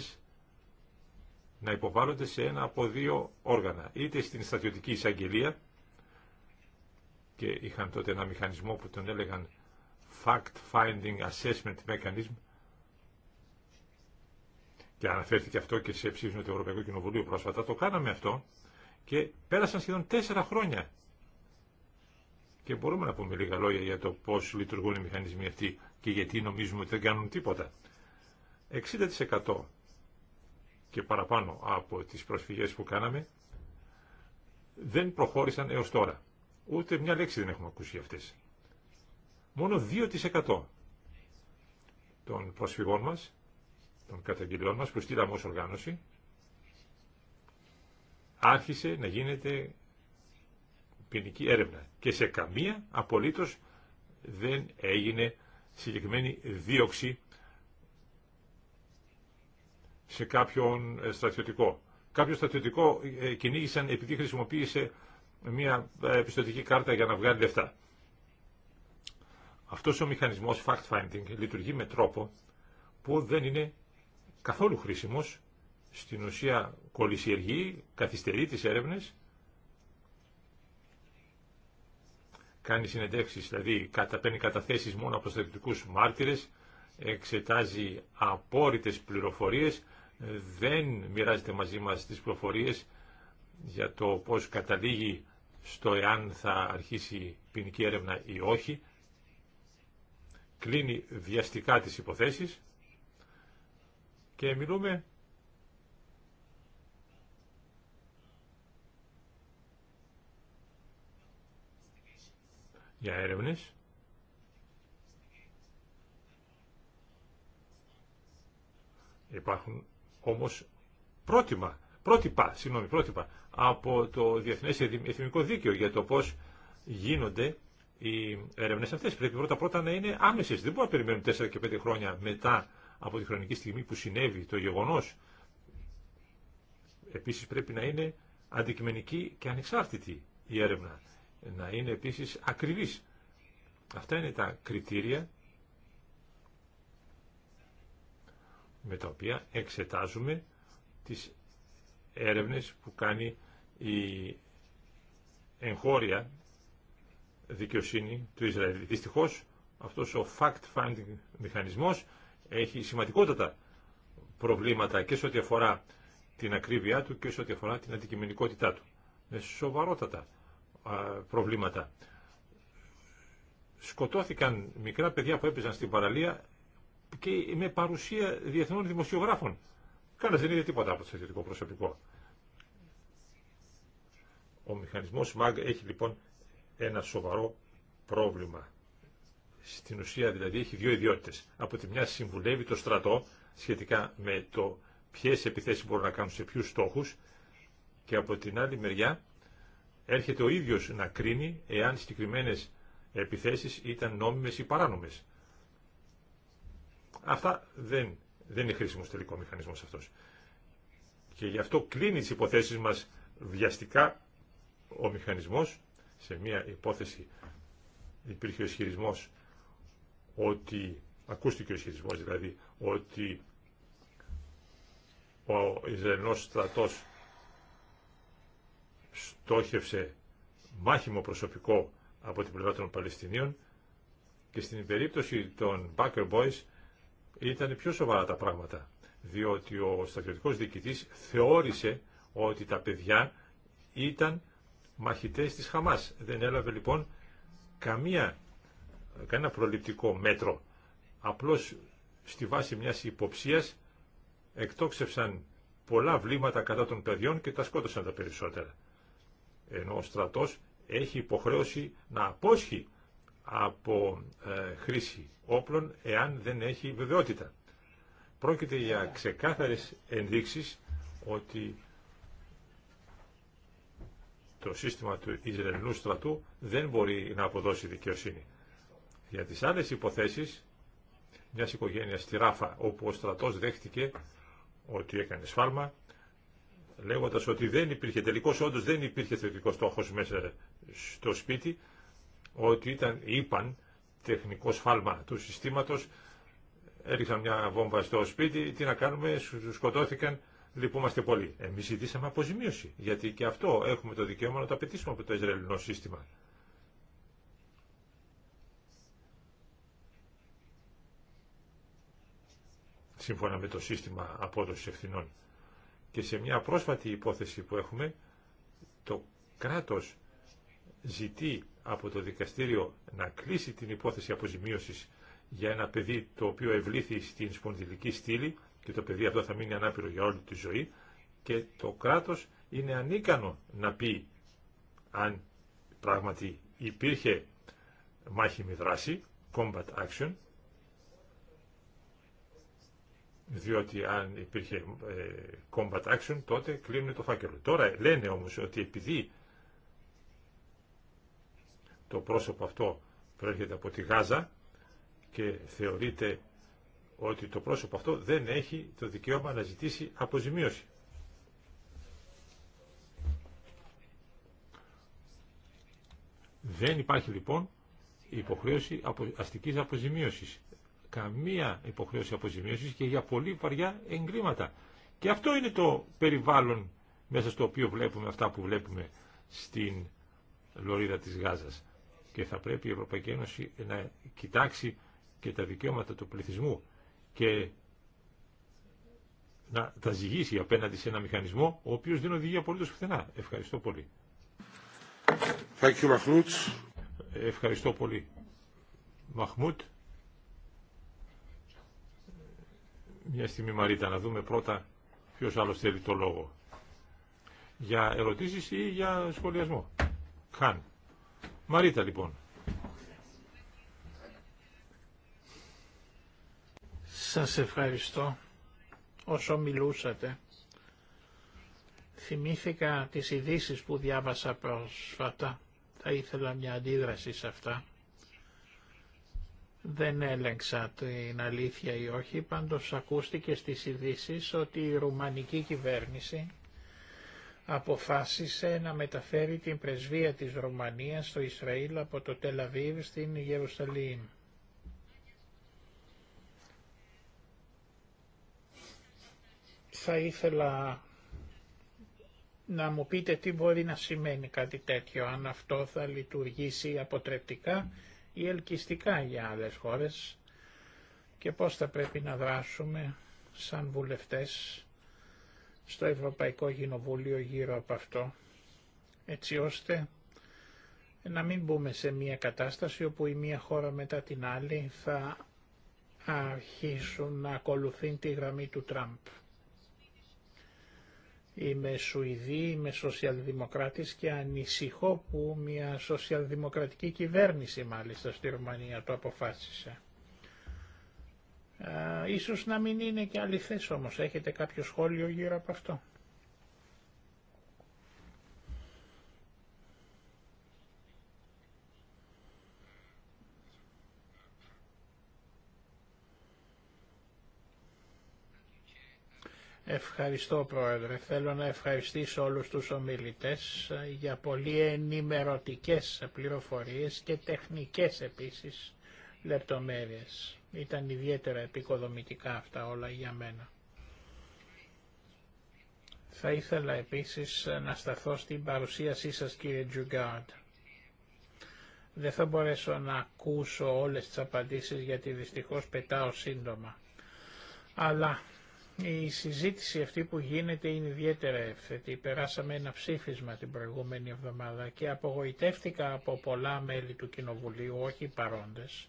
να υποβάλλονται σε ένα από δύο όργανα, είτε στην στρατιωτική εισαγγελία, και είχαν τότε ένα μηχανισμό που τον έλεγαν Fact-Finding Assessment Mechanism, και αναφέρθηκε αυτό και σε ψήφισμα του Ευρωπαϊκού Κοινοβουλίου πρόσφατα, το κάναμε αυτό και πέρασαν σχεδόν τέσσερα χρόνια και μπορούμε να πούμε λίγα λόγια για το πώς λειτουργούν οι μηχανισμοί αυτοί και γιατί νομίζουμε ότι δεν κάνουν τίποτα. 60% και παραπάνω από τις προσφυγές που κάναμε δεν προχώρησαν έως τώρα. Ούτε μια λέξη δεν έχουμε ακούσει για αυτές. Μόνο 2% των προσφυγών μας, των καταγγελιών μας που στείλαμε ως οργάνωση, άρχισε να γίνεται ποινική έρευνα και σε καμία απολύτως δεν έγινε συγκεκριμένη δίωξη σε κάποιον ε, στρατιωτικό. Κάποιο στρατιωτικό ε, κυνήγησαν επειδή χρησιμοποίησε μια επιστοτική κάρτα για να βγάλει λεφτά. Αυτός ο μηχανισμός fact-finding λειτουργεί με τρόπο που δεν είναι καθόλου χρήσιμος, στην ουσία κολλησιεργεί, καθυστερεί τις έρευνες κάνει συνεντεύξεις, δηλαδή παίρνει καταθέσεις μόνο από στρατιωτικούς μάρτυρες, εξετάζει απόρριτες πληροφορίες, δεν μοιράζεται μαζί μας τις πληροφορίες για το πώς καταλήγει στο εάν θα αρχίσει ποινική έρευνα ή όχι, κλείνει βιαστικά τις υποθέσεις και μιλούμε για έρευνες. Υπάρχουν όμως πρότυπα, πρότυπα, συγγνώμη, πρότυπα από το Διεθνές Εθνικό Δίκαιο για το πώς γίνονται οι έρευνε αυτέ. Πρέπει πρώτα-πρώτα να είναι άμεσε. Δεν μπορούμε να περιμένουμε 4 και 5 χρόνια μετά από τη χρονική στιγμή που συνέβη το γεγονό. Επίση πρέπει να είναι αντικειμενική και ανεξάρτητη η έρευνα να είναι επίσης ακριβής. Αυτά είναι τα κριτήρια με τα οποία εξετάζουμε τις έρευνες που κάνει η εγχώρια δικαιοσύνη του Ισραήλ. Δυστυχώς αυτός ο fact-finding μηχανισμός έχει σημαντικότατα προβλήματα και σε ό,τι αφορά την ακρίβειά του και σε ό,τι αφορά την αντικειμενικότητά του. Είναι σοβαρότατα προβλήματα. Σκοτώθηκαν μικρά παιδιά που έπαιζαν στην παραλία και με παρουσία διεθνών δημοσιογράφων. Κάνε δεν είδε τίποτα από το στρατιωτικό προσωπικό. Ο μηχανισμός ΜΑΓ έχει λοιπόν ένα σοβαρό πρόβλημα. Στην ουσία δηλαδή έχει δύο ιδιότητες. Από τη μια συμβουλεύει το στρατό σχετικά με το ποιες επιθέσει μπορούν να κάνουν σε ποιους στόχους και από την άλλη μεριά έρχεται ο ίδιος να κρίνει εάν συγκεκριμένε επιθέσεις ήταν νόμιμες ή παράνομες. Αυτά δεν, δεν είναι χρήσιμο τελικό μηχανισμός αυτός. Και γι' αυτό κλείνει τις υποθέσεις μας βιαστικά ο μηχανισμός. Σε μια υπόθεση υπήρχε ο ισχυρισμό ότι, ακούστηκε ο ισχυρισμό δηλαδή, ότι ο Ισραηλινός στρατός στόχευσε μάχημο προσωπικό από την πλευρά των Παλαιστινίων και στην περίπτωση των Backer Boys ήταν πιο σοβαρά τα πράγματα διότι ο στρατιωτικός διοικητής θεώρησε ότι τα παιδιά ήταν μαχητές της Χαμάς. Δεν έλαβε λοιπόν καμία, κανένα προληπτικό μέτρο. Απλώς στη βάση μιας υποψίας εκτόξευσαν πολλά βλήματα κατά των παιδιών και τα σκότωσαν τα περισσότερα ενώ ο στρατός έχει υποχρέωση να απόσχει από ε, χρήση όπλων εάν δεν έχει βεβαιότητα. Πρόκειται για ξεκάθαρες ενδείξεις ότι το σύστημα του Ισραηλινού στρατού δεν μπορεί να αποδώσει δικαιοσύνη. Για τις άλλες υποθέσεις μια οικογένεια στη Ράφα όπου ο στρατός δέχτηκε ότι έκανε σφάλμα λέγοντας ότι δεν υπήρχε τελικός, όντως δεν υπήρχε θετικός στόχος μέσα στο σπίτι, ότι ήταν, είπαν, τεχνικό σφάλμα του συστήματος, έριξαν μια βόμβα στο σπίτι, τι να κάνουμε, σκοτώθηκαν, λυπούμαστε πολύ. Εμείς ζητήσαμε αποζημίωση, γιατί και αυτό έχουμε το δικαίωμα να το απαιτήσουμε από το Ισραηλινό σύστημα. σύμφωνα με το σύστημα απόδοσης ευθυνών. Και σε μια πρόσφατη υπόθεση που έχουμε, το κράτος ζητεί από το δικαστήριο να κλείσει την υπόθεση αποζημίωσης για ένα παιδί το οποίο ευλήθη στην σπονδυλική στήλη και το παιδί αυτό θα μείνει ανάπηρο για όλη τη ζωή και το κράτος είναι ανίκανο να πει αν πράγματι υπήρχε μάχημη δράση, combat action, διότι αν υπήρχε ε, combat action τότε κλείνουν το φάκελο. Τώρα λένε όμως ότι επειδή το πρόσωπο αυτό προέρχεται από τη Γάζα και θεωρείται ότι το πρόσωπο αυτό δεν έχει το δικαίωμα να ζητήσει αποζημίωση. Δεν υπάρχει λοιπόν υποχρέωση αστικής αποζημίωσης καμία υποχρέωση αποζημίωσης και για πολύ βαριά εγκλήματα. Και αυτό είναι το περιβάλλον μέσα στο οποίο βλέπουμε αυτά που βλέπουμε στην λωρίδα της Γάζας. Και θα πρέπει η Ευρωπαϊκή Ένωση να κοιτάξει και τα δικαιώματα του πληθυσμού και να τα ζυγίσει απέναντι σε ένα μηχανισμό ο οποίος δεν οδηγεί απολύτως πουθενά. Ευχαριστώ πολύ. Thank you, Ευχαριστώ πολύ. Μαχμούτ. Μια στιγμή Μαρίτα, να δούμε πρώτα ποιος άλλος θέλει το λόγο. Για ερωτήσεις ή για σχολιασμό. Χάν. Μαρίτα λοιπόν. Σας ευχαριστώ όσο μιλούσατε. Θυμήθηκα τις ειδήσει που διάβασα πρόσφατα. Θα ήθελα μια αντίδραση σε αυτά. Δεν έλεγξα την αλήθεια ή όχι, πάντως ακούστηκε στις ειδήσει ότι η ρουμανική κυβέρνηση αποφάσισε να μεταφέρει την πρεσβεία της Ρουμανίας στο Ισραήλ από το Τελαβίβ στην Ιερουσαλήμ. Θα ήθελα να μου πείτε τι μπορεί να σημαίνει κάτι τέτοιο, αν αυτό θα λειτουργήσει αποτρεπτικά ή ελκυστικά για άλλες χώρες και πώς θα πρέπει να δράσουμε σαν βουλευτές στο Ευρωπαϊκό Κοινοβούλιο γύρω από αυτό, έτσι ώστε να μην μπούμε σε μια κατάσταση όπου η μία χώρα μετά την άλλη θα αρχίσουν να ακολουθούν τη γραμμή του Τραμπ. Είμαι Σουηδή, είμαι σοσιαλδημοκράτης και ανησυχώ που μια σοσιαλδημοκρατική κυβέρνηση μάλιστα στη Ρουμανία το αποφάσισε. Ίσως να μην είναι και αληθές όμως. Έχετε κάποιο σχόλιο γύρω από αυτό. Ευχαριστώ Πρόεδρε. Θέλω να ευχαριστήσω όλους τους ομιλητές ε, για πολύ ενημερωτικές πληροφορίες και τεχνικές επίσης λεπτομέρειες. Ήταν ιδιαίτερα επικοδομητικά αυτά όλα για μένα. Θα ήθελα επίσης να σταθώ στην παρουσίασή σας κύριε Τζουγκάρντ. Δεν θα μπορέσω να ακούσω όλες τις απαντήσεις γιατί δυστυχώς πετάω σύντομα. Αλλά η συζήτηση αυτή που γίνεται είναι ιδιαίτερα εύθετη. Περάσαμε ένα ψήφισμα την προηγούμενη εβδομάδα και απογοητεύτηκα από πολλά μέλη του Κοινοβουλίου, όχι παρόντες,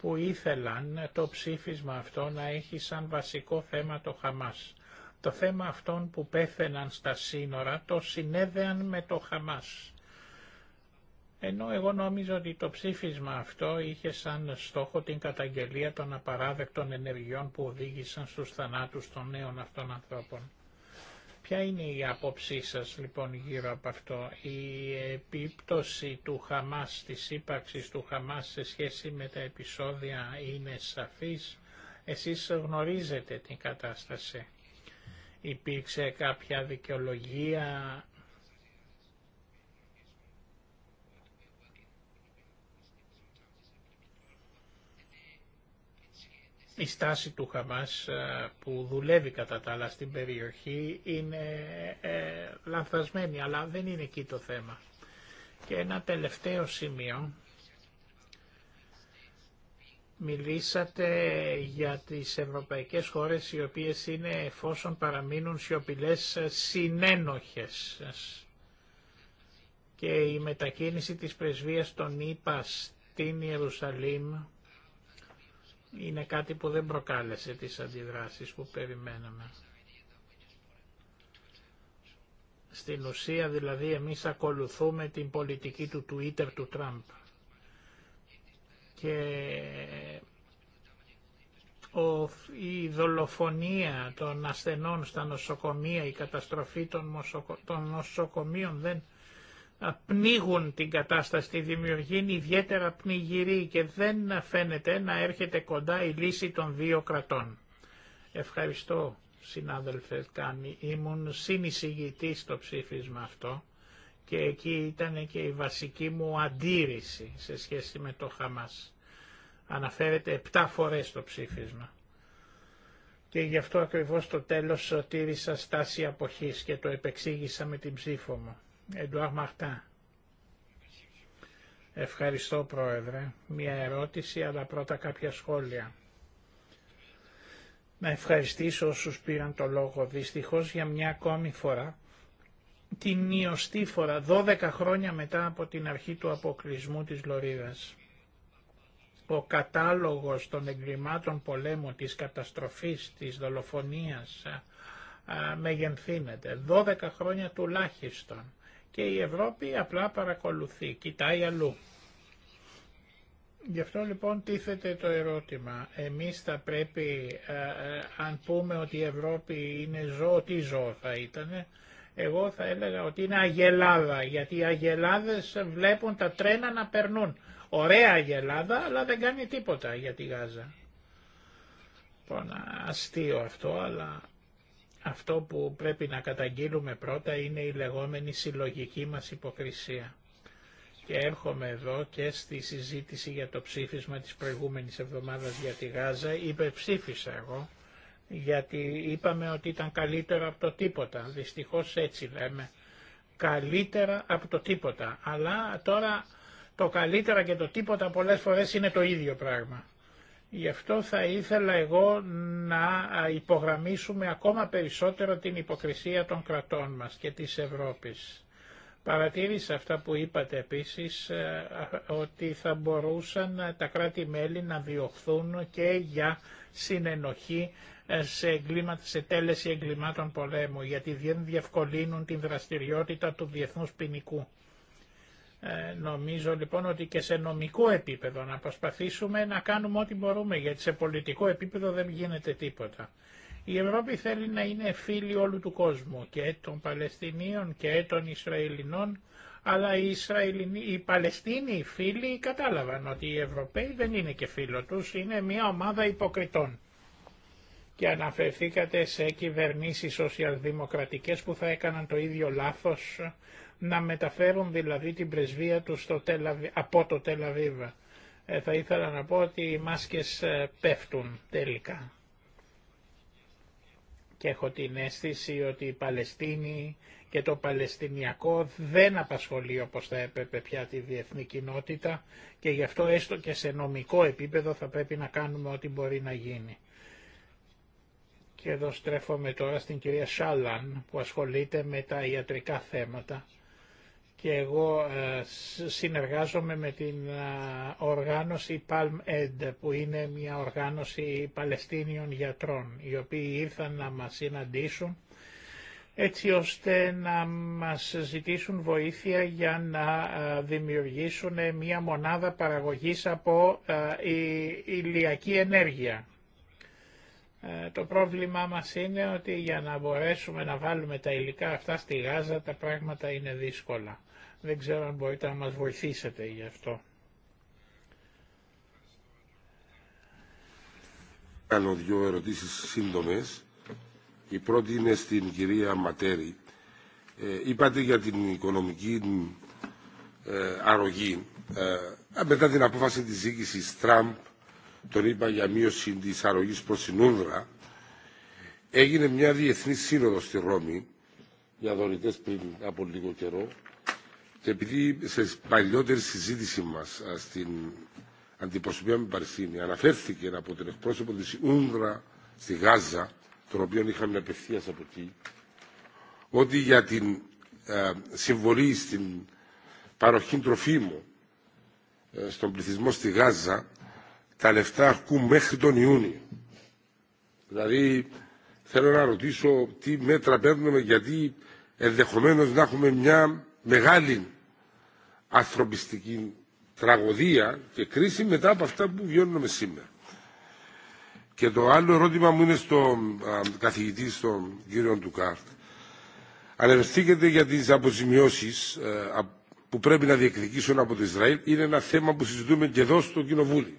που ήθελαν το ψήφισμα αυτό να έχει σαν βασικό θέμα το Χαμάς. Το θέμα αυτών που πέθαιναν στα σύνορα το συνέδεαν με το Χαμάς. Ενώ εγώ νομίζω ότι το ψήφισμα αυτό είχε σαν στόχο την καταγγελία των απαράδεκτων ενεργειών που οδήγησαν στους θανάτους των νέων αυτών ανθρώπων. Ποια είναι η άποψή σας λοιπόν γύρω από αυτό. Η επίπτωση του Χαμάς, της ύπαρξης του Χαμάς σε σχέση με τα επεισόδια είναι σαφής. Εσείς γνωρίζετε την κατάσταση. Υπήρξε κάποια δικαιολογία Η στάση του Χαμάς ε, που δουλεύει κατά τα άλλα στην περιοχή είναι ε, ε, λανθασμένη, αλλά δεν είναι εκεί το θέμα. Και ένα τελευταίο σημείο. Μιλήσατε για τις ευρωπαϊκές χώρες οι οποίες είναι εφόσον παραμείνουν σιωπηλές συνένοχες. Και η μετακίνηση της πρεσβείας των ΙΠΑ στην Ιερουσαλήμ είναι κάτι που δεν προκάλεσε τις αντιδράσεις που περιμέναμε. Στην ουσία δηλαδή εμείς ακολουθούμε την πολιτική του Twitter του Τραμπ. Και ο, η δολοφονία των ασθενών στα νοσοκομεία, η καταστροφή των, νοσοκομείων δεν πνίγουν την κατάσταση, τη δημιουργούν ιδιαίτερα πνιγυρή και δεν φαίνεται να έρχεται κοντά η λύση των δύο κρατών. Ευχαριστώ συνάδελφε Κάνη, ήμουν συνεισηγητή στο ψήφισμα αυτό και εκεί ήταν και η βασική μου αντίρρηση σε σχέση με το Χαμάς. Αναφέρεται επτά φορές το ψήφισμα. Και γι' αυτό ακριβώς το τέλος σωτήρισα στάση αποχής και το επεξήγησα με την ψήφο μου. Εντουάρ Μαρτά. Ευχαριστώ Πρόεδρε. Μια ερώτηση αλλά πρώτα κάποια σχόλια. Να ευχαριστήσω όσους πήραν το λόγο δυστυχώς για μια ακόμη φορά την μειωστή φορά 12 χρόνια μετά από την αρχή του αποκλεισμού της Λωρίδας. Ο κατάλογος των εγκλημάτων πολέμου, της καταστροφής, της δολοφονίας μεγενθύνεται. 12 χρόνια τουλάχιστον και η Ευρώπη απλά παρακολουθεί, κοιτάει αλλού. Γι' αυτό λοιπόν τίθεται το ερώτημα. Εμείς θα πρέπει, ε, ε, αν πούμε ότι η Ευρώπη είναι ζώο, τι ζώο θα ήτανε. εγώ θα έλεγα ότι είναι αγελάδα, γιατί οι αγελάδες βλέπουν τα τρένα να περνούν. Ωραία αγελάδα, αλλά δεν κάνει τίποτα για τη Γάζα. Λοιπόν, αστείο αυτό, αλλά αυτό που πρέπει να καταγγείλουμε πρώτα είναι η λεγόμενη συλλογική μας υποκρισία. Και έρχομαι εδώ και στη συζήτηση για το ψήφισμα της προηγούμενης εβδομάδας για τη Γάζα. Υπερψήφισα εγώ, γιατί είπαμε ότι ήταν καλύτερα από το τίποτα. Δυστυχώς έτσι λέμε. Καλύτερα από το τίποτα. Αλλά τώρα το καλύτερα και το τίποτα πολλές φορές είναι το ίδιο πράγμα. Γι' αυτό θα ήθελα εγώ να υπογραμμίσουμε ακόμα περισσότερο την υποκρισία των κρατών μας και της Ευρώπης. Παρατήρησα αυτά που είπατε επίσης ότι θα μπορούσαν τα κράτη-μέλη να διωχθούν και για συνενοχή σε, εγκλήματα, σε τέλεση εγκλημάτων πολέμου γιατί δεν διευκολύνουν την δραστηριότητα του διεθνούς ποινικού ε, νομίζω λοιπόν ότι και σε νομικό επίπεδο να προσπαθήσουμε να κάνουμε ό,τι μπορούμε, γιατί σε πολιτικό επίπεδο δεν γίνεται τίποτα. Η Ευρώπη θέλει να είναι φίλη όλου του κόσμου, και των Παλαιστινίων και των Ισραηλινών, αλλά οι, Ισραηλινοί, οι Παλαιστίνοι οι φίλοι κατάλαβαν ότι οι Ευρωπαίοι δεν είναι και φίλο τους, είναι μια ομάδα υποκριτών. Και αναφερθήκατε σε κυβερνήσεις σοσιαλδημοκρατικές που θα έκαναν το ίδιο λάθος να μεταφέρουν δηλαδή την πρεσβεία του στο από το Τελαβίβα. Ε, θα ήθελα να πω ότι οι μάσκες ε, πέφτουν τελικά. Και έχω την αίσθηση ότι η Παλαιστίνη και το Παλαιστινιακό δεν απασχολεί όπως θα έπρεπε πια τη διεθνή κοινότητα και γι' αυτό έστω και σε νομικό επίπεδο θα πρέπει να κάνουμε ό,τι μπορεί να γίνει. Και εδώ στρέφομαι τώρα στην κυρία Σάλαν που ασχολείται με τα ιατρικά θέματα και εγώ ε, συνεργάζομαι με την ε, οργάνωση Palm Ed που είναι μια οργάνωση Παλαιστίνιων γιατρών οι οποίοι ήρθαν να μας συναντήσουν έτσι ώστε να μας ζητήσουν βοήθεια για να ε, δημιουργήσουν μια μονάδα παραγωγής από ηλιακή ενέργεια. Ε, το πρόβλημά μας είναι ότι για να μπορέσουμε να βάλουμε τα υλικά αυτά στη Γάζα τα πράγματα είναι δύσκολα. Δεν ξέρω αν μπορείτε να μας βοηθήσετε γι' αυτό. Κάνω δύο ερωτήσεις σύντομες. Η πρώτη είναι στην κυρία Ματέρη. Ε, είπατε για την οικονομική ε, αρρωγή. Ε, μετά την απόφαση της ζήτησης Τραμπ τον είπα για μείωση τη αρρωγή προ την Ούνδρα, έγινε μια διεθνή σύνοδο στη Ρώμη για δωρητέ πριν από λίγο καιρό. Και επειδή σε παλιότερη συζήτηση μα στην αντιπροσωπεία με Παρσίνη αναφέρθηκε από τον εκπρόσωπο τη Ούνδρα στη Γάζα, τον οποίο είχαμε απευθεία από εκεί, ότι για την ε, συμβολή στην παροχή τροφίμων ε, στον πληθυσμό στη Γάζα τα λεφτά αρκούν μέχρι τον Ιούνιο. Δηλαδή θέλω να ρωτήσω τι μέτρα παίρνουμε γιατί ενδεχομένως να έχουμε μια μεγάλη ανθρωπιστική τραγωδία και κρίση μετά από αυτά που βιώνουμε σήμερα. Και το άλλο ερώτημα μου είναι στον καθηγητή, στον κύριο Ντουκάρτ. Ανεβευθήκεται για τις αποζημιώσεις ε, που πρέπει να διεκδικήσουν από το Ισραήλ. Είναι ένα θέμα που συζητούμε και εδώ στο Κοινοβούλιο.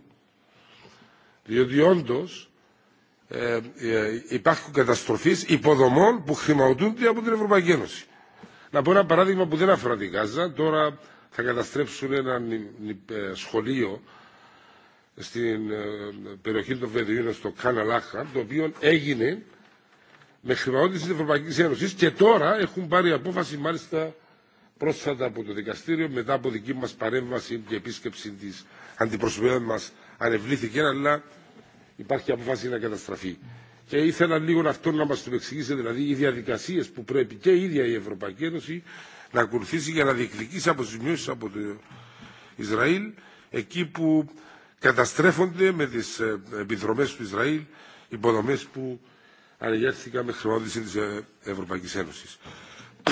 Διότι όντω ε, ε, υπάρχουν καταστροφές υποδομών που χρηματοδοτούνται από την Ευρωπαϊκή Ένωση. Να πω ένα παράδειγμα που δεν αφορά τη Γάζα. Τώρα θα καταστρέψουν ένα ε, σχολείο στην περιοχή των Βεδουίνων στο Καναλάχα, το οποίο έγινε με χρηματοδότηση της Ευρωπαϊκή Ένωση και τώρα έχουν πάρει απόφαση μάλιστα πρόσφατα από το δικαστήριο μετά από δική μα παρέμβαση και επίσκεψη τη αντιπροσωπεία μα ανεβλήθηκε αλλά υπάρχει απόφαση να καταστραφεί. Και ήθελα λίγο αυτό να μα το εξηγήσετε, δηλαδή οι διαδικασίε που πρέπει και η ίδια η Ευρωπαϊκή Ένωση να ακολουθήσει για να διεκδικήσει αποζημιώσει από το Ισραήλ, εκεί που καταστρέφονται με τι ε, επιδρομέ του Ισραήλ υποδομέ που ανεγέρθηκαν με χρηματοδότηση τη ε, Ευρωπαϊκή Ένωση.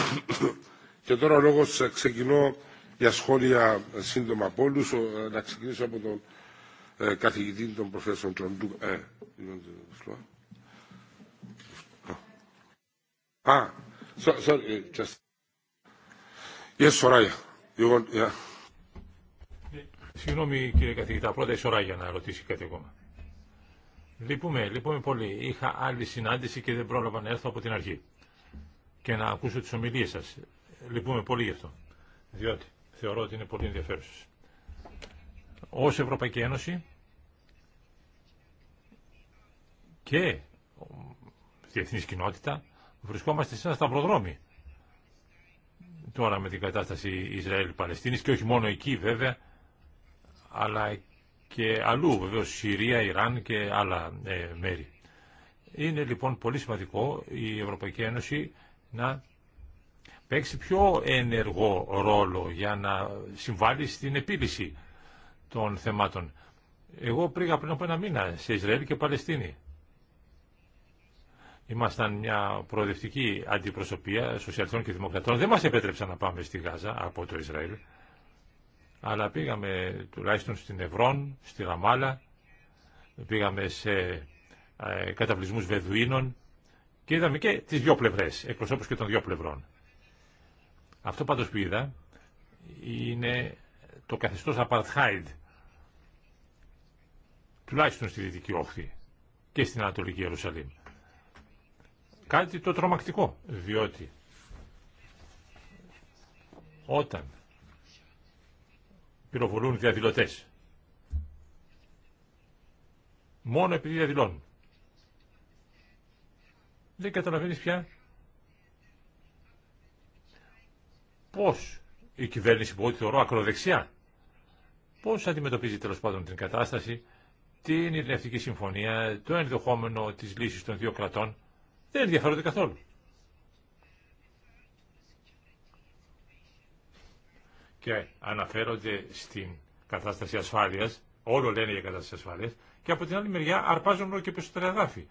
και τώρα ο λόγο ε, ξεκινώ για σχόλια σύντομα από όλου. Να ξεκινήσω από τον ε, καθηγητή των προφέσεων ε, Α, sorry, ε, just... Yes, Soraya. You want, yeah. Συγγνώμη κύριε καθηγητά, πρώτα η Σωράγια να ρωτήσει κάτι ακόμα. Λυπούμε, λυπούμε πολύ. Είχα άλλη συνάντηση και δεν πρόλαβα να έρθω από την αρχή και να ακούσω τι ομιλίε σα. Λυπούμε πολύ γι' αυτό, διότι θεωρώ ότι είναι πολύ ενδιαφέρουσες. Ω Ευρωπαϊκή Ένωση και ε, διεθνή κοινότητα βρισκόμαστε σε ένα σταυροδρόμι. Τώρα με την κατάσταση Ισραήλ-Παλαιστίνης και όχι μόνο εκεί βέβαια, αλλά και αλλού βεβαίω Συρία, Ιράν και άλλα ε, μέρη. Είναι λοιπόν πολύ σημαντικό η Ευρωπαϊκή Ένωση να παίξει πιο ενεργό ρόλο για να συμβάλλει στην επίλυση των θεμάτων. Εγώ πήγα πριν από ένα μήνα σε Ισραήλ και Παλαιστίνη Ήμασταν μια προοδευτική αντιπροσωπεία σοσιαλιστών και δημοκρατών. Δεν μας επέτρεψαν να πάμε στη Γάζα από το Ισραήλ. Αλλά πήγαμε τουλάχιστον στην Ευρών, στη Γαμάλα, πήγαμε σε ε, καταβλισμούς Βεδουίνων και είδαμε και τις δυο πλευρές, εκπροσώπους και των δυο πλευρών. Αυτό πάντως που είδα είναι το καθεστώς apartheid, τουλάχιστον στη Δυτική Όχθη και στην Ανατολική Ιερουσαλήμ. Κάτι το τρομακτικό, διότι όταν πυροβολούν διαδηλωτέ. Μόνο επειδή διαδηλώνουν. Δεν καταλαβαίνεις πια πώς η κυβέρνηση που ό,τι θεωρώ ακροδεξιά, πώς αντιμετωπίζει τέλος πάντων την κατάσταση, την ειρηνευτική συμφωνία, το ενδεχόμενο της λύσης των δύο κρατών δεν ενδιαφέρονται καθόλου. Και αναφέρονται στην κατάσταση ασφάλειας, όλο λένε για κατάσταση ασφάλειας, και από την άλλη μεριά αρπάζουν όλο και περισσότερα εδάφη.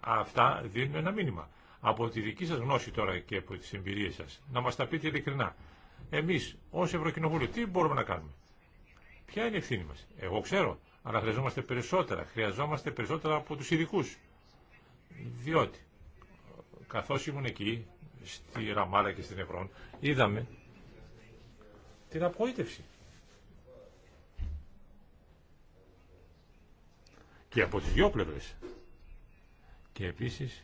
Αυτά δίνουν ένα μήνυμα. Από τη δική σας γνώση τώρα και από τις εμπειρίες σας, να μας τα πείτε ειλικρινά. Εμείς ως Ευρωκοινοβούλιο τι μπορούμε να κάνουμε. Ποια είναι η ευθύνη μας. Εγώ ξέρω, αλλά χρειαζόμαστε περισσότερα. Χρειαζόμαστε περισσότερα από τους ειδικού. Διότι καθώς ήμουν εκεί, στη Ραμάλα και στην Ευρών, είδαμε την απογοήτευση. Και από τις δυο πλευρές. Και επίσης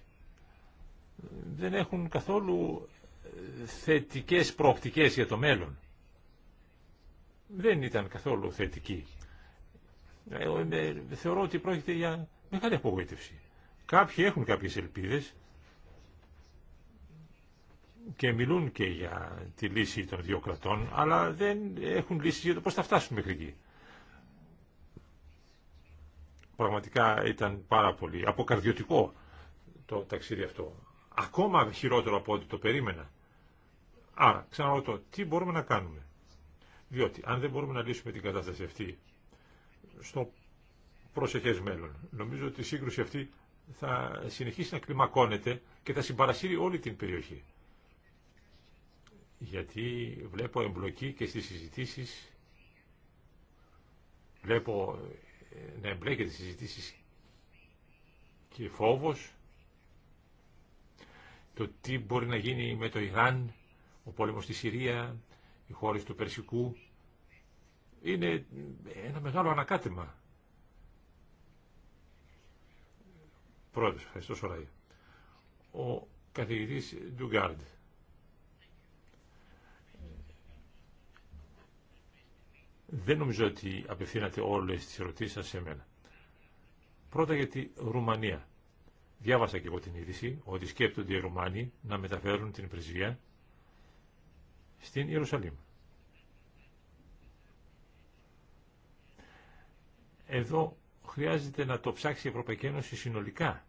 δεν έχουν καθόλου ε, θετικές προοπτικές για το μέλλον. Δεν ήταν καθόλου θετική. Ε, ε, θεωρώ ότι πρόκειται για μεγάλη απογοήτευση. Κάποιοι έχουν κάποιες ελπίδες, και μιλούν και για τη λύση των δύο κρατών, αλλά δεν έχουν λύσει για το πώς θα φτάσουν μέχρι εκεί. Πραγματικά ήταν πάρα πολύ αποκαρδιωτικό το ταξίδι αυτό. Ακόμα χειρότερο από ό,τι το περίμενα. Άρα, ξαναρωτώ, τι μπορούμε να κάνουμε. Διότι, αν δεν μπορούμε να λύσουμε την κατάσταση αυτή στο προσεχές μέλλον, νομίζω ότι η σύγκρουση αυτή θα συνεχίσει να κλιμακώνεται και θα συμπαρασύρει όλη την περιοχή γιατί βλέπω εμπλοκή και στις συζητήσεις βλέπω ε, να εμπλέκεται στις συζητήσεις και φόβος το τι μπορεί να γίνει με το Ιράν, ο πόλεμος στη Συρία, οι χώρες του Περσικού. Είναι ένα μεγάλο ανακάτεμα. Πρόεδρος, ευχαριστώ Ο καθηγητής Ντουγκάρντ. Δεν νομίζω ότι απευθύνατε όλες τι ερωτήσει σα σε μένα. Πρώτα για τη Ρουμανία. Διάβασα και εγώ την είδηση ότι σκέπτονται οι Ρουμάνοι να μεταφέρουν την πρεσβεία στην Ιερουσαλήμ. Εδώ χρειάζεται να το ψάξει η Ευρωπαϊκή Ένωση συνολικά,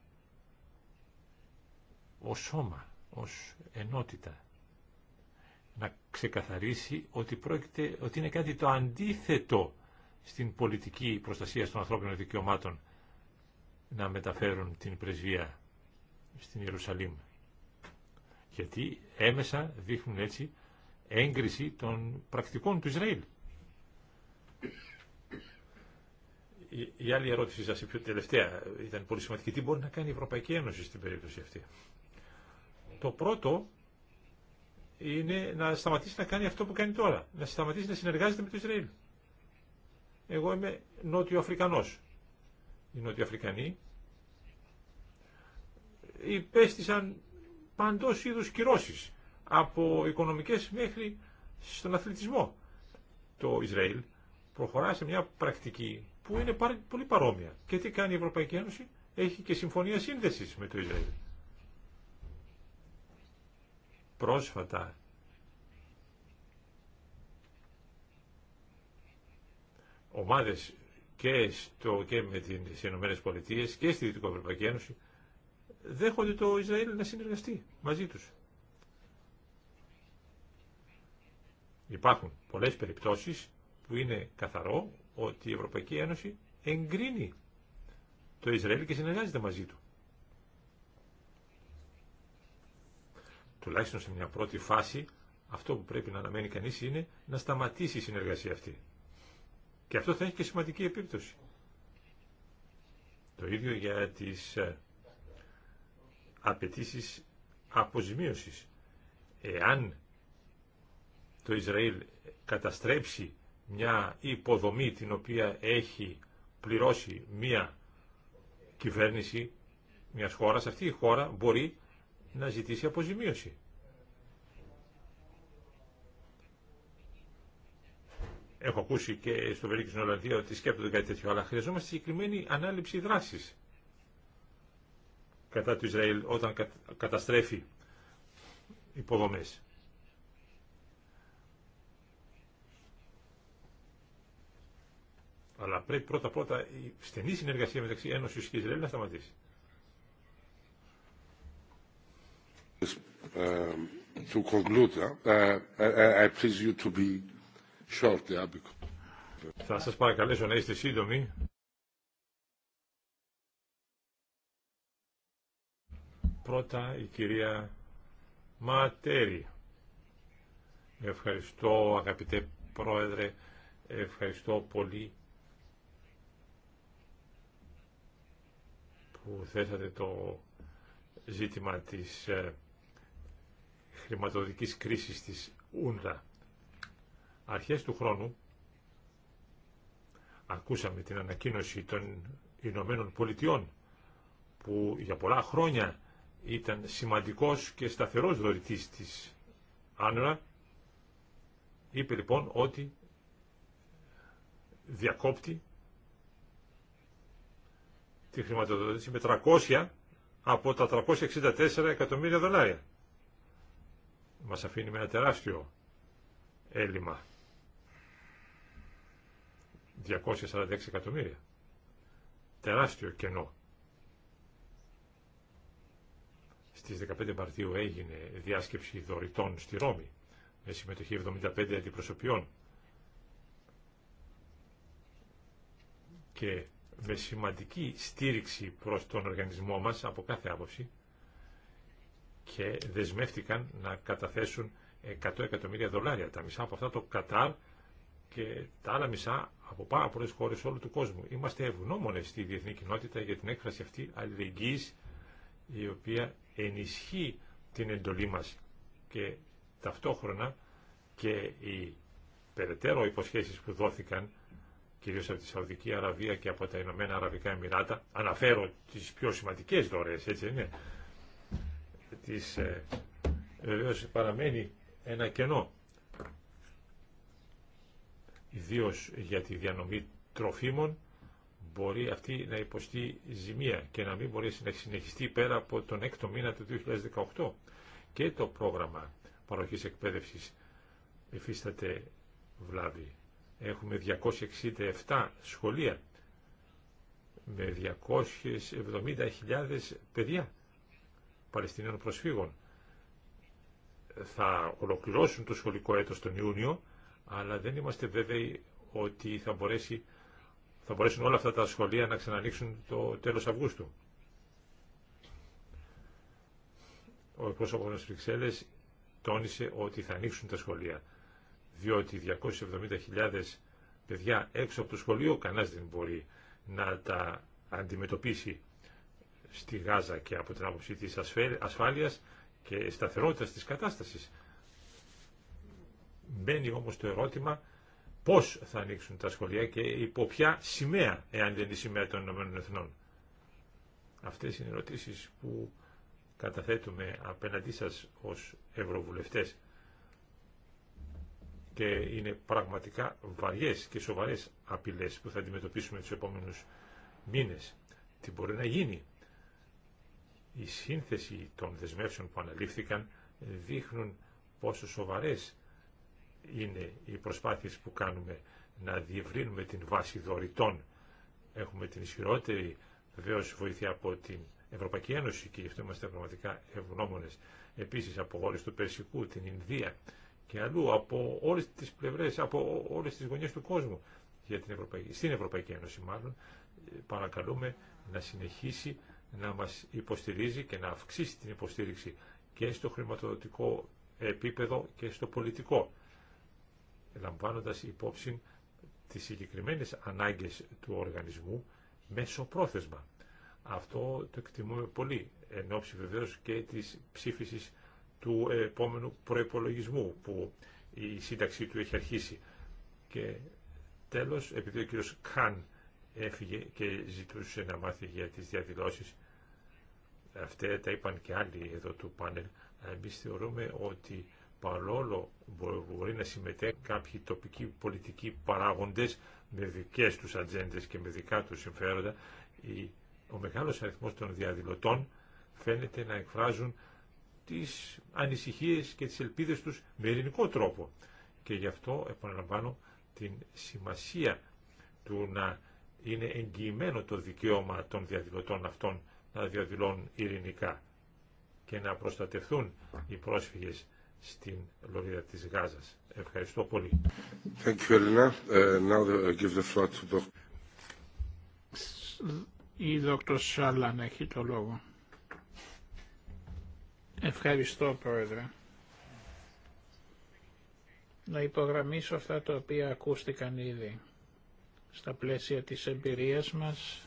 ως σώμα, ως ενότητα ξεκαθαρίσει ότι, πρόκειται, ότι είναι κάτι το αντίθετο στην πολιτική προστασία των ανθρώπινων δικαιωμάτων να μεταφέρουν την πρεσβεία στην Ιερουσαλήμ. Γιατί έμεσα δείχνουν έτσι έγκριση των πρακτικών του Ισραήλ. Η άλλη ερώτηση σας, η πιο τελευταία, ήταν πολύ σημαντική. Τι μπορεί να κάνει η Ευρωπαϊκή Ένωση στην περίπτωση αυτή. Το πρώτο είναι να σταματήσει να κάνει αυτό που κάνει τώρα. Να σταματήσει να συνεργάζεται με το Ισραήλ. Εγώ είμαι Νότιο Αφρικανό, Οι Νότιο Αφρικανοί υπέστησαν παντός είδου κυρώσει από οικονομικές μέχρι στον αθλητισμό. Το Ισραήλ προχωρά σε μια πρακτική που είναι πολύ παρόμοια. Και τι κάνει η Ευρωπαϊκή Ένωση, έχει και συμφωνία σύνδεση με το Ισραήλ πρόσφατα ομάδες και, και με τις Ηνωμένες Πολιτείες και στη ευρωπαϊκή Ένωση δέχονται το Ισραήλ να συνεργαστεί μαζί τους. Υπάρχουν πολλές περιπτώσεις που είναι καθαρό ότι η Ευρωπαϊκή Ένωση εγκρίνει το Ισραήλ και συνεργάζεται μαζί του. τουλάχιστον σε μια πρώτη φάση, αυτό που πρέπει να αναμένει κανείς είναι να σταματήσει η συνεργασία αυτή. Και αυτό θα έχει και σημαντική επίπτωση. Το ίδιο για τις ε, απαιτήσει αποζημίωσης. Εάν το Ισραήλ καταστρέψει μια υποδομή την οποία έχει πληρώσει μια κυβέρνηση μιας χώρας, αυτή η χώρα μπορεί να ζητήσει αποζημίωση. Έχω ακούσει και στο Βελίκη στην Ολλανδία ότι σκέπτονται κάτι τέτοιο, αλλά χρειαζόμαστε συγκεκριμένη ανάληψη δράση κατά του Ισραήλ όταν καταστρέφει υποδομές. Αλλά πρέπει πρώτα-πρώτα η στενή συνεργασία μεταξύ Ένωση και Ισραήλ να σταματήσει. to be short. Θα σας παρακαλέσω να είστε σύντομοι. Πρώτα η κυρία Ματέρη. Ευχαριστώ αγαπητέ Πρόεδρε, ευχαριστώ πολύ που θέσατε το ζήτημα της ε, χρηματοδοτικής κρίσης της Ούνρα. Αρχές του χρόνου ακούσαμε την ανακοίνωση των Ηνωμένων Πολιτειών που για πολλά χρόνια ήταν σημαντικός και σταθερός δωρητής της Άνωρα. Είπε λοιπόν ότι διακόπτει τη χρηματοδότηση με 300 από τα 364 εκατομμύρια δολάρια μας αφήνει με ένα τεράστιο έλλειμμα. 246 εκατομμύρια. Τεράστιο κενό. Στις 15 Μαρτίου έγινε διάσκεψη δωρητών στη Ρώμη με συμμετοχή 75 αντιπροσωπιών και με σημαντική στήριξη προς τον οργανισμό μας από κάθε άποψη και δεσμεύτηκαν να καταθέσουν 100 εκατομμύρια δολάρια. Τα μισά από αυτά το Κατάρ και τα άλλα μισά από πάρα πολλέ χώρε όλου του κόσμου. Είμαστε ευγνώμονε στη διεθνή κοινότητα για την έκφραση αυτή αλληλεγγύη η οποία ενισχύει την εντολή μα και ταυτόχρονα και οι περαιτέρω υποσχέσεις που δόθηκαν κυρίως από τη Σαουδική Αραβία και από τα Ηνωμένα Αραβικά Εμμυράτα, αναφέρω τις πιο σημαντικές δωρεές, έτσι είναι, της ε, βεβαίως παραμένει ένα κενό ιδίω για τη διανομή τροφίμων μπορεί αυτή να υποστεί ζημία και να μην μπορεί να συνεχιστεί πέρα από τον έκτο μήνα του 2018 και το πρόγραμμα παροχής εκπαίδευσης εφίσταται βλάβη. Έχουμε 267 σχολεία με 270.000 παιδιά Παλαιστινίων προσφύγων. Θα ολοκληρώσουν το σχολικό έτος τον Ιούνιο, αλλά δεν είμαστε βέβαιοι ότι θα, μπορέσει, θα μπορέσουν όλα αυτά τα σχολεία να ξανανοίξουν το τέλος Αυγούστου. Ο εκπρόσωπος μας Βρυξέλλε τόνισε ότι θα ανοίξουν τα σχολεία, διότι 270.000 παιδιά έξω από το σχολείο κανένας δεν μπορεί να τα αντιμετωπίσει στη Γάζα και από την άποψη της ασφάλειας και σταθερότητας της κατάστασης. Μπαίνει όμως το ερώτημα πώς θα ανοίξουν τα σχολεία και υπό ποια σημαία, εάν δεν είναι η σημαία των Ηνωμένων Εθνών. Αυτές είναι οι ερωτήσεις που καταθέτουμε απέναντί σας ως Ευρωβουλευτές και είναι πραγματικά βαριές και σοβαρές απειλές που θα αντιμετωπίσουμε τους επόμενους μήνες. Τι μπορεί να γίνει η σύνθεση των δεσμεύσεων που αναλήφθηκαν δείχνουν πόσο σοβαρές είναι οι προσπάθειες που κάνουμε να διευρύνουμε την βάση δωρητών. Έχουμε την ισχυρότερη βεβαίω βοήθεια από την Ευρωπαϊκή Ένωση και γι' αυτό είμαστε πραγματικά ευγνώμονε. Επίση από χώρε του Περσικού, την Ινδία και αλλού, από όλε τι πλευρέ, από όλε τι γωνιέ του κόσμου για την Ευρωπαϊκή, στην Ευρωπαϊκή Ένωση μάλλον, παρακαλούμε να συνεχίσει να μας υποστηρίζει και να αυξήσει την υποστήριξη και στο χρηματοδοτικό επίπεδο και στο πολιτικό, λαμβάνοντας υπόψη τις συγκεκριμένες ανάγκες του οργανισμού μέσω πρόθεσμα. Αυτό το εκτιμούμε πολύ, εν ώψη βεβαίως και της ψήφισης του επόμενου προϋπολογισμού που η σύνταξή του έχει αρχίσει. Και τέλος, επειδή ο κ. Καν έφυγε και ζητούσε να μάθει για τις διαδηλώσεις, Αυτά τα είπαν και άλλοι εδώ του πάνελ. Εμεί θεωρούμε ότι παρόλο μπορεί να συμμετέχουν κάποιοι τοπικοί πολιτικοί παράγοντες με δικές τους ατζέντε και με δικά τους συμφέροντα, ο μεγάλος αριθμός των διαδηλωτών φαίνεται να εκφράζουν τις ανησυχίες και τις ελπίδες τους με ειρηνικό τρόπο. Και γι' αυτό επαναλαμβάνω την σημασία του να είναι εγγυημένο το δικαίωμα των διαδηλωτών αυτών να διαδηλώνουν ειρηνικά και να προστατευτούν οι πρόσφυγες στην Λωρίδα της Γάζας. Ευχαριστώ πολύ. Ευχαριστώ, Πρόεδρε. Να υπογραμμίσω αυτά τα οποία ακούστηκαν ήδη. Στα πλαίσια της εμπειρίας μας,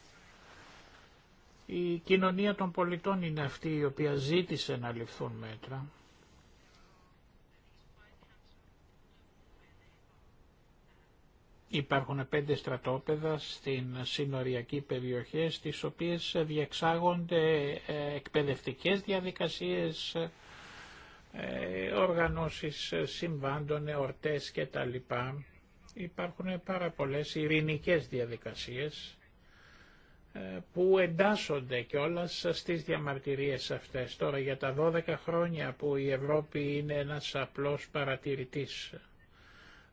η κοινωνία των πολιτών είναι αυτή η οποία ζήτησε να ληφθούν μέτρα. Υπάρχουν πέντε στρατόπεδα στην συνοριακή περιοχή, στις οποίες διεξάγονται ε, εκπαιδευτικές διαδικασίες, ε, οργανώσεις ε, συμβάντων, εορτές κτλ. Υπάρχουν πάρα πολλές ειρηνικές διαδικασίες ε, που εντάσσονται όλα στις διαμαρτυρίες αυτές. Τώρα για τα 12 χρόνια που η Ευρώπη είναι ένας απλός παρατηρητής.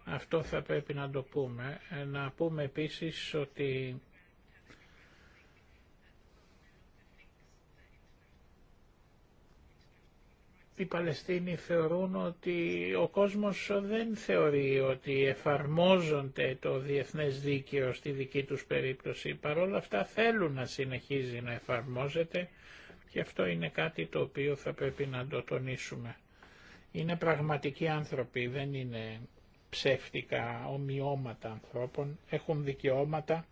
Αυτό θα πρέπει να το πούμε. Ε, να πούμε επίσης ότι οι Παλαιστίνοι θεωρούν ότι ο κόσμος δεν θεωρεί ότι εφαρμόζονται το διεθνές δίκαιο στη δική τους περίπτωση. Παρόλα αυτά θέλουν να συνεχίζει να εφαρμόζεται και αυτό είναι κάτι το οποίο θα πρέπει να το τονίσουμε. Είναι πραγματικοί άνθρωποι, δεν είναι ψεύτικα ομοιώματα ανθρώπων, έχουν δικαιώματα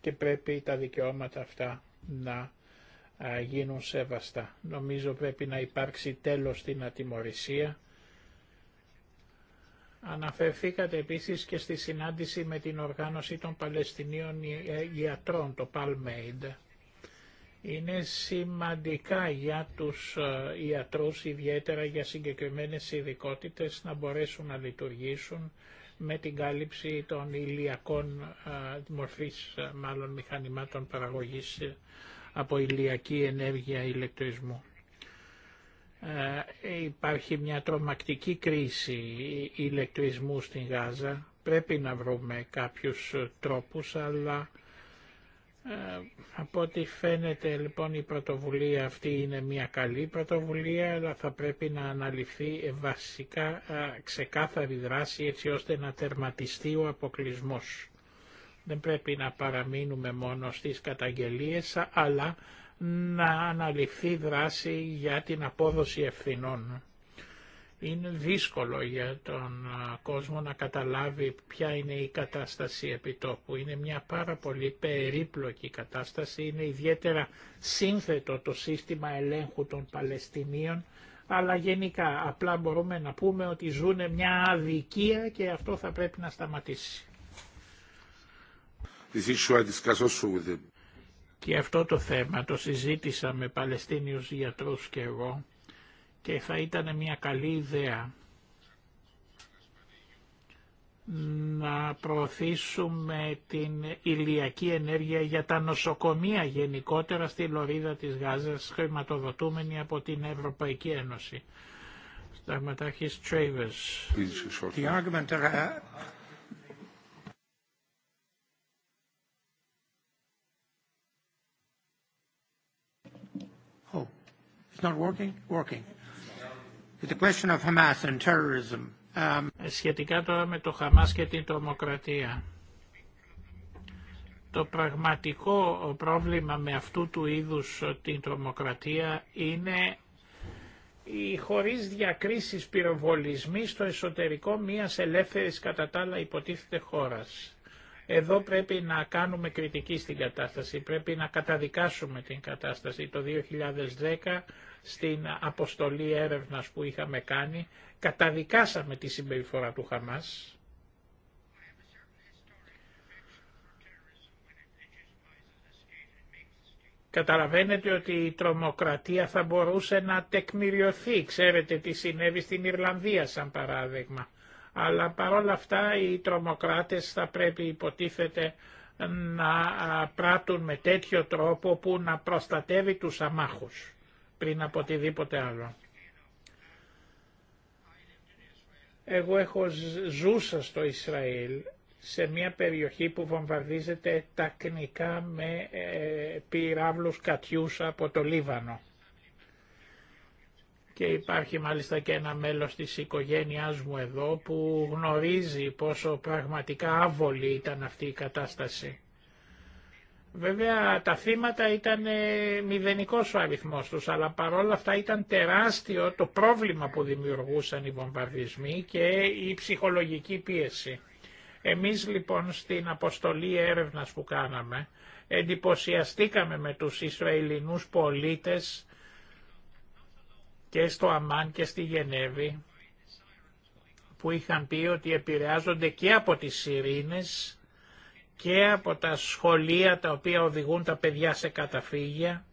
και πρέπει τα δικαιώματα αυτά να γίνουν σεβαστά. Νομίζω πρέπει να υπάρξει τέλος στην ατιμορρησία. Αναφερθήκατε επίσης και στη συνάντηση με την οργάνωση των Παλαιστινίων ε, Ιατρών, το PALMAID. Είναι σημαντικά για τους ε, ιατρούς, ιδιαίτερα για συγκεκριμένες ειδικότητε να μπορέσουν να λειτουργήσουν με την κάλυψη των ηλιακών ε, μορφής, μάλλον μηχανημάτων παραγωγής από ηλιακή ενέργεια ηλεκτρισμού. Ε, υπάρχει μια τρομακτική κρίση ηλεκτρισμού στην Γάζα. Πρέπει να βρούμε κάποιους τρόπους, αλλά ε, από ό,τι φαίνεται λοιπόν η πρωτοβουλία αυτή είναι μια καλή πρωτοβουλία, αλλά θα πρέπει να αναλυφθεί βασικά ε, ξεκάθαρη δράση έτσι ώστε να τερματιστεί ο αποκλεισμός. Δεν πρέπει να παραμείνουμε μόνο στις καταγγελίες, αλλά να αναλυφθεί δράση για την απόδοση ευθυνών. Είναι δύσκολο για τον κόσμο να καταλάβει ποια είναι η κατάσταση επιτόπου. Είναι μια πάρα πολύ περίπλοκη κατάσταση, είναι ιδιαίτερα σύνθετο το σύστημα ελέγχου των Παλαιστινίων, αλλά γενικά απλά μπορούμε να πούμε ότι ζουν μια αδικία και αυτό θα πρέπει να σταματήσει. Και αυτό το θέμα το συζήτησα με Παλαιστίνιους γιατρούς και εγώ και θα ήταν μια καλή ιδέα να προωθήσουμε την ηλιακή ενέργεια για τα νοσοκομεία γενικότερα στη Λωρίδα της Γάζας χρηματοδοτούμενη από την Ευρωπαϊκή Ένωση. Σταγματάρχης Τρέιβες. It's not working? Working. question of Hamas and terrorism. Um, ε, σχετικά τώρα με το Χαμάς και την τρομοκρατία. Το πραγματικό πρόβλημα με αυτού του είδους την τρομοκρατία είναι η χωρίς διακρίσεις πυροβολισμη στο εσωτερικό μιας ελεύθερης κατά τα άλλα υποτίθεται χώρας. Εδώ πρέπει να κάνουμε κριτική στην κατάσταση, πρέπει να καταδικάσουμε την κατάσταση. Το 2010 στην αποστολή έρευνας που είχαμε κάνει καταδικάσαμε τη συμπεριφορά του Χαμάς. Καταλαβαίνετε ότι η τρομοκρατία θα μπορούσε να τεκμηριωθεί. Ξέρετε τι συνέβη στην Ιρλανδία σαν παράδειγμα αλλά παρόλα αυτά οι τρομοκράτες θα πρέπει υποτίθεται να πράττουν με τέτοιο τρόπο που να προστατεύει τους αμάχους πριν από οτιδήποτε άλλο. Εγώ έχω ζούσα στο Ισραήλ σε μια περιοχή που βομβαρδίζεται τακνικά με ε, πυράβλους κατιούς από το Λίβανο και υπάρχει μάλιστα και ένα μέλος της οικογένειάς μου εδώ που γνωρίζει πόσο πραγματικά άβολη ήταν αυτή η κατάσταση. Βέβαια τα θύματα ήταν ε, μηδενικός ο αριθμός τους, αλλά παρόλα αυτά ήταν τεράστιο το πρόβλημα που δημιουργούσαν οι βομβαρδισμοί και η ψυχολογική πίεση. Εμείς λοιπόν στην αποστολή έρευνας που κάναμε εντυπωσιαστήκαμε με τους Ισραηλινούς πολίτες και στο Αμάν και στη Γενέβη που είχαν πει ότι επηρεάζονται και από τις σιρήνες και από τα σχολεία τα οποία οδηγούν τα παιδιά σε καταφύγια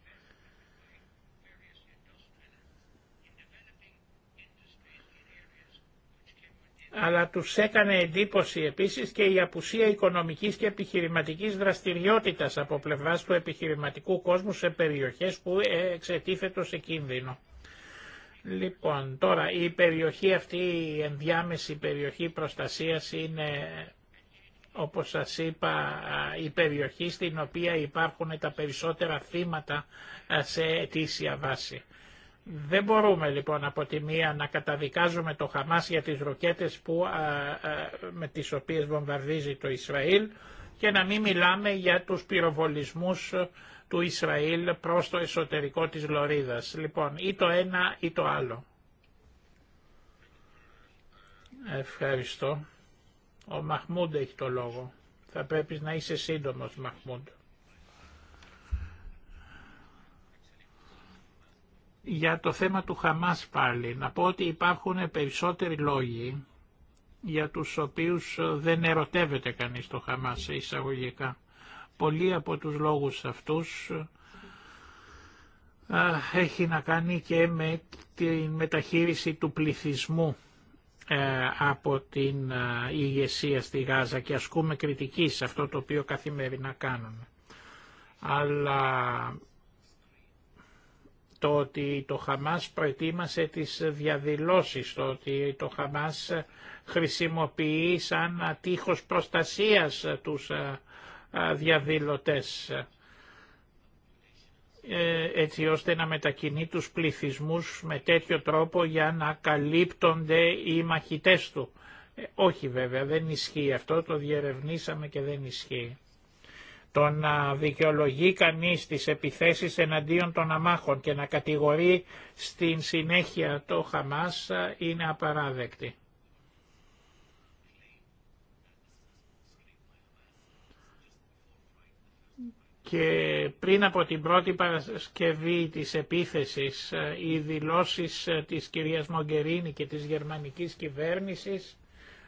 αλλά τους έκανε εντύπωση επίσης και η απουσία οικονομικής και επιχειρηματικής δραστηριότητας από πλευράς του επιχειρηματικού κόσμου σε περιοχές που εξετίθετο σε κίνδυνο. Λοιπόν, τώρα η περιοχή αυτή, η ενδιάμεση περιοχή προστασίας είναι, όπως σας είπα, η περιοχή στην οποία υπάρχουν τα περισσότερα θύματα σε αιτήσια βάση. Δεν μπορούμε λοιπόν από τη μία να καταδικάζουμε το Χαμάς για τις ροκέτες που, με τις οποίες βομβαρδίζει το Ισραήλ και να μην μιλάμε για τους πυροβολισμούς του Ισραήλ προς το εσωτερικό της Λωρίδας. Λοιπόν, ή το ένα ή το άλλο. Ευχαριστώ. Ο Μαχμούντ έχει το λόγο. Θα πρέπει να είσαι σύντομος, Μαχμούντ. Για το θέμα του Χαμάς πάλι, να πω ότι υπάρχουν περισσότεροι λόγοι για τους οποίους δεν ερωτεύεται κανείς το Χαμάς εισαγωγικά. Πολλοί από τους λόγους αυτούς έχει να κάνει και με τη μεταχείριση του πληθυσμού ε, από την ηγεσία στη Γάζα και ασκούμε κριτική σε αυτό το οποίο καθημερινά κάνουμε. Αλλά το ότι το Χαμάς προετοίμασε τις διαδηλώσεις, το ότι το Χαμάς χρησιμοποιεί σαν τείχος προστασίας τους διαδηλωτές ε, έτσι ώστε να μετακινεί τους πληθυσμούς με τέτοιο τρόπο για να καλύπτονται οι μαχητές του. Ε, όχι βέβαια, δεν ισχύει αυτό, το διερευνήσαμε και δεν ισχύει. Το να δικαιολογεί κανείς τις επιθέσεις εναντίον των αμάχων και να κατηγορεί στην συνέχεια το Χαμάς ε, είναι απαράδεκτη. και πριν από την πρώτη Παρασκευή της επίθεσης ε, οι δηλώσεις ε, της κυρίας Μογκερίνη και της γερμανικής κυβέρνησης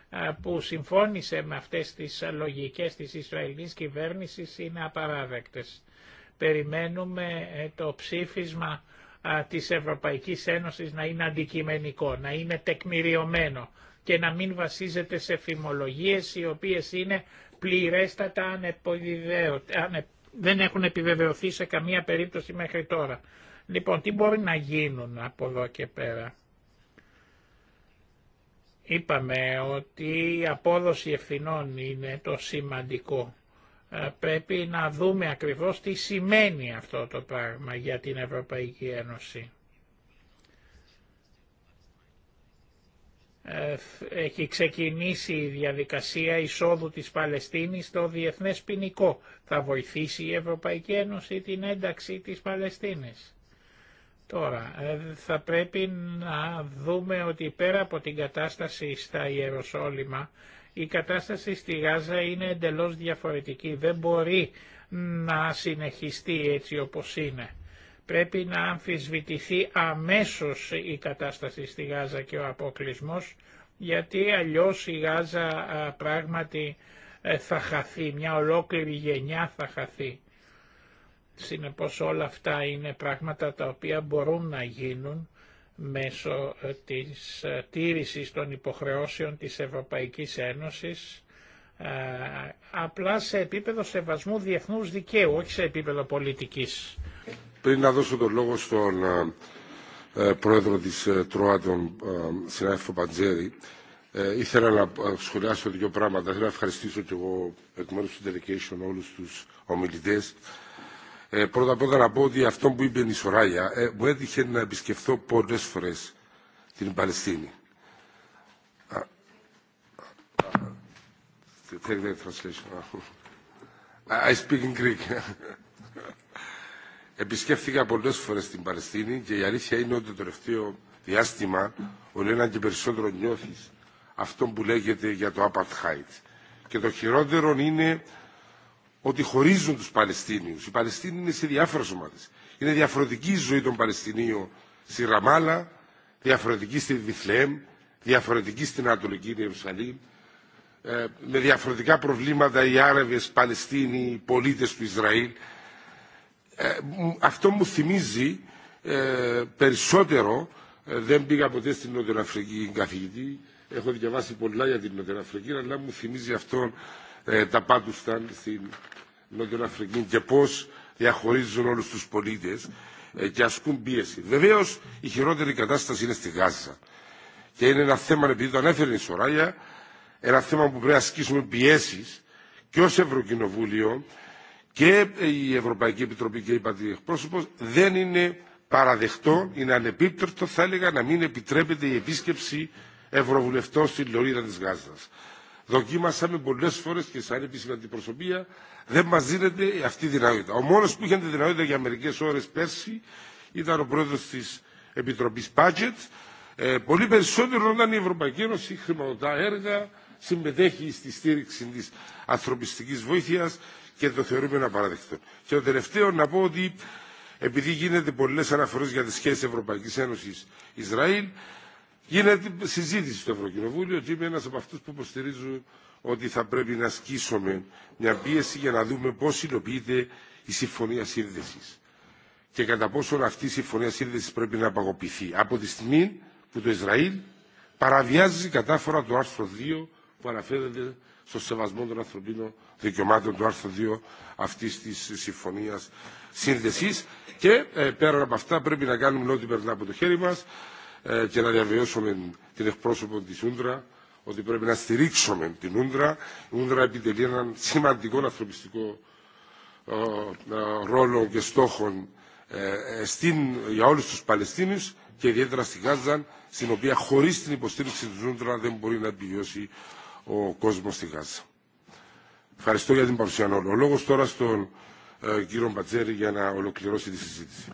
ε, που συμφώνησε με αυτές τις λογικές της Ισραηλής κυβέρνησης είναι απαράδεκτες. Περιμένουμε το ψήφισμα της Ευρωπαϊκής Ένωσης να είναι αντικειμενικό, να είναι τεκμηριωμένο και να μην βασίζεται σε φημολογίες οι οποίες είναι πληρέστατα ανεπιβεβαιωτές δεν έχουν επιβεβαιωθεί σε καμία περίπτωση μέχρι τώρα. Λοιπόν, τι μπορεί να γίνουν από εδώ και πέρα. Είπαμε ότι η απόδοση ευθυνών είναι το σημαντικό. Ε, πρέπει να δούμε ακριβώς τι σημαίνει αυτό το πράγμα για την Ευρωπαϊκή Ένωση. έχει ξεκινήσει η διαδικασία εισόδου της Παλαιστίνης στο διεθνές ποινικό. Θα βοηθήσει η Ευρωπαϊκή Ένωση την ένταξη της Παλαιστίνης. Τώρα, ε, θα πρέπει να δούμε ότι πέρα από την κατάσταση στα Ιεροσόλυμα, η κατάσταση στη Γάζα είναι εντελώς διαφορετική. Δεν μπορεί να συνεχιστεί έτσι όπως είναι πρέπει να αμφισβητηθεί αμέσως η κατάσταση στη Γάζα και ο αποκλεισμό, γιατί αλλιώς η Γάζα πράγματι ε, θα χαθεί, μια ολόκληρη γενιά θα χαθεί. Συνεπώς όλα αυτά είναι πράγματα τα οποία μπορούν να γίνουν μέσω ε, της ε, τήρησης των υποχρεώσεων της Ευρωπαϊκής Ένωσης απλά σε επίπεδο σεβασμού διεθνούς δικαίου, όχι σε επίπεδο πολιτικής. Πριν να δώσω τον λόγο στον ε, ε, πρόεδρο της ε, ΤΡΟΑ, τον συνάδελφο Παντζέρη, ήθελα να σχολιάσω δύο πράγματα. Θέλω να ευχαριστήσω και εγώ εκ μέρους του delegation όλους τους ομιλητές. Ε, πρώτα απ' όλα να πω ότι αυτό που είπε η Σωράγια ε, μου έτυχε να επισκεφθώ πολλές φορές την Παλαιστίνη. Take I Επισκέφθηκα πολλέ φορέ την Παλαιστίνη και η αλήθεια είναι ότι το τελευταίο διάστημα ο ένα και περισσότερο νιώθει αυτό που λέγεται για το Apartheid. Και το χειρότερο είναι ότι χωρίζουν του Παλαιστίνιου. Οι Παλαιστίνοι είναι σε διάφορε ομάδε. Είναι διαφορετική η ζωή των Παλαιστινίων στη Ραμάλα, διαφορετική στη Βιθλέμ, διαφορετική στην Ανατολική Ιερουσαλήμ, ε, με διαφορετικά προβλήματα οι Άραβες, Παλαιστίνοι, οι πολίτε του Ισραήλ. Ε, αυτό μου θυμίζει ε, περισσότερο, ε, δεν πήγα ποτέ στην Νότια Αφρική καθηγητή, έχω διαβάσει πολλά για την Νότια Αφρική, αλλά μου θυμίζει αυτό τα πάντουσταν στην Νότια Αφρική και πώς διαχωρίζουν όλους τους πολίτες και ασκούν πίεση. Βεβαίω η χειρότερη κατάσταση είναι στη Γάζα. Και είναι ένα θέμα, επειδή το ανέφερε η Σωράγια, ένα θέμα που πρέπει να ασκήσουμε πιέσει και ω Ευρωκοινοβούλιο και η Ευρωπαϊκή Επιτροπή και η Πατρική Εκπρόσωπο δεν είναι παραδεκτό, είναι ανεπίπτωτο θα έλεγα να μην επιτρέπεται η επίσκεψη Ευρωβουλευτών στην Λωρίδα της Γάζας. Δοκίμασαμε πολλέ φορέ και σαν επίσημη αντιπροσωπεία δεν μας δίνεται αυτή η δυνατότητα. Ο μόνο που είχε τη δυνατότητα για μερικέ ώρε πέρσι ήταν ο πρόεδρο τη επιτροπή Πάτζετ. Ε, πολύ περισσότερο όταν η Ευρωπαϊκή Ένωση χρηματοδοτά έργα, συμμετέχει στη στήριξη τη ανθρωπιστική βοήθεια και το θεωρούμε απαραδεκτό. Και το τελευταίο να πω ότι επειδή γίνεται πολλέ αναφορέ για τι σχέσει Ευρωπαϊκή Ένωση Ισραήλ, γίνεται συζήτηση στο Ευρωκοινοβούλιο και είμαι ένα από αυτού που υποστηρίζουν ότι θα πρέπει να ασκήσουμε μια πίεση για να δούμε πώ υλοποιείται η Συμφωνία Σύνδεση και κατά πόσο αυτή η Συμφωνία Σύνδεση πρέπει να απαγοποιηθεί. Από τη στιγμή που το Ισραήλ παραβιάζει κατάφορα το άρθρο 2 που αναφέρεται στο σεβασμό των ανθρωπίνων δικαιωμάτων του άρθρου 2 αυτή τη συμφωνία σύνδεση. Και ε, πέρα από αυτά πρέπει να κάνουμε ό,τι περνά από το χέρι μα ε, και να διαβεβαιώσουμε την εκπρόσωπο τη Ούντρα ότι πρέπει να στηρίξουμε την Ούντρα. Η Ούντρα επιτελεί έναν σημαντικό ανθρωπιστικό ε, ρόλο και στόχο για όλους τους Παλαιστίνους και ιδιαίτερα στη Γάζα, στην οποία χωρίς την υποστήριξη τη Ούντρα δεν μπορεί να επιβιώσει ο κόσμο στη Γάζα. Ευχαριστώ για την παρουσία όλων. Ο λόγο τώρα στον ε, κύριο Μπατζέρη για να ολοκληρώσει τη συζήτηση.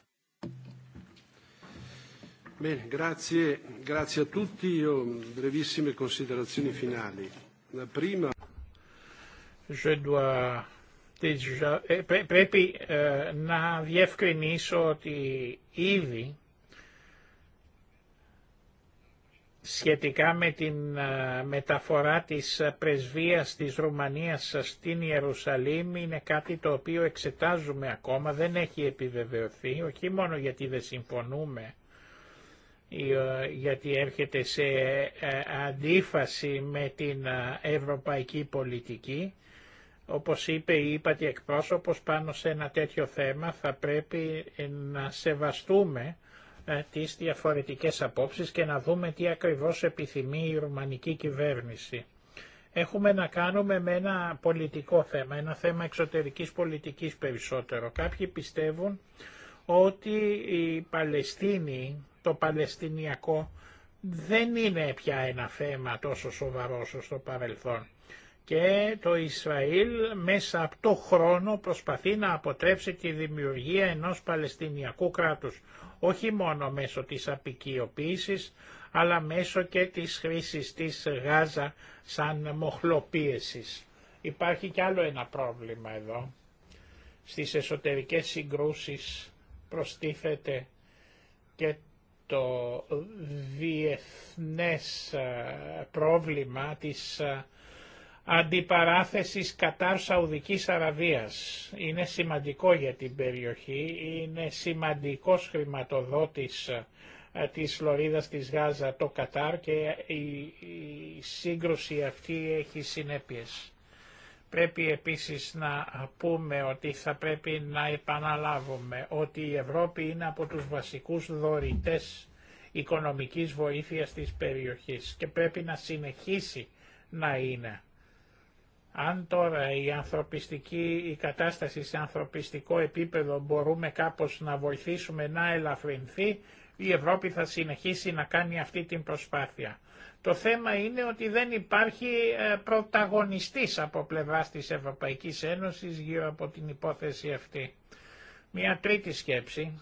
Bene, grazie, grazie a tutti. Io brevissime considerazioni Πρέπει eh, eh, να διευκρινίσω ότι ήδη σχετικά με την ε, μεταφορά της ε, πρεσβείας της Ρουμανίας ε, στην Ιερουσαλήμ είναι κάτι το οποίο εξετάζουμε ακόμα, δεν έχει επιβεβαιωθεί, όχι μόνο γιατί δεν συμφωνούμε, γιατί έρχεται σε αντίφαση με την ευρωπαϊκή πολιτική. Όπως είπε η ύπατη εκπρόσωπος πάνω σε ένα τέτοιο θέμα θα πρέπει να σεβαστούμε ε, τις διαφορετικές απόψεις και να δούμε τι ακριβώς επιθυμεί η ρουμανική κυβέρνηση. Έχουμε να κάνουμε με ένα πολιτικό θέμα, ένα θέμα εξωτερικής πολιτικής περισσότερο. Κάποιοι πιστεύουν ότι η Παλαιστίνη, το Παλαιστινιακό, δεν είναι πια ένα θέμα τόσο σοβαρό όσο στο παρελθόν. Και το Ισραήλ μέσα από το χρόνο προσπαθεί να αποτρέψει τη δημιουργία ενός Παλαιστινιακού κράτους όχι μόνο μέσω της απικιοποίησης, αλλά μέσω και της χρήσης της γάζα σαν μοχλοπίεσης. Υπάρχει κι άλλο ένα πρόβλημα εδώ. Στις εσωτερικές συγκρούσεις προστίθεται και το διεθνές ε, πρόβλημα της ε, αντιπαράθεσης Κατάρ Σαουδικής Αραβίας. Είναι σημαντικό για την περιοχή, είναι σημαντικός χρηματοδότης ε, της Λωρίδας της Γάζα το Κατάρ και η σύγκρουση αυτή έχει συνέπειες. Πρέπει επίσης να πούμε ότι θα πρέπει να επαναλάβουμε ότι η Ευρώπη είναι από τους βασικούς δωρητές οικονομικής βοήθειας της περιοχής και πρέπει να συνεχίσει να είναι. Αν τώρα η ανθρωπιστική, κατάσταση σε ανθρωπιστικό επίπεδο μπορούμε κάπως να βοηθήσουμε να ελαφρυνθεί, η Ευρώπη θα συνεχίσει να κάνει αυτή την προσπάθεια. Το θέμα είναι ότι δεν υπάρχει ε, πρωταγωνιστής από πλευράς της Ευρωπαϊκής Ένωσης γύρω από την υπόθεση αυτή. Μια τρίτη σκέψη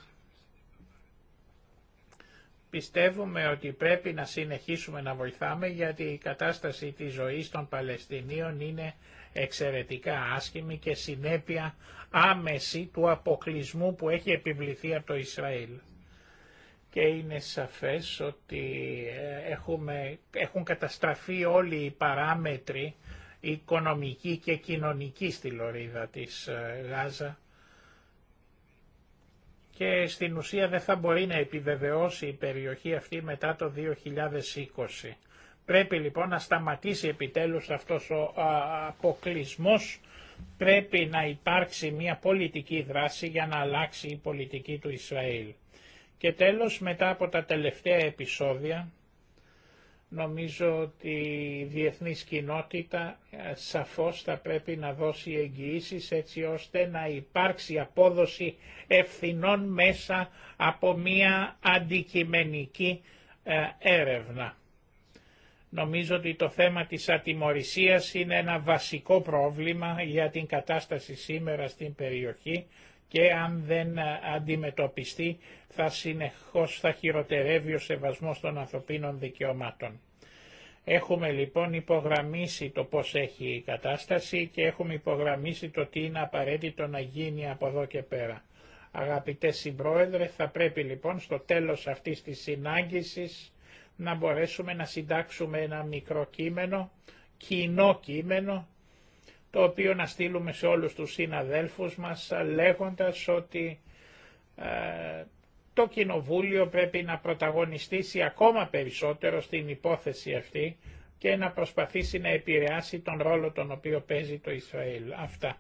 Πιστεύουμε ότι πρέπει να συνεχίσουμε να βοηθάμε γιατί η κατάσταση της ζωής των Παλαιστινίων είναι εξαιρετικά άσχημη και συνέπεια άμεση του αποκλεισμού που έχει επιβληθεί από το Ισραήλ. Και είναι σαφές ότι ε, έχουμε, έχουν καταστραφεί όλοι οι παράμετροι οικονομικοί και κοινωνικοί στη λωρίδα της ε, Γάζα και στην ουσία δεν θα μπορεί να επιβεβαιώσει η περιοχή αυτή μετά το 2020. Πρέπει λοιπόν να σταματήσει επιτέλους αυτός ο αποκλεισμό. Πρέπει να υπάρξει μια πολιτική δράση για να αλλάξει η πολιτική του Ισραήλ. Και τέλος μετά από τα τελευταία επεισόδια Νομίζω ότι η διεθνής κοινότητα ε, σαφώς θα πρέπει να δώσει εγγυήσεις έτσι ώστε να υπάρξει απόδοση ευθυνών μέσα από μία αντικειμενική ε, έρευνα. Νομίζω ότι το θέμα της ατιμορρησίας είναι ένα βασικό πρόβλημα για την κατάσταση σήμερα στην περιοχή και αν δεν ε, αντιμετωπιστεί θα συνεχώς θα χειροτερεύει ο σεβασμός των ανθρωπίνων δικαιωμάτων. Έχουμε λοιπόν υπογραμμίσει το πώς έχει η κατάσταση και έχουμε υπογραμμίσει το τι είναι απαραίτητο να γίνει από εδώ και πέρα. Αγαπητές συμπρόεδρε, θα πρέπει λοιπόν στο τέλος αυτής της συνάντηση να μπορέσουμε να συντάξουμε ένα μικρό κείμενο, κοινό κείμενο, το οποίο να στείλουμε σε όλους τους συναδέλφους μας λέγοντας ότι ε, το Κοινοβούλιο πρέπει να πρωταγωνιστήσει ακόμα περισσότερο στην υπόθεση αυτή και να προσπαθήσει να επηρεάσει τον ρόλο τον οποίο παίζει το Ισραήλ. Αυτά.